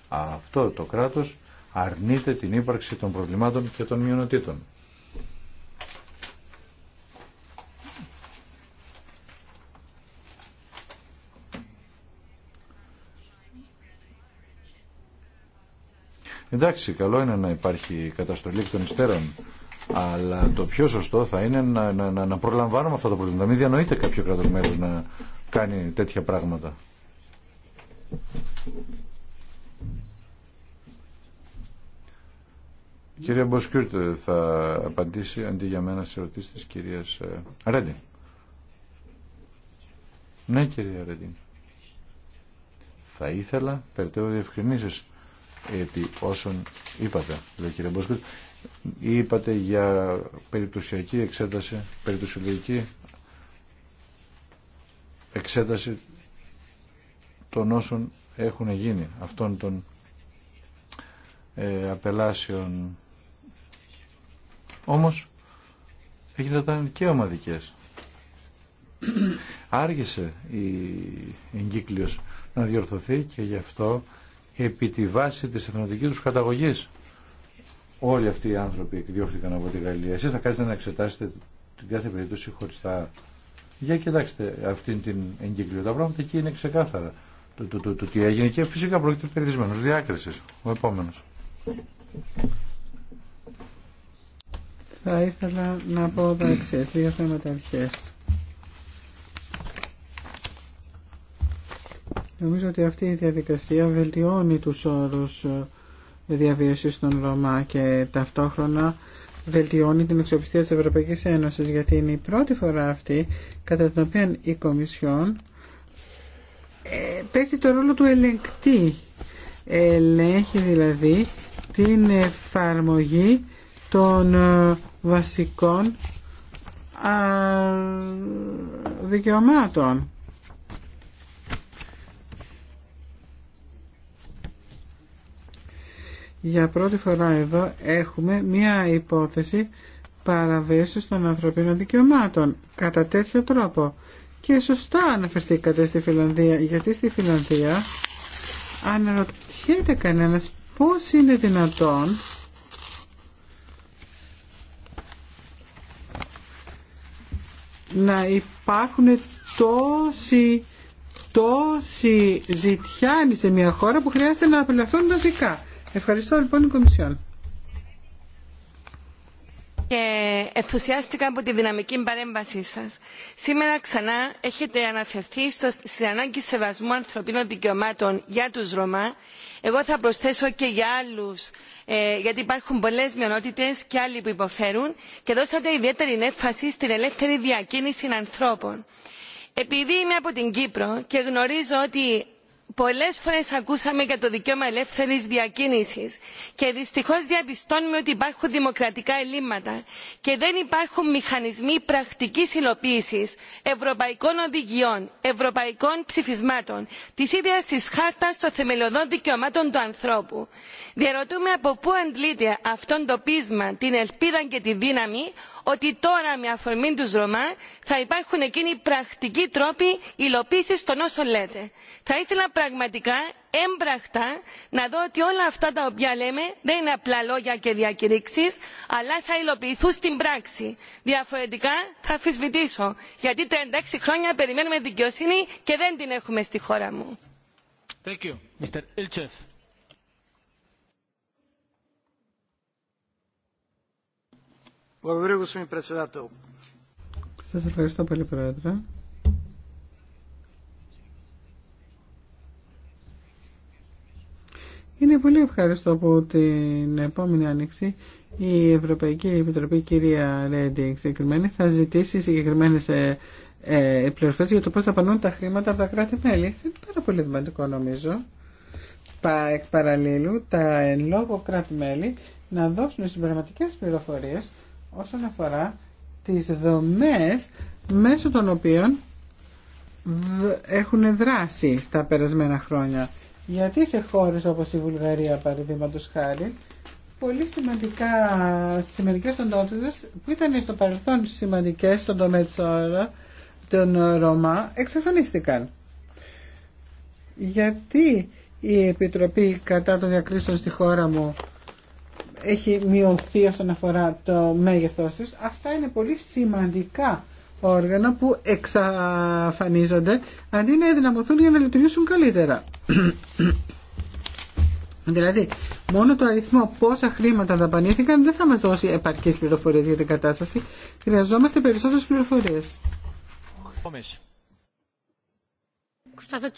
αυτό το κράτος αρνείται την ύπαρξη των προβλημάτων και των μειονοτήτων. Εντάξει, καλό είναι να υπάρχει καταστολή εκ των υστέρων, αλλά το πιο σωστό θα είναι να, να, να, προλαμβάνουμε αυτά τα προβλήματα. Μην διανοείται κάποιο κράτο μέλος να κάνει τέτοια πράγματα. κυρία Μποσκιούρτ θα απαντήσει αντί για μένα σε ερωτήσει τη κυρίας ε, Ρέντιν. Ναι κυρία Ρέντιν. Θα ήθελα περαιτέρω διευκρινήσει επί όσων είπατε, λέει κύριε είπατε για περιπτωσιακή εξέταση, περιπτωσιολογική εξέταση των όσων έχουν γίνει αυτών των ε, απελάσεων. Όμως, έγιναν και ομαδικές. Άργησε η εγκύκλειος να διορθωθεί και γι' αυτό επί τη βάση της εθνοτικής τους καταγωγής. Όλοι αυτοί οι άνθρωποι εκδιώχθηκαν από τη Γαλλία. Εσείς θα κάνετε να εξετάσετε την κάθε περίπτωση χωριστά. Για κοιτάξτε αυτήν την εγκύκλιο. Τα πράγματα εκεί είναι ξεκάθαρα. Το, το, το, το τι έγινε και φυσικά πρόκειται περιορισμένο διάκριση. Ο επόμενο. Θα ήθελα να πω τα εξή. Δύο θέματα αρχέ. Νομίζω ότι αυτή η διαδικασία βελτιώνει τους όρους ε, διαβίωσης των Ρωμά και ταυτόχρονα βελτιώνει την εξοπιστία της Ευρωπαϊκής Ένωσης γιατί είναι η πρώτη φορά αυτή κατά την οποία η Κομισιόν ε, παίζει το ρόλο του ελεγκτή. Ελέγχει δηλαδή την εφαρμογή των ε, βασικών δικαιωμάτων. Για πρώτη φορά εδώ έχουμε μία υπόθεση παραβίασης των ανθρωπίνων δικαιωμάτων κατά τέτοιο τρόπο. Και σωστά αναφερθήκατε στη Φιλανδία, γιατί στη Φιλανδία αναρωτιέται κανένας πώς είναι δυνατόν να υπάρχουν τόσοι, τόσοι ζητιάνοι σε μια χώρα που χρειάζεται να απελευθούν τα Ευχαριστώ λοιπόν την Κομισιόν. Και ενθουσιάστηκα από τη δυναμική παρέμβασή σα. Σήμερα ξανά έχετε αναφερθεί στο, στην ανάγκη σεβασμού ανθρωπίνων δικαιωμάτων για του Ρωμά. Εγώ θα προσθέσω και για άλλου, ε, γιατί υπάρχουν πολλέ μειονότητε και άλλοι που υποφέρουν και δώσατε ιδιαίτερη έμφαση στην ελεύθερη διακίνηση ανθρώπων. Επειδή είμαι από την Κύπρο και γνωρίζω ότι πολλές φορές ακούσαμε για το δικαίωμα ελεύθερης διακίνησης και δυστυχώς διαπιστώνουμε ότι υπάρχουν δημοκρατικά ελλείμματα και δεν υπάρχουν μηχανισμοί πρακτικής υλοποίησης ευρωπαϊκών οδηγιών, ευρωπαϊκών ψηφισμάτων, της ίδιας της χάρτας των θεμελιωδών δικαιωμάτων του ανθρώπου. Διαρωτούμε από πού αντλείται αυτό το πείσμα, την ελπίδα και τη δύναμη ότι τώρα με αφορμή του Ρωμά θα υπάρχουν εκείνοι πρακτικοί τρόποι υλοποίηση των όσων λέτε. Θα ήθελα πραγματικά έμπρακτα να δω ότι όλα αυτά τα οποία λέμε δεν είναι απλά λόγια και διακηρύξεις αλλά θα υλοποιηθούν στην πράξη. διαφορετικά θα αμφισβητήσω γιατί 36 χρόνια περιμένουμε δικαιοσύνη και δεν την έχουμε στη χώρα μου. ευχαριστώ πολύ, Πρόεδρε. Είναι πολύ ευχαριστώ που την επόμενη άνοιξη η Ευρωπαϊκή Επιτροπή, κυρία Ρέντι συγκεκριμένη, θα ζητήσει συγκεκριμένες ε, ε, πληροφορίες για το πώς θα πανούν τα χρήματα από τα κράτη-μέλη. Είναι πάρα πολύ σημαντικό νομίζω. Πα, εκ παραλίλου τα εν λόγω κράτη-μέλη να δώσουν πραγματικές πληροφορίες όσον αφορά τις δομές μέσω των οποίων έχουν δράσει στα περασμένα χρόνια γιατί σε χώρες όπως η Βουλγαρία παραδείγματο χάρη, πολύ σημαντικά σημαντικές οντότητες που ήταν στο παρελθόν σημαντικές στον τομέα της ώρα, των Ρωμά, εξαφανίστηκαν. Γιατί η Επιτροπή κατά των διακρίσεων στη χώρα μου έχει μειωθεί όσον αφορά το μέγεθός τους. Αυτά είναι πολύ σημαντικά όργανα που εξαφανίζονται αντί να δυναμωθούν για να λειτουργήσουν καλύτερα. (clears throat) δηλαδή, μόνο το αριθμό πόσα χρήματα δαπανήθηκαν δεν θα μας δώσει επαρκείς πληροφορίες για την κατάσταση. Χρειαζόμαστε περισσότερες πληροφορίες. Gostava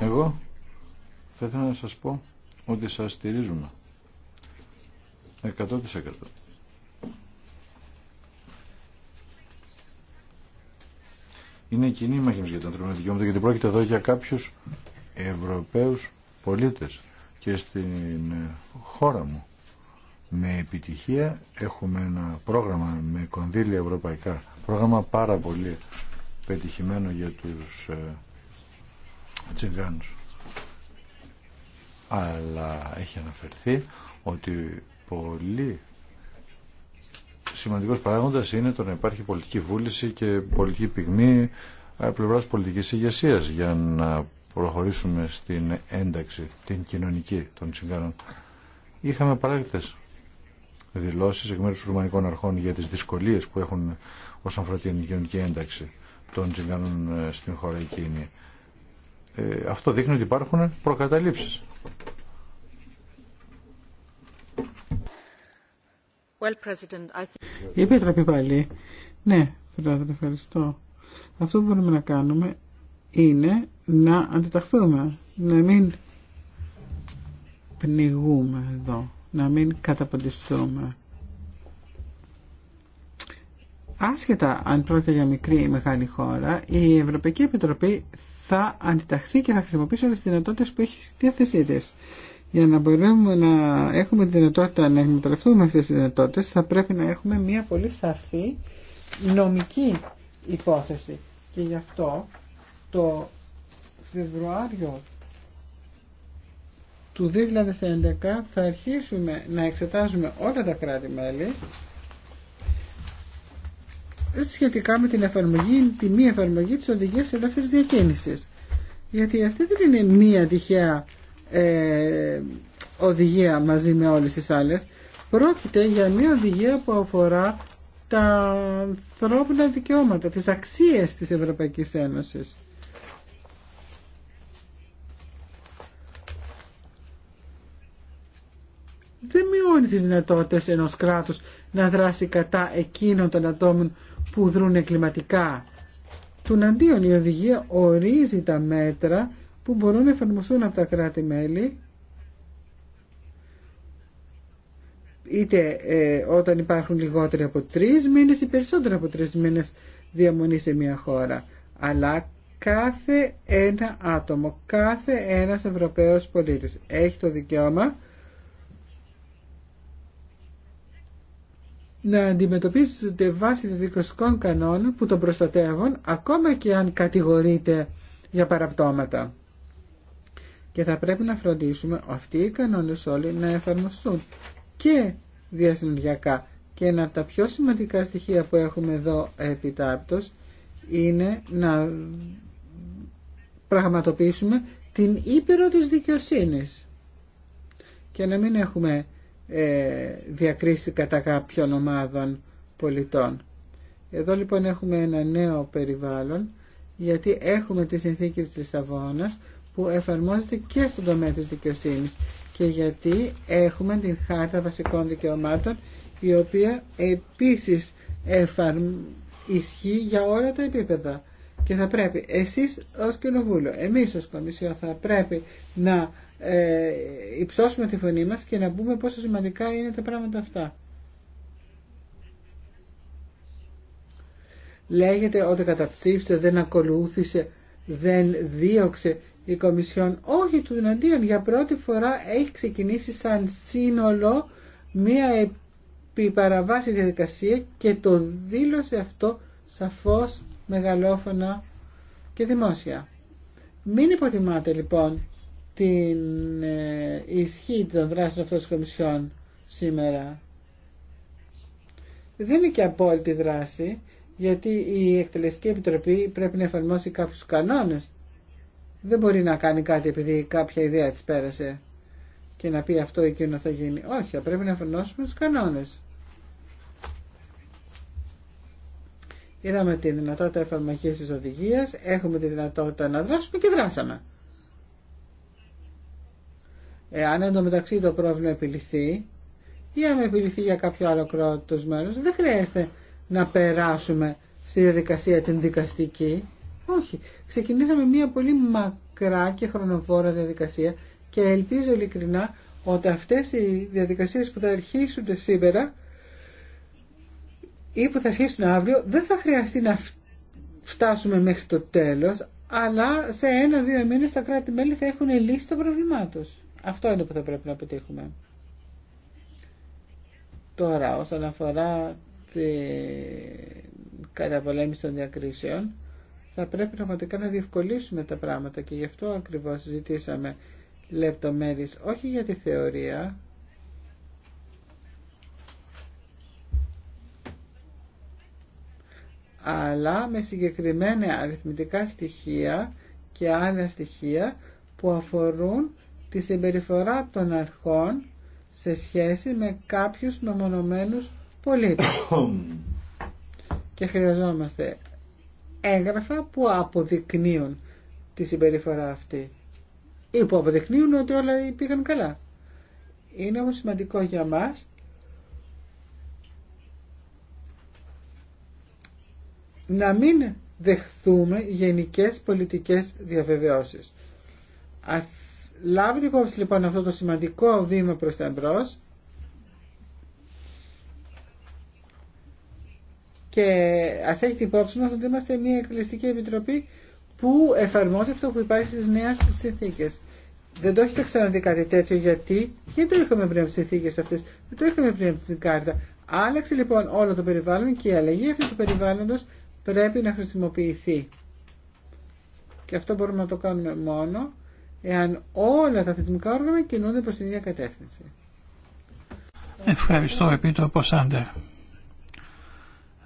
Εγώ θα ήθελα να σας πω ότι σας στηρίζουμε 100%. Είναι κοινή μάχη για τα ανθρώπινα δικαιώματα γιατί πρόκειται εδώ για κάποιους Ευρωπαίους πολίτες και στην χώρα μου. Με επιτυχία έχουμε ένα πρόγραμμα με κονδύλια ευρωπαϊκά. Πρόγραμμα πάρα πολύ πετυχημένο για τους ε, τσιγκάνους. Αλλά έχει αναφερθεί ότι πολύ σημαντικός παράγοντας είναι το να υπάρχει πολιτική βούληση και πολιτική πυγμή πλευρά πολιτικής ηγεσία για να προχωρήσουμε στην ένταξη, την κοινωνική των συγκάνων. Είχαμε παράγοντες δηλώσεις εκ μέρους των Ρουμανικών Αρχών για τις δυσκολίες που έχουν όσον αφορά την κοινωνική ένταξη των τσιγκανών ε, στην χώρα εκείνη. Ε, αυτό δείχνει ότι υπάρχουν προκαταλήψεις. Well, President, I Η Επίτροπη πάλι. Ναι, Πρόεδρε, ευχαριστώ. Αυτό που μπορούμε να κάνουμε είναι να αντιταχθούμε, να μην πνιγούμε εδώ, να μην καταποντιστούμε. Άσχετα αν πρόκειται για μικρή ή μεγάλη χώρα, η Ευρωπαϊκή Επιτροπή θα αντιταχθεί και θα χρησιμοποιήσει όλες τις δυνατότητες που έχει στη διάθεσή της. Για να μπορούμε να έχουμε τη δυνατότητα να εκμεταλλευτούμε αυτές τις δυνατότητες θα πρέπει να έχουμε μια πολύ σαφή νομική υπόθεση. Και γι' αυτό το Φεβρουάριο του 2011 θα αρχίσουμε να εξετάζουμε όλα τα κράτη-μέλη σχετικά με την εφαρμογή, τη μη εφαρμογή της οδηγίας ελεύθερης διακίνησης. Γιατί αυτή δεν είναι μία τυχαία ε, οδηγία μαζί με όλες τις άλλες πρόκειται για μια οδηγία που αφορά τα ανθρώπινα δικαιώματα, τις αξίες της Ευρωπαϊκής Ένωσης. Δεν μειώνει τις δυνατότητες ενός κράτους να δράσει κατά εκείνων των ατόμων που δρούν εγκληματικά. Τουναντίον η οδηγία ορίζει τα μέτρα που μπορούν να εφαρμοστούν από τα κράτη-μέλη είτε ε, όταν υπάρχουν λιγότεροι από τρεις μήνες ή περισσότερο από τρεις μήνες διαμονή σε μια χώρα. Αλλά κάθε ένα άτομο, κάθε ένας Ευρωπαίος πολίτης έχει το δικαίωμα να αντιμετωπίζεται βάσει δικοσικών κανόνων που τον προστατεύουν ακόμα και αν κατηγορείται για παραπτώματα και θα πρέπει να φροντίσουμε αυτοί οι κανόνες όλοι να εφαρμοστούν και διασυνοριακά. Και ένα από τα πιο σημαντικά στοιχεία που έχουμε εδώ επιτάπτως είναι να πραγματοποιήσουμε την ύπερο της δικαιοσύνης και να μην έχουμε ε, διακρίσει κατά κάποιων ομάδων πολιτών. Εδώ λοιπόν έχουμε ένα νέο περιβάλλον γιατί έχουμε τη συνθήκη της Λισαβόνας που εφαρμόζεται και στον τομέα της δικαιοσύνης και γιατί έχουμε την Χάρτα Βασικών Δικαιωμάτων η οποία επίσης εφαρμ... ισχύει για όλα τα επίπεδα και θα πρέπει εσείς ως κοινοβούλιο, εμείς ως Κομισιό θα πρέπει να ε, υψώσουμε τη φωνή μας και να πούμε πόσο σημαντικά είναι τα πράγματα αυτά. Λέγεται ότι καταψήφισε, δεν ακολούθησε, δεν δίωξε η Κομισιόν. Όχι του εναντίον, για πρώτη φορά έχει ξεκινήσει σαν σύνολο μία επιπαραβάση διαδικασία και το δήλωσε αυτό σαφώς μεγαλόφωνα και δημόσια. Μην υποτιμάτε λοιπόν την ε, ισχύ των δράσεων αυτών της Κομισιόν σήμερα. Δεν είναι και απόλυτη δράση, γιατί η Εκτελεστική Επιτροπή πρέπει να εφαρμόσει κάποιους κανόνες δεν μπορεί να κάνει κάτι επειδή κάποια ιδέα της πέρασε και να πει αυτό εκείνο θα γίνει. Όχι, θα πρέπει να εφαρμόσουμε τους κανόνες. Είδαμε τη δυνατότητα εφαρμογή τη οδηγία, έχουμε τη δυνατότητα να δράσουμε και δράσαμε. Εάν εντωμεταξύ το πρόβλημα επιληθεί ή αν επιληθεί για κάποιο άλλο κράτο μέρο, δεν χρειάζεται να περάσουμε στη διαδικασία την δικαστική. Όχι. Ξεκινήσαμε μια πολύ μακρά και χρονοβόρα διαδικασία και ελπίζω ειλικρινά ότι αυτές οι διαδικασίες που θα αρχίσουν σήμερα ή που θα αρχίσουν αύριο δεν θα χρειαστεί να φτάσουμε μέχρι το τέλος αλλά σε ένα-δύο μήνες τα κράτη-μέλη θα έχουν λύσει το πρόβλημά τους. Αυτό είναι που θα πρέπει να πετύχουμε. Τώρα, όσον αφορά την καταπολέμηση των διακρίσεων, θα πρέπει πραγματικά να διευκολύσουμε τα πράγματα και γι' αυτό ακριβώς ζητήσαμε λεπτομέρειες, όχι για τη θεωρία, αλλά με συγκεκριμένα αριθμητικά στοιχεία και άλλα στοιχεία που αφορούν τη συμπεριφορά των αρχών σε σχέση με κάποιους μεμονωμένους πολίτες. (coughs) και χρειαζόμαστε έγγραφα που αποδεικνύουν τη συμπεριφορά αυτή ή που αποδεικνύουν ότι όλα πήγαν καλά. Είναι όμως σημαντικό για μας να μην δεχθούμε γενικές πολιτικές διαβεβαιώσεις. Ας λάβετε υπόψη λοιπόν αυτό το σημαντικό βήμα προς τα εμπρός Και α έχει την υπόψη μα ότι είμαστε μια εκκληστική επιτροπή που εφαρμόζει αυτό που υπάρχει στι νέε συνθήκε. Δεν το έχετε ξαναδεί κάτι τέτοιο γιατί δεν το είχαμε πριν από τι συνθήκε αυτέ, δεν το είχαμε πριν από την κάρτα. Άλλαξε λοιπόν όλο το περιβάλλον και η αλλαγή αυτή του περιβάλλοντο πρέπει να χρησιμοποιηθεί. Και αυτό μπορούμε να το κάνουμε μόνο εάν όλα τα θεσμικά όργανα κινούνται προ την ίδια κατεύθυνση. Ευχαριστώ, Επίτροπο Σάντερ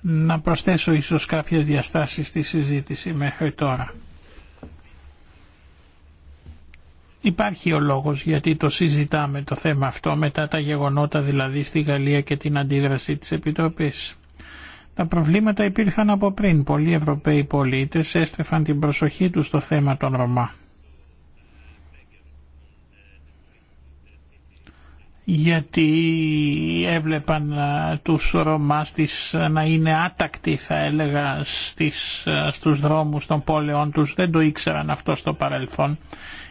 να προσθέσω ίσως κάποιες διαστάσεις στη συζήτηση μέχρι τώρα. Υπάρχει ο λόγος γιατί το συζητάμε το θέμα αυτό μετά τα γεγονότα δηλαδή στη Γαλλία και την αντίδραση της Επιτροπής. Τα προβλήματα υπήρχαν από πριν. Πολλοί Ευρωπαίοι πολίτες έστρεφαν την προσοχή τους στο θέμα των Ρωμά. γιατί έβλεπαν τους Ρωμάς της να είναι άτακτοι θα έλεγα στις, στους δρόμους των πόλεων τους, δεν το ήξεραν αυτό στο παρελθόν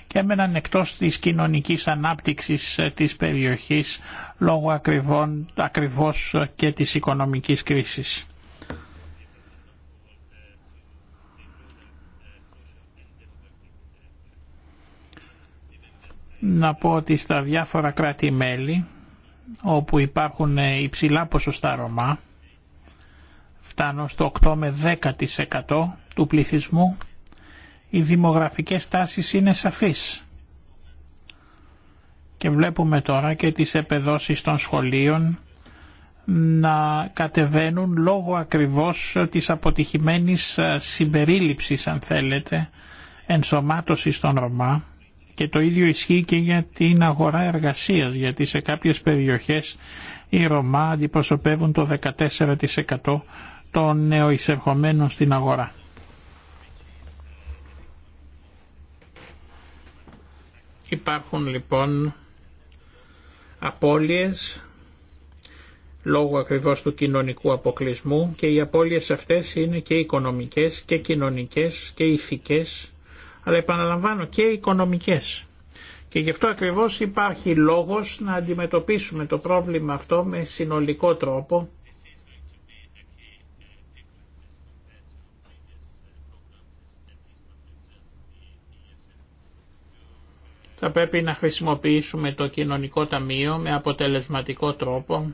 και έμεναν εκτός της κοινωνικής ανάπτυξης της περιοχής λόγω ακριβών, ακριβώς και της οικονομικής κρίσης. να πω ότι στα διάφορα κράτη-μέλη όπου υπάρχουν υψηλά ποσοστά Ρωμά, φτάνω στο 8 με 10% του πληθυσμού, οι δημογραφικές τάσεις είναι σαφείς. Και βλέπουμε τώρα και τις επεδόσεις των σχολείων να κατεβαίνουν λόγω ακριβώς της αποτυχημένης συμπερίληψης, αν θέλετε, ενσωμάτωσης των Ρωμά και το ίδιο ισχύει και για την αγορά εργασίας, γιατί σε κάποιες περιοχές οι Ρωμά αντιπροσωπεύουν το 14% των νεοεισερχομένων στην αγορά. Υπάρχουν λοιπόν απώλειες λόγω ακριβώς του κοινωνικού αποκλεισμού και οι απώλειες αυτές είναι και οικονομικές και κοινωνικές και ηθικές αλλά επαναλαμβάνω και οικονομικές. Και γι' αυτό ακριβώς υπάρχει λόγος να αντιμετωπίσουμε το πρόβλημα αυτό με συνολικό τρόπο θα πρέπει να χρησιμοποιήσουμε το κοινωνικό ταμείο με αποτελεσματικό τρόπο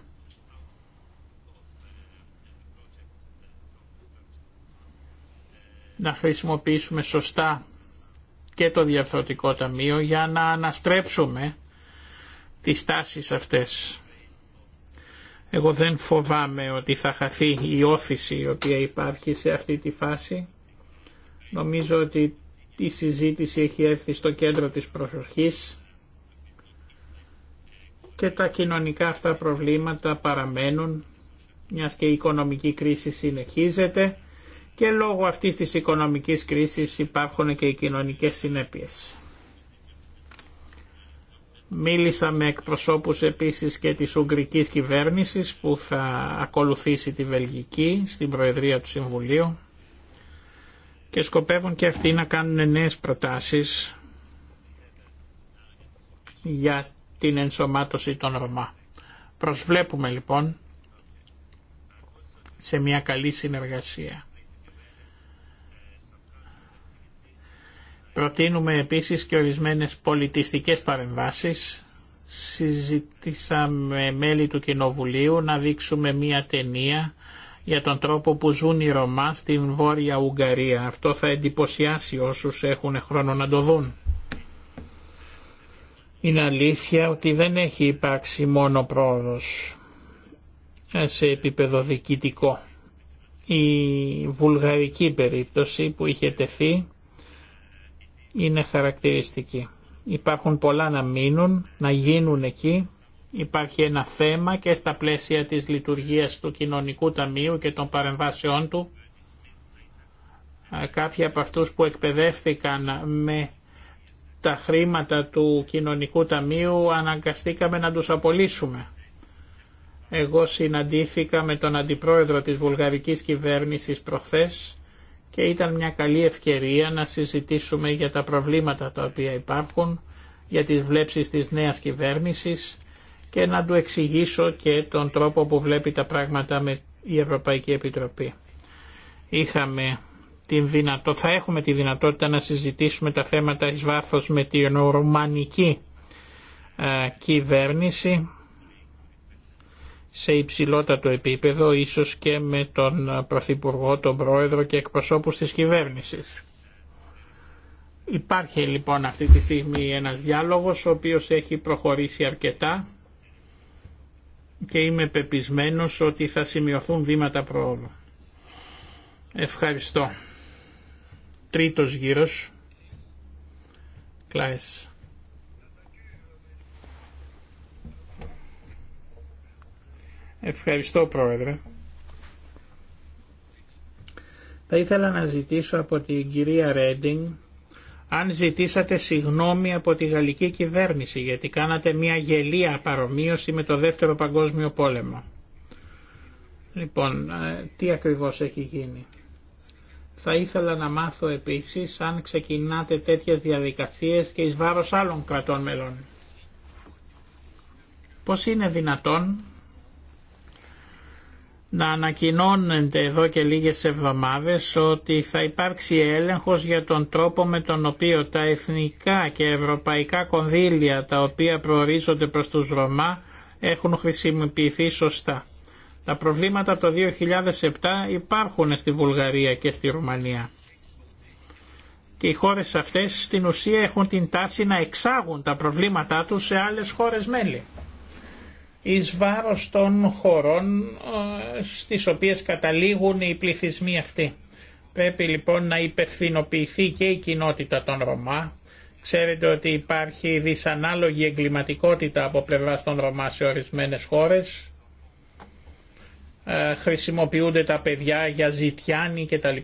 να χρησιμοποιήσουμε σωστά και το Διαφθορτικό Ταμείο για να αναστρέψουμε τις τάσεις αυτές. Εγώ δεν φοβάμαι ότι θα χαθεί η όθηση η οποία υπάρχει σε αυτή τη φάση. Νομίζω ότι η συζήτηση έχει έρθει στο κέντρο της προσοχής και τα κοινωνικά αυτά προβλήματα παραμένουν μιας και η οικονομική κρίση συνεχίζεται και λόγω αυτής της οικονομικής κρίσης υπάρχουν και οι κοινωνικές συνέπειες. Μίλησα με εκπροσώπους επίσης και της Ουγγρικής κυβέρνησης που θα ακολουθήσει τη Βελγική στην Προεδρία του Συμβουλίου και σκοπεύουν και αυτοί να κάνουν νέες προτάσεις για την ενσωμάτωση των Ρωμά. Προσβλέπουμε λοιπόν σε μια καλή συνεργασία. Προτείνουμε επίσης και ορισμένες πολιτιστικές παρεμβάσεις. Συζητήσαμε μέλη του Κοινοβουλίου να δείξουμε μία ταινία για τον τρόπο που ζουν οι Ρωμά στην Βόρεια Ουγγαρία. Αυτό θα εντυπωσιάσει όσους έχουν χρόνο να το δουν. Είναι αλήθεια ότι δεν έχει υπάρξει μόνο πρόοδος ε, σε επίπεδο διοικητικό. Η βουλγαρική περίπτωση που είχε τεθεί είναι χαρακτηριστική. Υπάρχουν πολλά να μείνουν, να γίνουν εκεί. Υπάρχει ένα θέμα και στα πλαίσια της λειτουργίας του Κοινωνικού Ταμείου και των παρεμβάσεών του. Κάποιοι από αυτούς που εκπαιδεύτηκαν με τα χρήματα του Κοινωνικού Ταμείου αναγκαστήκαμε να τους απολύσουμε. Εγώ συναντήθηκα με τον Αντιπρόεδρο της Βουλγαρικής Κυβέρνησης προχθές και ήταν μια καλή ευκαιρία να συζητήσουμε για τα προβλήματα τα οποία υπάρχουν, για τις βλέψεις της νέας κυβέρνησης και να του εξηγήσω και τον τρόπο που βλέπει τα πράγματα με η Ευρωπαϊκή Επιτροπή. Είχαμε την δυνατό, θα έχουμε τη δυνατότητα να συζητήσουμε τα θέματα εις βάθος με την ρουμανική ε, κυβέρνηση σε υψηλότατο επίπεδο, ίσως και με τον Πρωθυπουργό, τον Πρόεδρο και εκπροσώπους της κυβέρνησης. Υπάρχει λοιπόν αυτή τη στιγμή ένας διάλογος ο οποίος έχει προχωρήσει αρκετά και είμαι πεπισμένος ότι θα σημειωθούν βήματα προόδου. Ευχαριστώ. Τρίτος γύρος. Κλάες. Ευχαριστώ Πρόεδρε. Θα ήθελα να ζητήσω από την κυρία Ρέντινγκ αν ζητήσατε συγνώμη από τη γαλλική κυβέρνηση γιατί κάνατε μια γελία παρομοίωση με το δεύτερο παγκόσμιο πόλεμο. Λοιπόν, ε, τι ακριβώς έχει γίνει. Θα ήθελα να μάθω επίσης αν ξεκινάτε τέτοιες διαδικασίες και εις βάρος άλλων κρατών μελών. Πώς είναι δυνατόν να ανακοινώνεται εδώ και λίγες εβδομάδες ότι θα υπάρξει έλεγχος για τον τρόπο με τον οποίο τα εθνικά και ευρωπαϊκά κονδύλια τα οποία προορίζονται προς τους Ρωμά έχουν χρησιμοποιηθεί σωστά. Τα προβλήματα το 2007 υπάρχουν στη Βουλγαρία και στη Ρουμανία. Και οι χώρες αυτές στην ουσία έχουν την τάση να εξάγουν τα προβλήματά τους σε άλλες χώρες μέλη εις βάρος των χωρών ε, στις οποίες καταλήγουν οι πληθυσμοί αυτοί. Πρέπει λοιπόν να υπευθυνοποιηθεί και η κοινότητα των Ρωμά. Ξέρετε ότι υπάρχει δυσανάλογη εγκληματικότητα από πλευράς των Ρωμά σε ορισμένες χώρες. Ε, χρησιμοποιούνται τα παιδιά για ζητιάνη κτλ.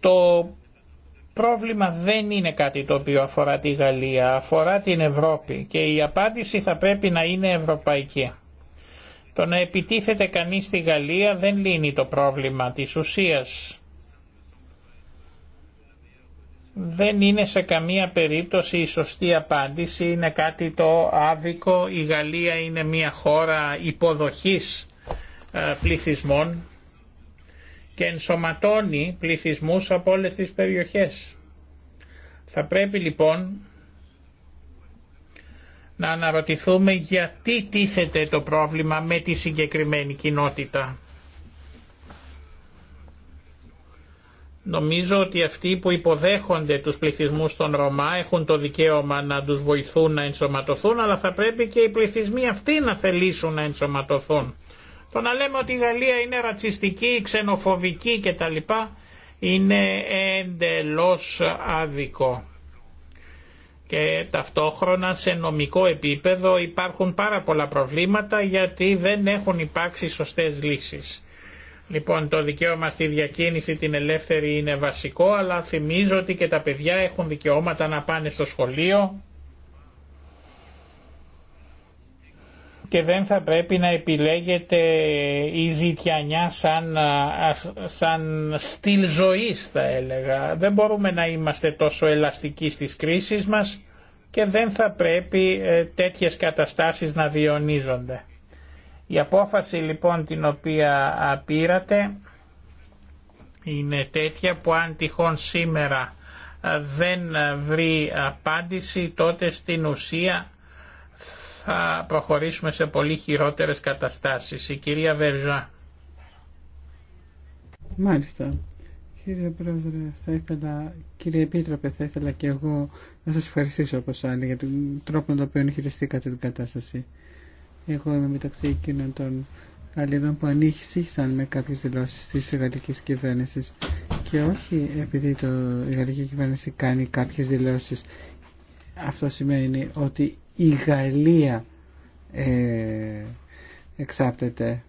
Το πρόβλημα δεν είναι κάτι το οποίο αφορά τη Γαλλία, αφορά την Ευρώπη και η απάντηση θα πρέπει να είναι ευρωπαϊκή. Το να επιτίθεται κανείς στη Γαλλία δεν λύνει το πρόβλημα της ουσίας. Δεν είναι σε καμία περίπτωση η σωστή απάντηση, είναι κάτι το άδικο. Η Γαλλία είναι μια χώρα υποδοχής ε, πληθυσμών και ενσωματώνει πληθυσμούς από όλες τις περιοχές. Θα πρέπει λοιπόν να αναρωτηθούμε γιατί τίθεται το πρόβλημα με τη συγκεκριμένη κοινότητα. Νομίζω ότι αυτοί που υποδέχονται τους πληθυσμούς των Ρωμά έχουν το δικαίωμα να τους βοηθούν να ενσωματωθούν, αλλά θα πρέπει και οι πληθυσμοί αυτοί να θελήσουν να ενσωματωθούν. Το να λέμε ότι η Γαλλία είναι ρατσιστική, ξενοφοβική κτλ. είναι εντελώς αδικό. Και ταυτόχρονα σε νομικό επίπεδο υπάρχουν πάρα πολλά προβλήματα γιατί δεν έχουν υπάρξει σωστές λύσεις. Λοιπόν, το δικαίωμα στη διακίνηση την ελεύθερη είναι βασικό, αλλά θυμίζω ότι και τα παιδιά έχουν δικαιώματα να πάνε στο σχολείο, και δεν θα πρέπει να επιλέγεται η ζητιανιά σαν, σαν στυλ ζωής θα έλεγα. Δεν μπορούμε να είμαστε τόσο ελαστικοί στις κρίσεις μας και δεν θα πρέπει ε, τέτοιες καταστάσεις να διονίζονται. Η απόφαση λοιπόν την οποία πήρατε είναι τέτοια που αν τυχόν σήμερα δεν βρει απάντηση τότε στην ουσία θα προχωρήσουμε σε πολύ χειρότερες καταστάσεις. Η κυρία Βερζά. Μάλιστα. Κύριε Πρόεδρε, θα ήθελα, κύριε Επίτροπε, θα ήθελα και εγώ να σας ευχαριστήσω όπως άλλοι για τον τρόπο με τον οποίο χειριστήκατε την κατάσταση. Εγώ είμαι μεταξύ εκείνων των αλληλών που ανήχησαν με κάποιες δηλώσεις της γαλλικής κυβέρνησης και όχι επειδή το, η γαλλική κυβέρνηση κάνει κάποιες δηλώσεις. Αυτό σημαίνει ότι η Γαλλία ε, εξάπτεται.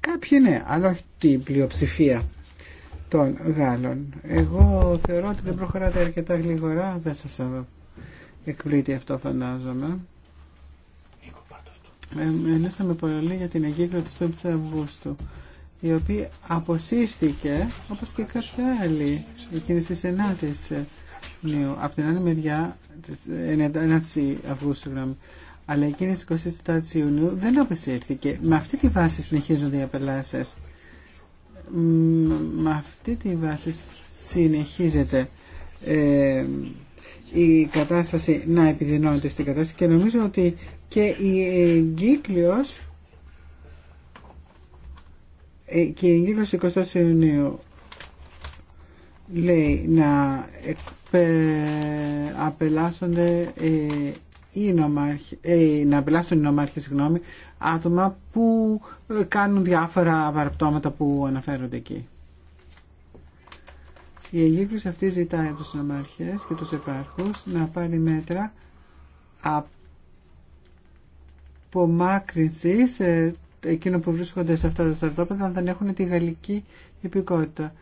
Κάποιοι ναι, αλλά όχι την πλειοψηφία των Γάλλων. Εγώ θεωρώ ότι δεν προχωράτε αρκετά γλυγορά, δεν σας εκπλήττει αυτό φαντάζομαι. Ε, μιλήσαμε πολύ για την εγκύκλωση της 5ης Αυγούστου η οποία αποσύρθηκε όπως και κάποια άλλη εκείνη της Ιουνίου. Από την άλλη μεριά, 9 ε, Αυγούστου, αλλά εκείνη τη 24 Ιουνίου δεν απεσύρθηκε. Με αυτή τη βάση συνεχίζονται οι απελάσει. Με αυτή τη βάση συνεχίζεται ε, η κατάσταση να επιδεινώνεται στην κατάσταση και νομίζω ότι και η εγκύκλειος ε, και η εγκύκλωση 24 Ιουνίου λέει να απελάσσονται ε, οι νομάρχοι, ε, να οι άτομα που ε, κάνουν διάφορα παραπτώματα που αναφέρονται εκεί. Η εγκύκλωση αυτή ζητάει από τους νομάρχες και τους επάρχους να πάρει μέτρα απομάκρυνσης ε, εκείνων που βρίσκονται σε αυτά τα στρατόπεδα αν δεν έχουν τη γαλλική υπηκότητα.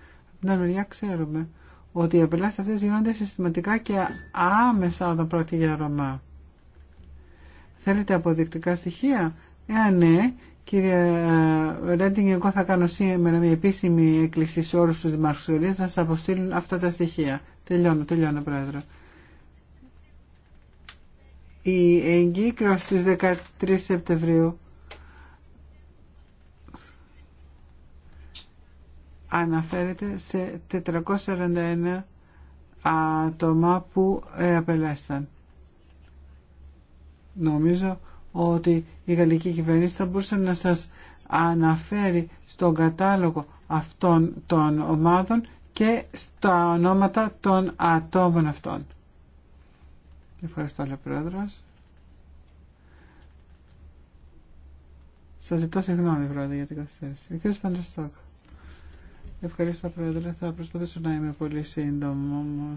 Ναι, παιδιά, ξέρουμε ότι οι απελάσεις αυτέ γίνονται συστηματικά και άμεσα όταν πρόκειται για Ρωμά. Θέλετε αποδεικτικά στοιχεία? Εάν ναι, κύριε ε, Ρέντινγκ, εγώ θα κάνω σήμερα μια επίσημη έκκληση σε όλου του δημάρχους να σας αποστείλουν αυτά τα στοιχεία. Τελειώνω, τελειώνω, πρόεδρο. Η εγκύκλωση στις 13 Σεπτεμβρίου αναφέρεται σε 441 άτομα που ε, απελέσταν. Νομίζω ότι η γαλλική κυβέρνηση θα μπορούσε να σας αναφέρει στον κατάλογο αυτών των ομάδων και στα ονόματα των ατόμων αυτών. Ευχαριστώ, λέει Πρόεδρος. Σας ζητώ συγγνώμη, Πρόεδρε, για την καθυστέρηση. Ο κ. Παντρεστόκ. Ευχαριστώ Πρόεδρε. Θα προσπαθήσω να είμαι πολύ σύντομο όμω.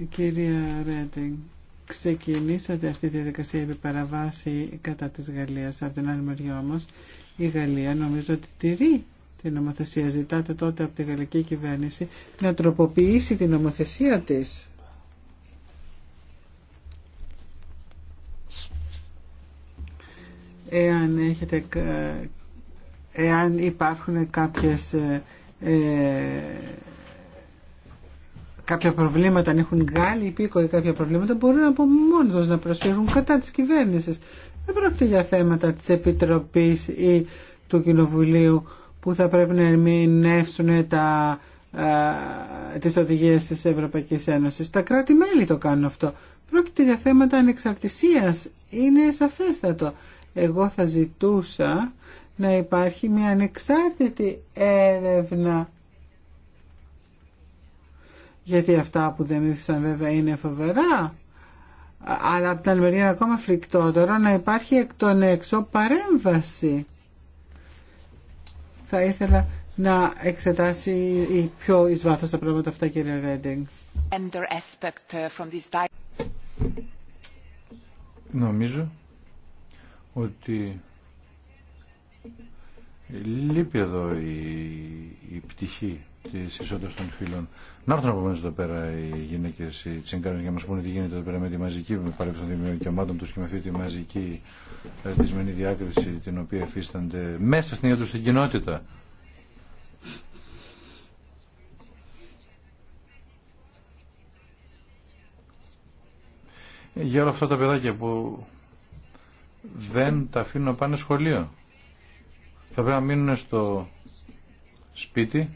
Ε, κυρία Ρέντινγκ, ξεκινήσατε αυτή τη διαδικασία επί παραβάση κατά της Γαλλίας. Από την άλλη μεριά όμως η Γαλλία νομίζω ότι τηρεί την νομοθεσία. Ζητάτε τότε από τη γαλλική κυβέρνηση να τροποποιήσει την νομοθεσία της. εάν, έχετε, εάν υπάρχουν κάποιες ε, ε, κάποια προβλήματα, αν έχουν Γάλλοι υπήκοοι κάποια προβλήματα, μπορούν από μόνοι τους να προσφέρουν κατά της κυβέρνησης. Δεν πρόκειται για θέματα της Επιτροπής ή του Κοινοβουλίου που θα πρέπει να ερμηνεύσουν τα, ε, τις οδηγίες της Ευρωπαϊκής Ένωσης. Τα κράτη-μέλη το κάνουν αυτό. Πρόκειται για θέματα ανεξαρτησίας. Είναι σαφέστατο. Εγώ θα ζητούσα να υπάρχει μια ανεξάρτητη έρευνα γιατί αυτά που δεν ήρθαν βέβαια είναι φοβερά αλλά από την άλλη μεριά ακόμα φρικτότερο να υπάρχει εκ των έξω παρέμβαση θα ήθελα να εξετάσει η πιο εις βάθος τα πράγματα αυτά κύριε Ρέντινγκ uh, Νομίζω ότι λείπει εδώ η, η πτυχή της ισότητας των φίλων. Να έρθουν από εδώ πέρα οι γυναίκες, οι τσιγκάρες για να μας πούνε τι γίνεται εδώ πέρα με τη μαζική με παρέμβαση των δημιουργικών τους και με αυτή τη μαζική δυσμενή ε, διάκριση την οποία εφίστανται μέσα στην ίδια τους την κοινότητα. Για όλα αυτά τα παιδάκια που δεν τα αφήνουν να πάνε σχολείο. Θα πρέπει να μείνουν στο σπίτι,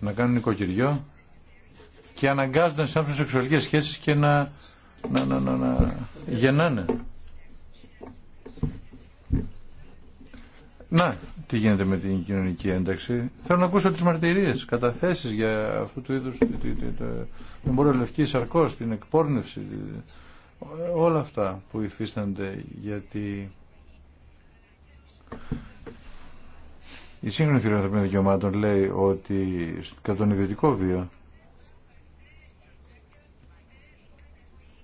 να κάνουν οικοκυριό και αναγκάζονται να συνάψουν σεξουαλικές σχέσεις και να, να, να, να, να γεννάνε. Να, τι γίνεται με την κοινωνική ένταξη. Θέλω να ακούσω τις μαρτυρίες, καταθέσεις για αυτού του είδους, τον εμπόριο λευκή σαρκός, την εκπόρνευση, όλα αυτά που υφίστανται γιατί η σύγχρονη θεωρία δικαιωμάτων λέει ότι κατά τον ιδιωτικό βίο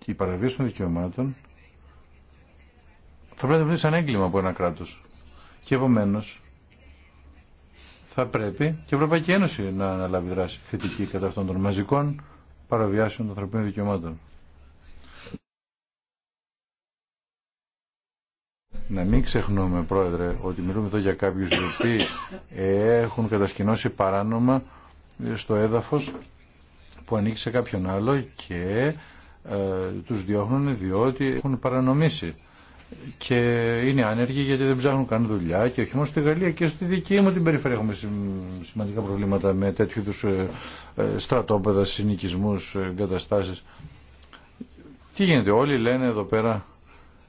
η παραβίαση των δικαιωμάτων θα πρέπει να σαν έγκλημα από ένα κράτος και επομένω, θα πρέπει και η Ευρωπαϊκή Ένωση να αναλάβει δράση θετική κατά αυτών των μαζικών παραβιάσεων των ανθρωπίνων δικαιωμάτων. Να μην ξεχνούμε, Πρόεδρε, ότι μιλούμε εδώ για κάποιους οι οποίοι έχουν κατασκηνώσει παράνομα στο έδαφος που ανήκει σε κάποιον άλλο και ε, τους διώχνουν διότι έχουν παρανομήσει και είναι άνεργοι γιατί δεν ψάχνουν καν δουλειά και όχι μόνο στη Γαλλία και στη δική μου την περιφέρεια έχουμε σημαντικά προβλήματα με τέτοιου είδους ε, ε, στρατόπεδα, συνοικισμούς, εγκαταστάσεις. Τι γίνεται, όλοι λένε εδώ πέρα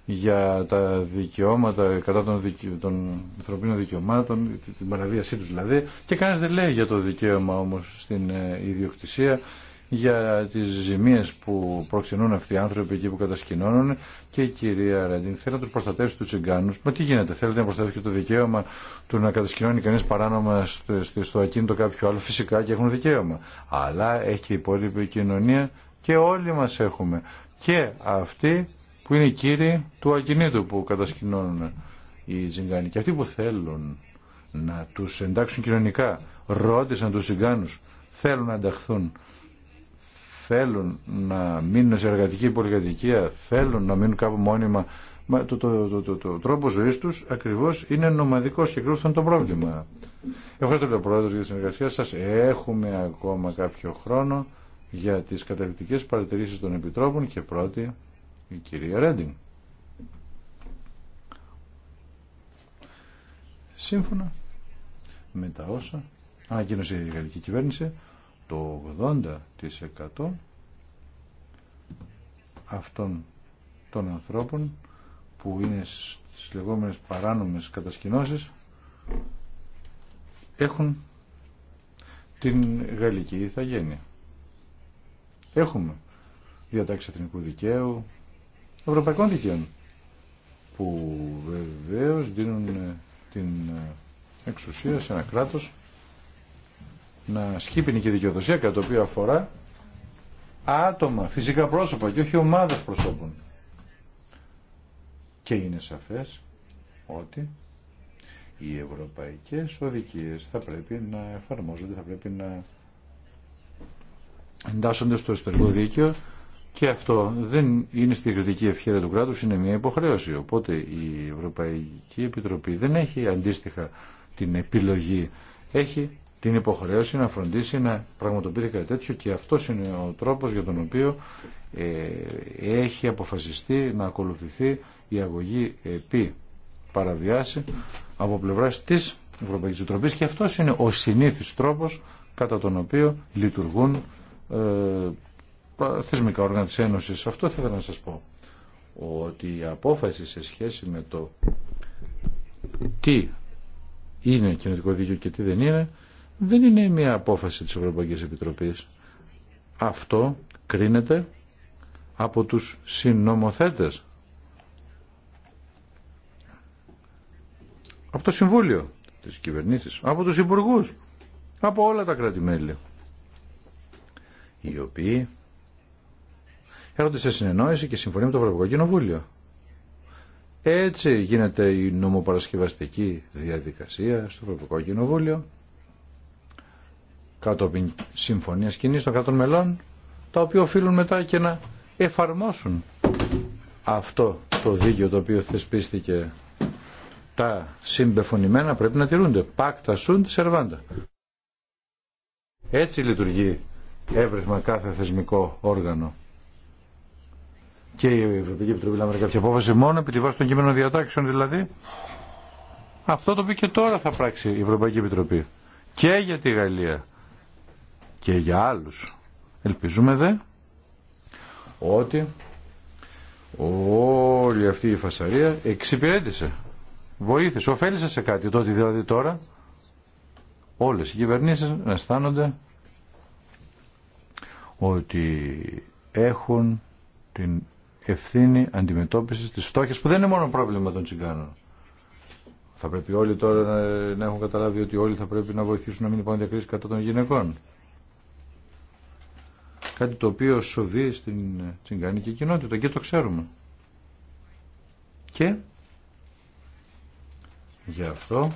για τα δικαιώματα κατά των, δικαι... των ανθρωπίνων δικαιωμάτων, την παραδίασή τους δηλαδή, και κανείς δεν λέει για το δικαίωμα όμως στην ε, ιδιοκτησία, για τις ζημίες που προξενούν αυτοί οι άνθρωποι εκεί που κατασκηνώνουν και η κυρία Ρεντίν θέλει να τους προστατεύσει τους τσιγκάνους. Μα τι γίνεται, θέλετε να προστατεύσει και το δικαίωμα του να κατασκηνώνει κανείς παράνομα στο ακίνητο κάποιο άλλο, φυσικά και έχουν δικαίωμα. Αλλά έχει και υπόλοιπη κοινωνία και όλοι μας έχουμε. Και αυτοί που είναι οι κύριοι του ακινήτου που κατασκηνώνουν οι Τζιγκάνοι. Και αυτοί που θέλουν να του εντάξουν κοινωνικά, ρώτησαν του Τζιγκάνους, θέλουν να ενταχθούν, θέλουν να μείνουν σε εργατική πολυκατοικία, θέλουν να μείνουν κάπου μόνιμα. Μα το, το, το, το, το τρόπο ζωή του ακριβώ είναι νομαδικό και ακριβώ το πρόβλημα. Ευχαριστώ τον Πρόεδρο για τη συνεργασία σα. Έχουμε ακόμα κάποιο χρόνο για τι καταληκτικές παρατηρήσει των Επιτρόπων και πρώτη η κυρία Ρέντινγκ. Σύμφωνα με τα όσα ανακοίνωσε η γαλλική κυβέρνηση, το 80% αυτών των ανθρώπων που είναι στις λεγόμενες παράνομες κατασκηνώσεις έχουν την γαλλική ηθαγένεια. Έχουμε διατάξει εθνικού δικαίου, ευρωπαϊκών δικαίων που βεβαίω δίνουν ε, την ε, εξουσία σε ένα κράτος να ασκεί και δικαιοδοσία κατά το οποίο αφορά άτομα, φυσικά πρόσωπα και όχι ομάδες προσώπων. Και είναι σαφές ότι οι ευρωπαϊκές οδικίες θα πρέπει να εφαρμόζονται, θα πρέπει να εντάσσονται στο ιστορικό δίκαιο και αυτό δεν είναι στην κριτική ευχαίρεια του κράτους, είναι μια υποχρέωση. Οπότε η Ευρωπαϊκή Επιτροπή δεν έχει αντίστοιχα την επιλογή. Έχει την υποχρέωση να φροντίσει να πραγματοποιείται κάτι τέτοιο και αυτό είναι ο τρόπος για τον οποίο ε, έχει αποφασιστεί να ακολουθηθεί η αγωγή επί παραβιάση από πλευράς της Ευρωπαϊκής Επιτροπής και αυτός είναι ο συνήθις τρόπος κατά τον οποίο λειτουργούν ε, θεσμικά όργανα της Ένωσης. Αυτό θα ήθελα να σας πω. Ότι η απόφαση σε σχέση με το τι είναι κοινωτικό δίκαιο και τι δεν είναι, δεν είναι μια απόφαση της Ευρωπαϊκής Επιτροπής. Αυτό κρίνεται από τους συννομοθέτες. Από το Συμβούλιο της Κυβερνήσης, από τους Υπουργούς, από όλα τα κράτη-μέλη, οι οποίοι έρχονται σε συνεννόηση και συμφωνία με το Ευρωπαϊκό Κοινοβούλιο. Έτσι γίνεται η νομοπαρασκευαστική διαδικασία στο Ευρωπαϊκό Κοινοβούλιο κατόπιν συμφωνία κοινή των κρατών μελών, τα οποία οφείλουν μετά και να εφαρμόσουν αυτό το δίκαιο το οποίο θεσπίστηκε. Τα συμπεφωνημένα πρέπει να τηρούνται. Πάκτα σουν τη σερβάντα. Έτσι λειτουργεί εύρυθμα κάθε θεσμικό όργανο και η Ευρωπαϊκή Επιτροπή λάμβανε κάποια απόφαση μόνο επί τη βάση των κείμενων διατάξεων δηλαδή. Αυτό το πει και τώρα θα πράξει η Ευρωπαϊκή Επιτροπή. Και για τη Γαλλία. Και για άλλους. Ελπίζουμε δε ότι όλη αυτή η φασαρία εξυπηρέτησε. Βοήθησε, ωφέλησε σε κάτι. Τότε δηλαδή τώρα όλες οι κυβερνήσεις αισθάνονται ότι έχουν την ευθύνη αντιμετώπισης της φτώχειας που δεν είναι μόνο πρόβλημα των τσιγκάνων. Θα πρέπει όλοι τώρα να, έχουν καταλάβει ότι όλοι θα πρέπει να βοηθήσουν να μην υπάρχουν διακρίσεις κατά των γυναικών. Κάτι το οποίο σοβεί στην τσιγκάνικη κοινότητα και το ξέρουμε. Και γι' αυτό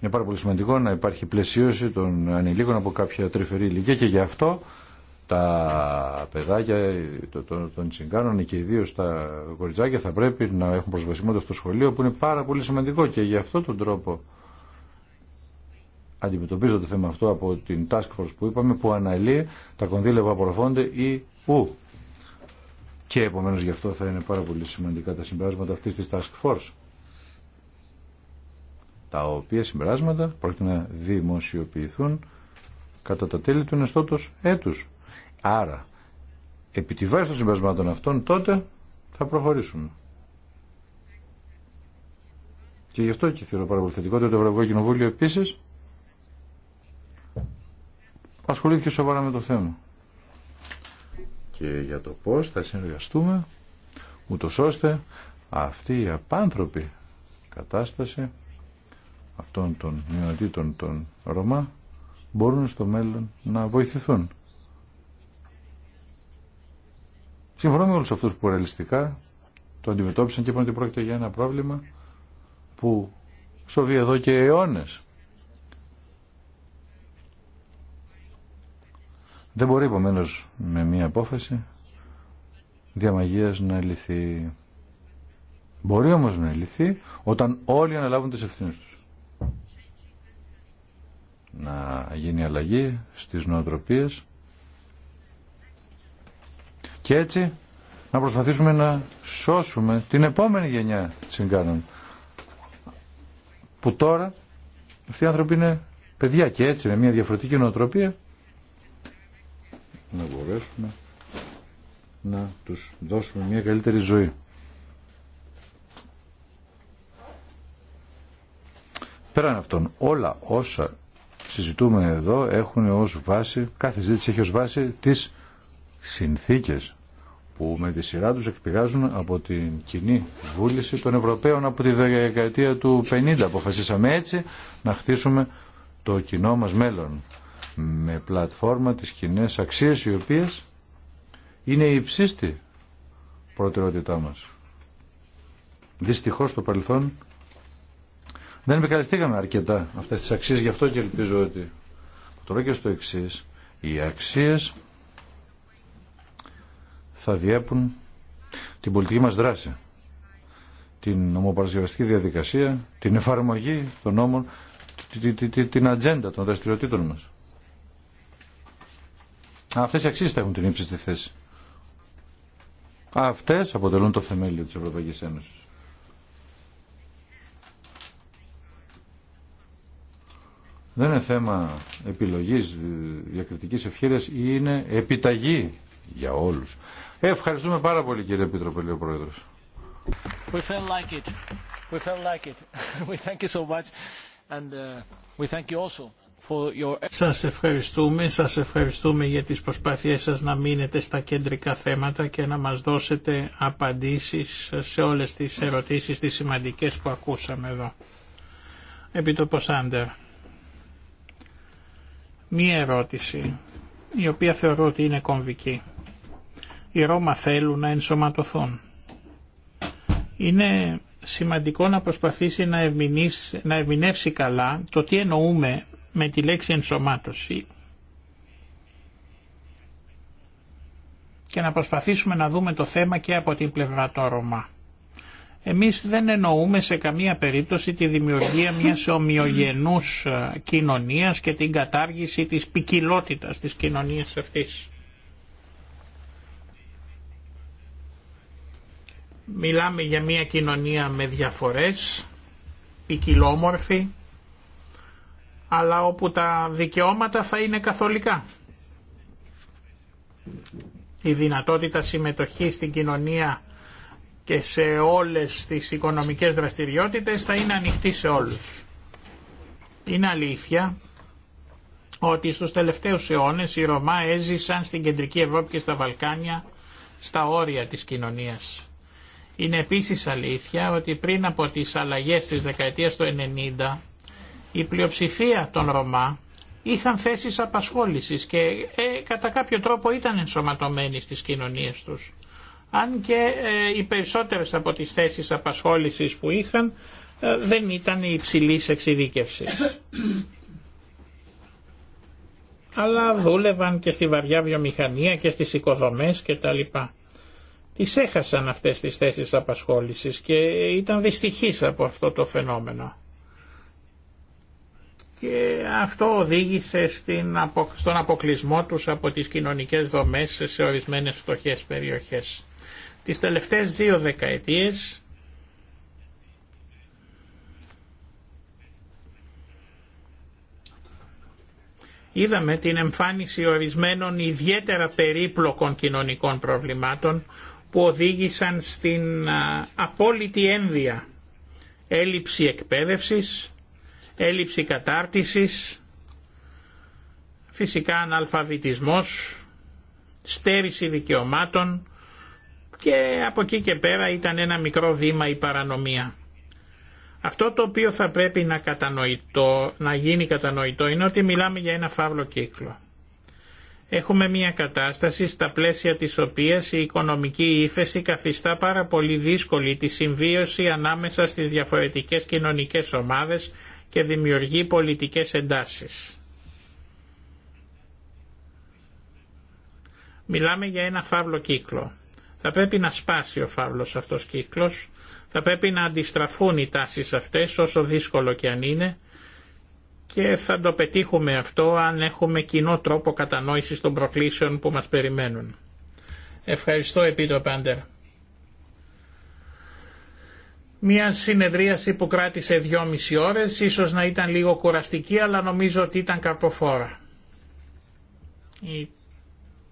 είναι πάρα πολύ σημαντικό να υπάρχει πλαισίωση των ανηλίκων από κάποια τρυφερή ηλικία και γι' αυτό τα παιδάκια των τσιγκάνων και ιδίω τα κοριτσάκια θα πρέπει να έχουν προσβασιμότητα στο σχολείο που είναι πάρα πολύ σημαντικό και γι' αυτό τον τρόπο αντιμετωπίζω το θέμα αυτό από την Task Force που είπαμε που αναλύει τα κονδύλια που απορροφώνται ή ου. Και επομένως γι' αυτό θα είναι πάρα πολύ σημαντικά τα συμπεράσματα αυτής της Task Force τα οποία συμπεράσματα πρόκειται να δημοσιοποιηθούν κατά τα τέλη του νεστότος έτους. Άρα, επί τη βάση των συμπερασμάτων αυτών, τότε θα προχωρήσουμε. Και γι' αυτό και θεωρώ θετικό ότι το Ευρωπαϊκό Κοινοβούλιο επίση ασχολήθηκε σοβαρά με το θέμα. Και για το πώ θα συνεργαστούμε, ούτω ώστε αυτή η απάνθρωπη κατάσταση αυτών των μειονοτήτων των Ρωμά μπορούν στο μέλλον να βοηθηθούν. Συμφωνώ με όλου αυτού που ρεαλιστικά το αντιμετώπισαν και είπαν ότι πρόκειται για ένα πρόβλημα που σοβεί εδώ και αιώνε. Δεν μπορεί επομένω με μία απόφαση διαμαγείας να λυθεί. Μπορεί όμως να λυθεί όταν όλοι αναλάβουν τις ευθύνες τους. Να γίνει αλλαγή στις νοοτροπίες και έτσι να προσπαθήσουμε να σώσουμε την επόμενη γενιά συγκάνων. Που τώρα αυτοί οι άνθρωποι είναι παιδιά και έτσι με μια διαφορετική νοοτροπία να μπορέσουμε να τους δώσουμε μια καλύτερη ζωή. Πέραν αυτών, όλα όσα συζητούμε εδώ έχουν ως βάση, κάθε συζήτηση έχει ως βάση τις συνθήκες που με τη σειρά τους εκπηγάζουν από την κοινή βούληση των Ευρωπαίων από τη δεκαετία του 50. Αποφασίσαμε έτσι να χτίσουμε το κοινό μας μέλλον με πλατφόρμα τις κοινέ αξίες οι οποίες είναι η υψίστη προτεραιότητά μας. Δυστυχώς στο παρελθόν δεν επικαλεστήκαμε αρκετά αυτές τις αξίες γι' αυτό και ελπίζω ότι τώρα και στο εξής οι αξίες θα διέπουν την πολιτική μας δράση, την νομοπαρασκευαστική διαδικασία, την εφαρμογή των νόμων, την ατζέντα των δραστηριοτήτων μας. Αυτές οι αξίες θα έχουν την ύψιστη θέση. Αυτές αποτελούν το θεμέλιο της Ευρωπαϊκής Ένωσης. Δεν είναι θέμα επιλογής διακριτικής ή είναι επιταγή για όλους. Ε, ευχαριστούμε πάρα πολύ κύριε Επίτροπε, λέει ο Πρόεδρος. Σας ευχαριστούμε, σας ευχαριστούμε για τις προσπάθειές σας να μείνετε στα κεντρικά θέματα και να μας δώσετε απαντήσεις σε όλες τις ερωτήσεις τις σημαντικές που ακούσαμε εδώ. Επί Άντερ, Μία ερώτηση, η οποία θεωρώ ότι είναι κομβική οι Ρώμα θέλουν να ενσωματωθούν. Είναι σημαντικό να προσπαθήσει να, ερμηνεύσει, να καλά το τι εννοούμε με τη λέξη ενσωμάτωση και να προσπαθήσουμε να δούμε το θέμα και από την πλευρά των Ρωμά. Εμείς δεν εννοούμε σε καμία περίπτωση τη δημιουργία μιας ομοιογενούς ε, κοινωνίας και την κατάργηση της ποικιλότητα της κοινωνίας αυτής. Μιλάμε για μια κοινωνία με διαφορές, ποικιλόμορφη, αλλά όπου τα δικαιώματα θα είναι καθολικά. Η δυνατότητα συμμετοχής στην κοινωνία και σε όλες τις οικονομικές δραστηριότητες θα είναι ανοιχτή σε όλους. Είναι αλήθεια ότι στους τελευταίους αιώνες οι Ρωμά έζησαν στην Κεντρική Ευρώπη και στα Βαλκάνια στα όρια της κοινωνίας. Είναι επίσης αλήθεια ότι πριν από τις αλλαγές της δεκαετίας του 90 η πλειοψηφία των Ρωμά είχαν θέσεις απασχόλησης και ε, κατά κάποιο τρόπο ήταν ενσωματωμένοι στις κοινωνίες τους. Αν και ε, οι περισσότερες από τις θέσεις απασχόλησης που είχαν ε, δεν ήταν υψηλής εξειδίκευση. Αλλά δούλευαν και στη βαριά βιομηχανία και στις οικοδομές κτλ τις έχασαν αυτές τις θέσεις απασχόλησης και ήταν δυστυχής από αυτό το φαινόμενο. Και αυτό οδήγησε στην, στον αποκλεισμό τους από τις κοινωνικές δομές σε ορισμένες φτωχές περιοχές. Τις τελευταίες δύο δεκαετίες είδαμε την εμφάνιση ορισμένων ιδιαίτερα περίπλοκων κοινωνικών προβλημάτων που οδήγησαν στην απόλυτη ένδια. Έλλειψη εκπαίδευσης, έλλειψη κατάρτισης, φυσικά αναλφαβητισμός, στέρηση δικαιωμάτων και από εκεί και πέρα ήταν ένα μικρό βήμα η παρανομία. Αυτό το οποίο θα πρέπει να, κατανοητό, να γίνει κατανοητό είναι ότι μιλάμε για ένα φαύλο κύκλο. Έχουμε μια κατάσταση στα πλαίσια της οποίας η οικονομική ύφεση καθιστά πάρα πολύ δύσκολη τη συμβίωση ανάμεσα στις διαφορετικές κοινωνικές ομάδες και δημιουργεί πολιτικές εντάσεις. Μιλάμε για ένα φαύλο κύκλο. Θα πρέπει να σπάσει ο φαύλος αυτός κύκλος, θα πρέπει να αντιστραφούν οι τάσεις αυτές όσο δύσκολο και αν είναι και θα το πετύχουμε αυτό αν έχουμε κοινό τρόπο κατανόησης των προκλήσεων που μας περιμένουν. Ευχαριστώ το Πάντερ. Μια συνεδρίαση που κράτησε δυόμιση ώρες, ίσως να ήταν λίγο κουραστική, αλλά νομίζω ότι ήταν καρποφόρα.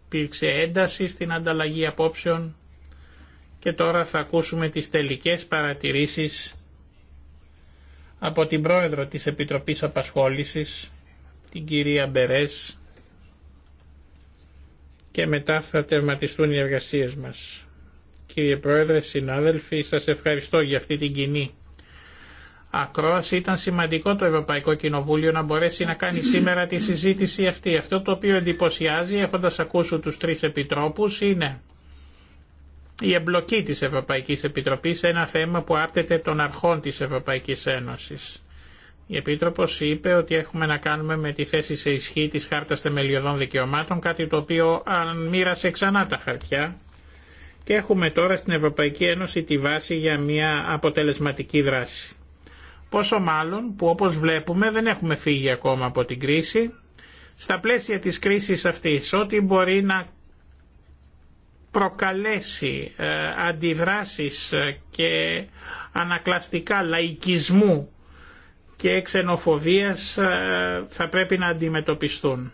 Υπήρξε ένταση στην ανταλλαγή απόψεων και τώρα θα ακούσουμε τις τελικές παρατηρήσεις από την πρόεδρο της Επιτροπής Απασχόλησης, την κυρία Μπερές, και μετά θα τερματιστούν οι εργασίες μας. Κύριε Πρόεδρε, συνάδελφοι, σας ευχαριστώ για αυτή την κοινή ακρόαση. Ήταν σημαντικό το Ευρωπαϊκό Κοινοβούλιο να μπορέσει να κάνει σήμερα τη συζήτηση αυτή. Αυτό το οποίο εντυπωσιάζει έχοντας ακούσει τους τρεις επιτρόπους είναι η εμπλοκή της Ευρωπαϊκής Επιτροπής σε ένα θέμα που άπτεται των αρχών της Ευρωπαϊκής Ένωσης. Η Επίτροπος είπε ότι έχουμε να κάνουμε με τη θέση σε ισχύ της Χάρτας Θεμελιωδών Δικαιωμάτων, κάτι το οποίο αν μοίρασε ξανά τα χαρτιά και έχουμε τώρα στην Ευρωπαϊκή Ένωση τη βάση για μια αποτελεσματική δράση. Πόσο μάλλον που όπως βλέπουμε δεν έχουμε φύγει ακόμα από την κρίση. Στα πλαίσια της κρίσης αυτής, ό,τι μπορεί να προκαλέσει ε, αντιδράσεις ε, και ανακλαστικά λαϊκισμού και εξενοφοβίας ε, θα πρέπει να αντιμετωπιστούν.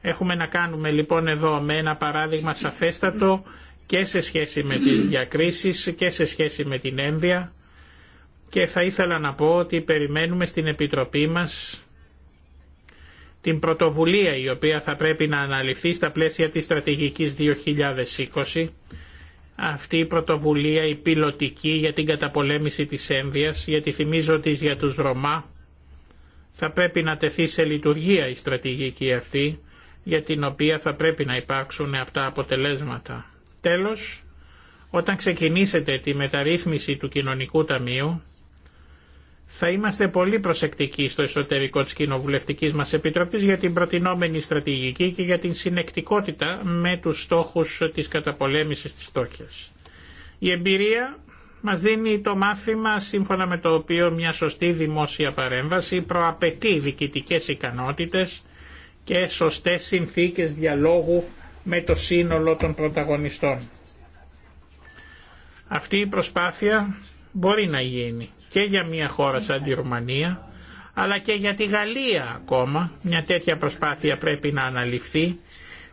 Έχουμε να κάνουμε λοιπόν εδώ με ένα παράδειγμα σαφέστατο και σε σχέση με τις διακρίσεις και σε σχέση με την ένδια και θα ήθελα να πω ότι περιμένουμε στην Επιτροπή μας την πρωτοβουλία η οποία θα πρέπει να αναλυθεί στα πλαίσια της στρατηγικής 2020. Αυτή η πρωτοβουλία, η πιλωτική για την καταπολέμηση της έμβιας, γιατί θυμίζω ότι για τους Ρωμά θα πρέπει να τεθεί σε λειτουργία η στρατηγική αυτή, για την οποία θα πρέπει να υπάρξουν αυτά αποτελέσματα. Τέλος, όταν ξεκινήσετε τη μεταρρύθμιση του κοινωνικού ταμείου, θα είμαστε πολύ προσεκτικοί στο εσωτερικό της Κοινοβουλευτικής μας Επιτροπής για την προτινόμενη στρατηγική και για την συνεκτικότητα με τους στόχους της καταπολέμησης της στόχιας. Η εμπειρία μας δίνει το μάθημα σύμφωνα με το οποίο μια σωστή δημόσια παρέμβαση προαπαιτεί διοικητικές ικανότητες και σωστές συνθήκες διαλόγου με το σύνολο των πρωταγωνιστών. Αυτή η προσπάθεια μπορεί να γίνει και για μια χώρα σαν τη Ρουμανία αλλά και για τη Γαλλία ακόμα μια τέτοια προσπάθεια πρέπει να αναλυφθεί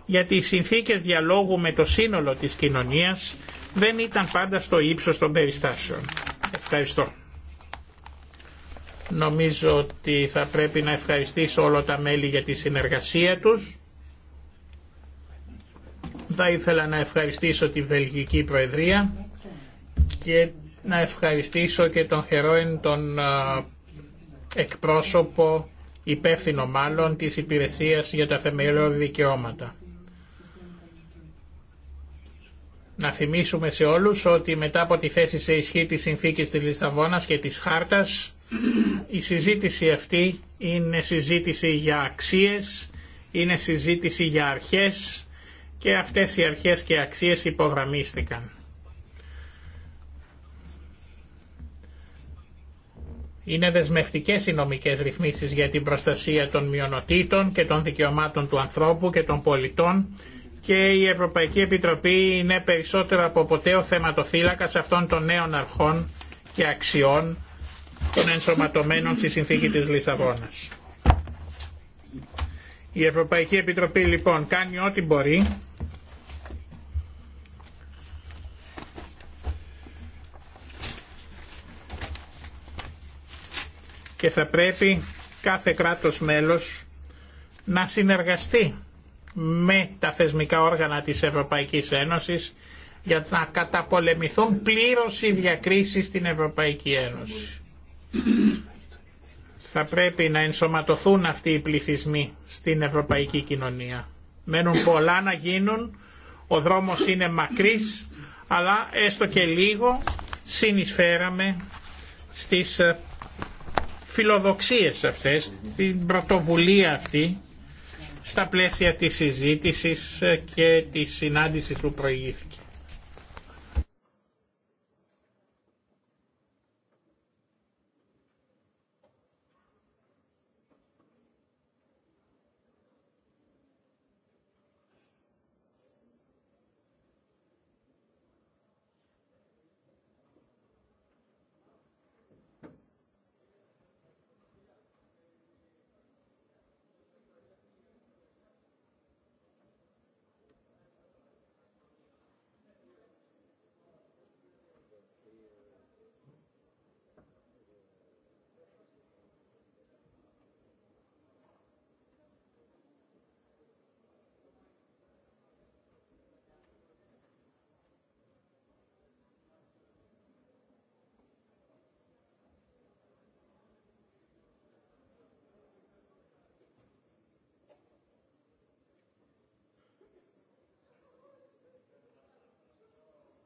γιατί οι συνθήκες διαλόγου με το σύνολο της κοινωνίας δεν ήταν πάντα στο ύψος των περιστάσεων. Ευχαριστώ. Νομίζω ότι θα πρέπει να ευχαριστήσω όλα τα μέλη για τη συνεργασία τους. Θα ήθελα να ευχαριστήσω τη Βελγική Προεδρία και να ευχαριστήσω και τον χαιρόν τον εκπρόσωπο, υπεύθυνο μάλλον, της Υπηρεσίας για τα Θεμελιώδη Δικαιώματα. Να θυμίσουμε σε όλους ότι μετά από τη θέση σε ισχύ της συνθήκης της Λισαβόνας και της Χάρτας, η συζήτηση αυτή είναι συζήτηση για αξίες, είναι συζήτηση για αρχές και αυτές οι αρχές και αξίες υπογραμμίστηκαν. Είναι δεσμευτικές οι νομικές ρυθμίσεις για την προστασία των μειονοτήτων και των δικαιωμάτων του ανθρώπου και των πολιτών και η Ευρωπαϊκή Επιτροπή είναι περισσότερο από ποτέ ο θεματοφύλακας αυτών των νέων αρχών και αξιών των ενσωματωμένων στη συνθήκη της Λισαβόνας. Η Ευρωπαϊκή Επιτροπή λοιπόν κάνει ό,τι μπορεί και θα πρέπει κάθε κράτος μέλος να συνεργαστεί με τα θεσμικά όργανα της Ευρωπαϊκής Ένωσης για να καταπολεμηθούν πλήρως οι διακρίσεις στην Ευρωπαϊκή Ένωση. Θα πρέπει να ενσωματωθούν αυτοί οι πληθυσμοί στην ευρωπαϊκή κοινωνία. Μένουν πολλά να γίνουν, ο δρόμος είναι μακρύς, αλλά έστω και λίγο συνεισφέραμε στις φιλοδοξίες αυτές, την πρωτοβουλία αυτή στα πλαίσια της συζήτησης και της συνάντησης που προηγήθηκε.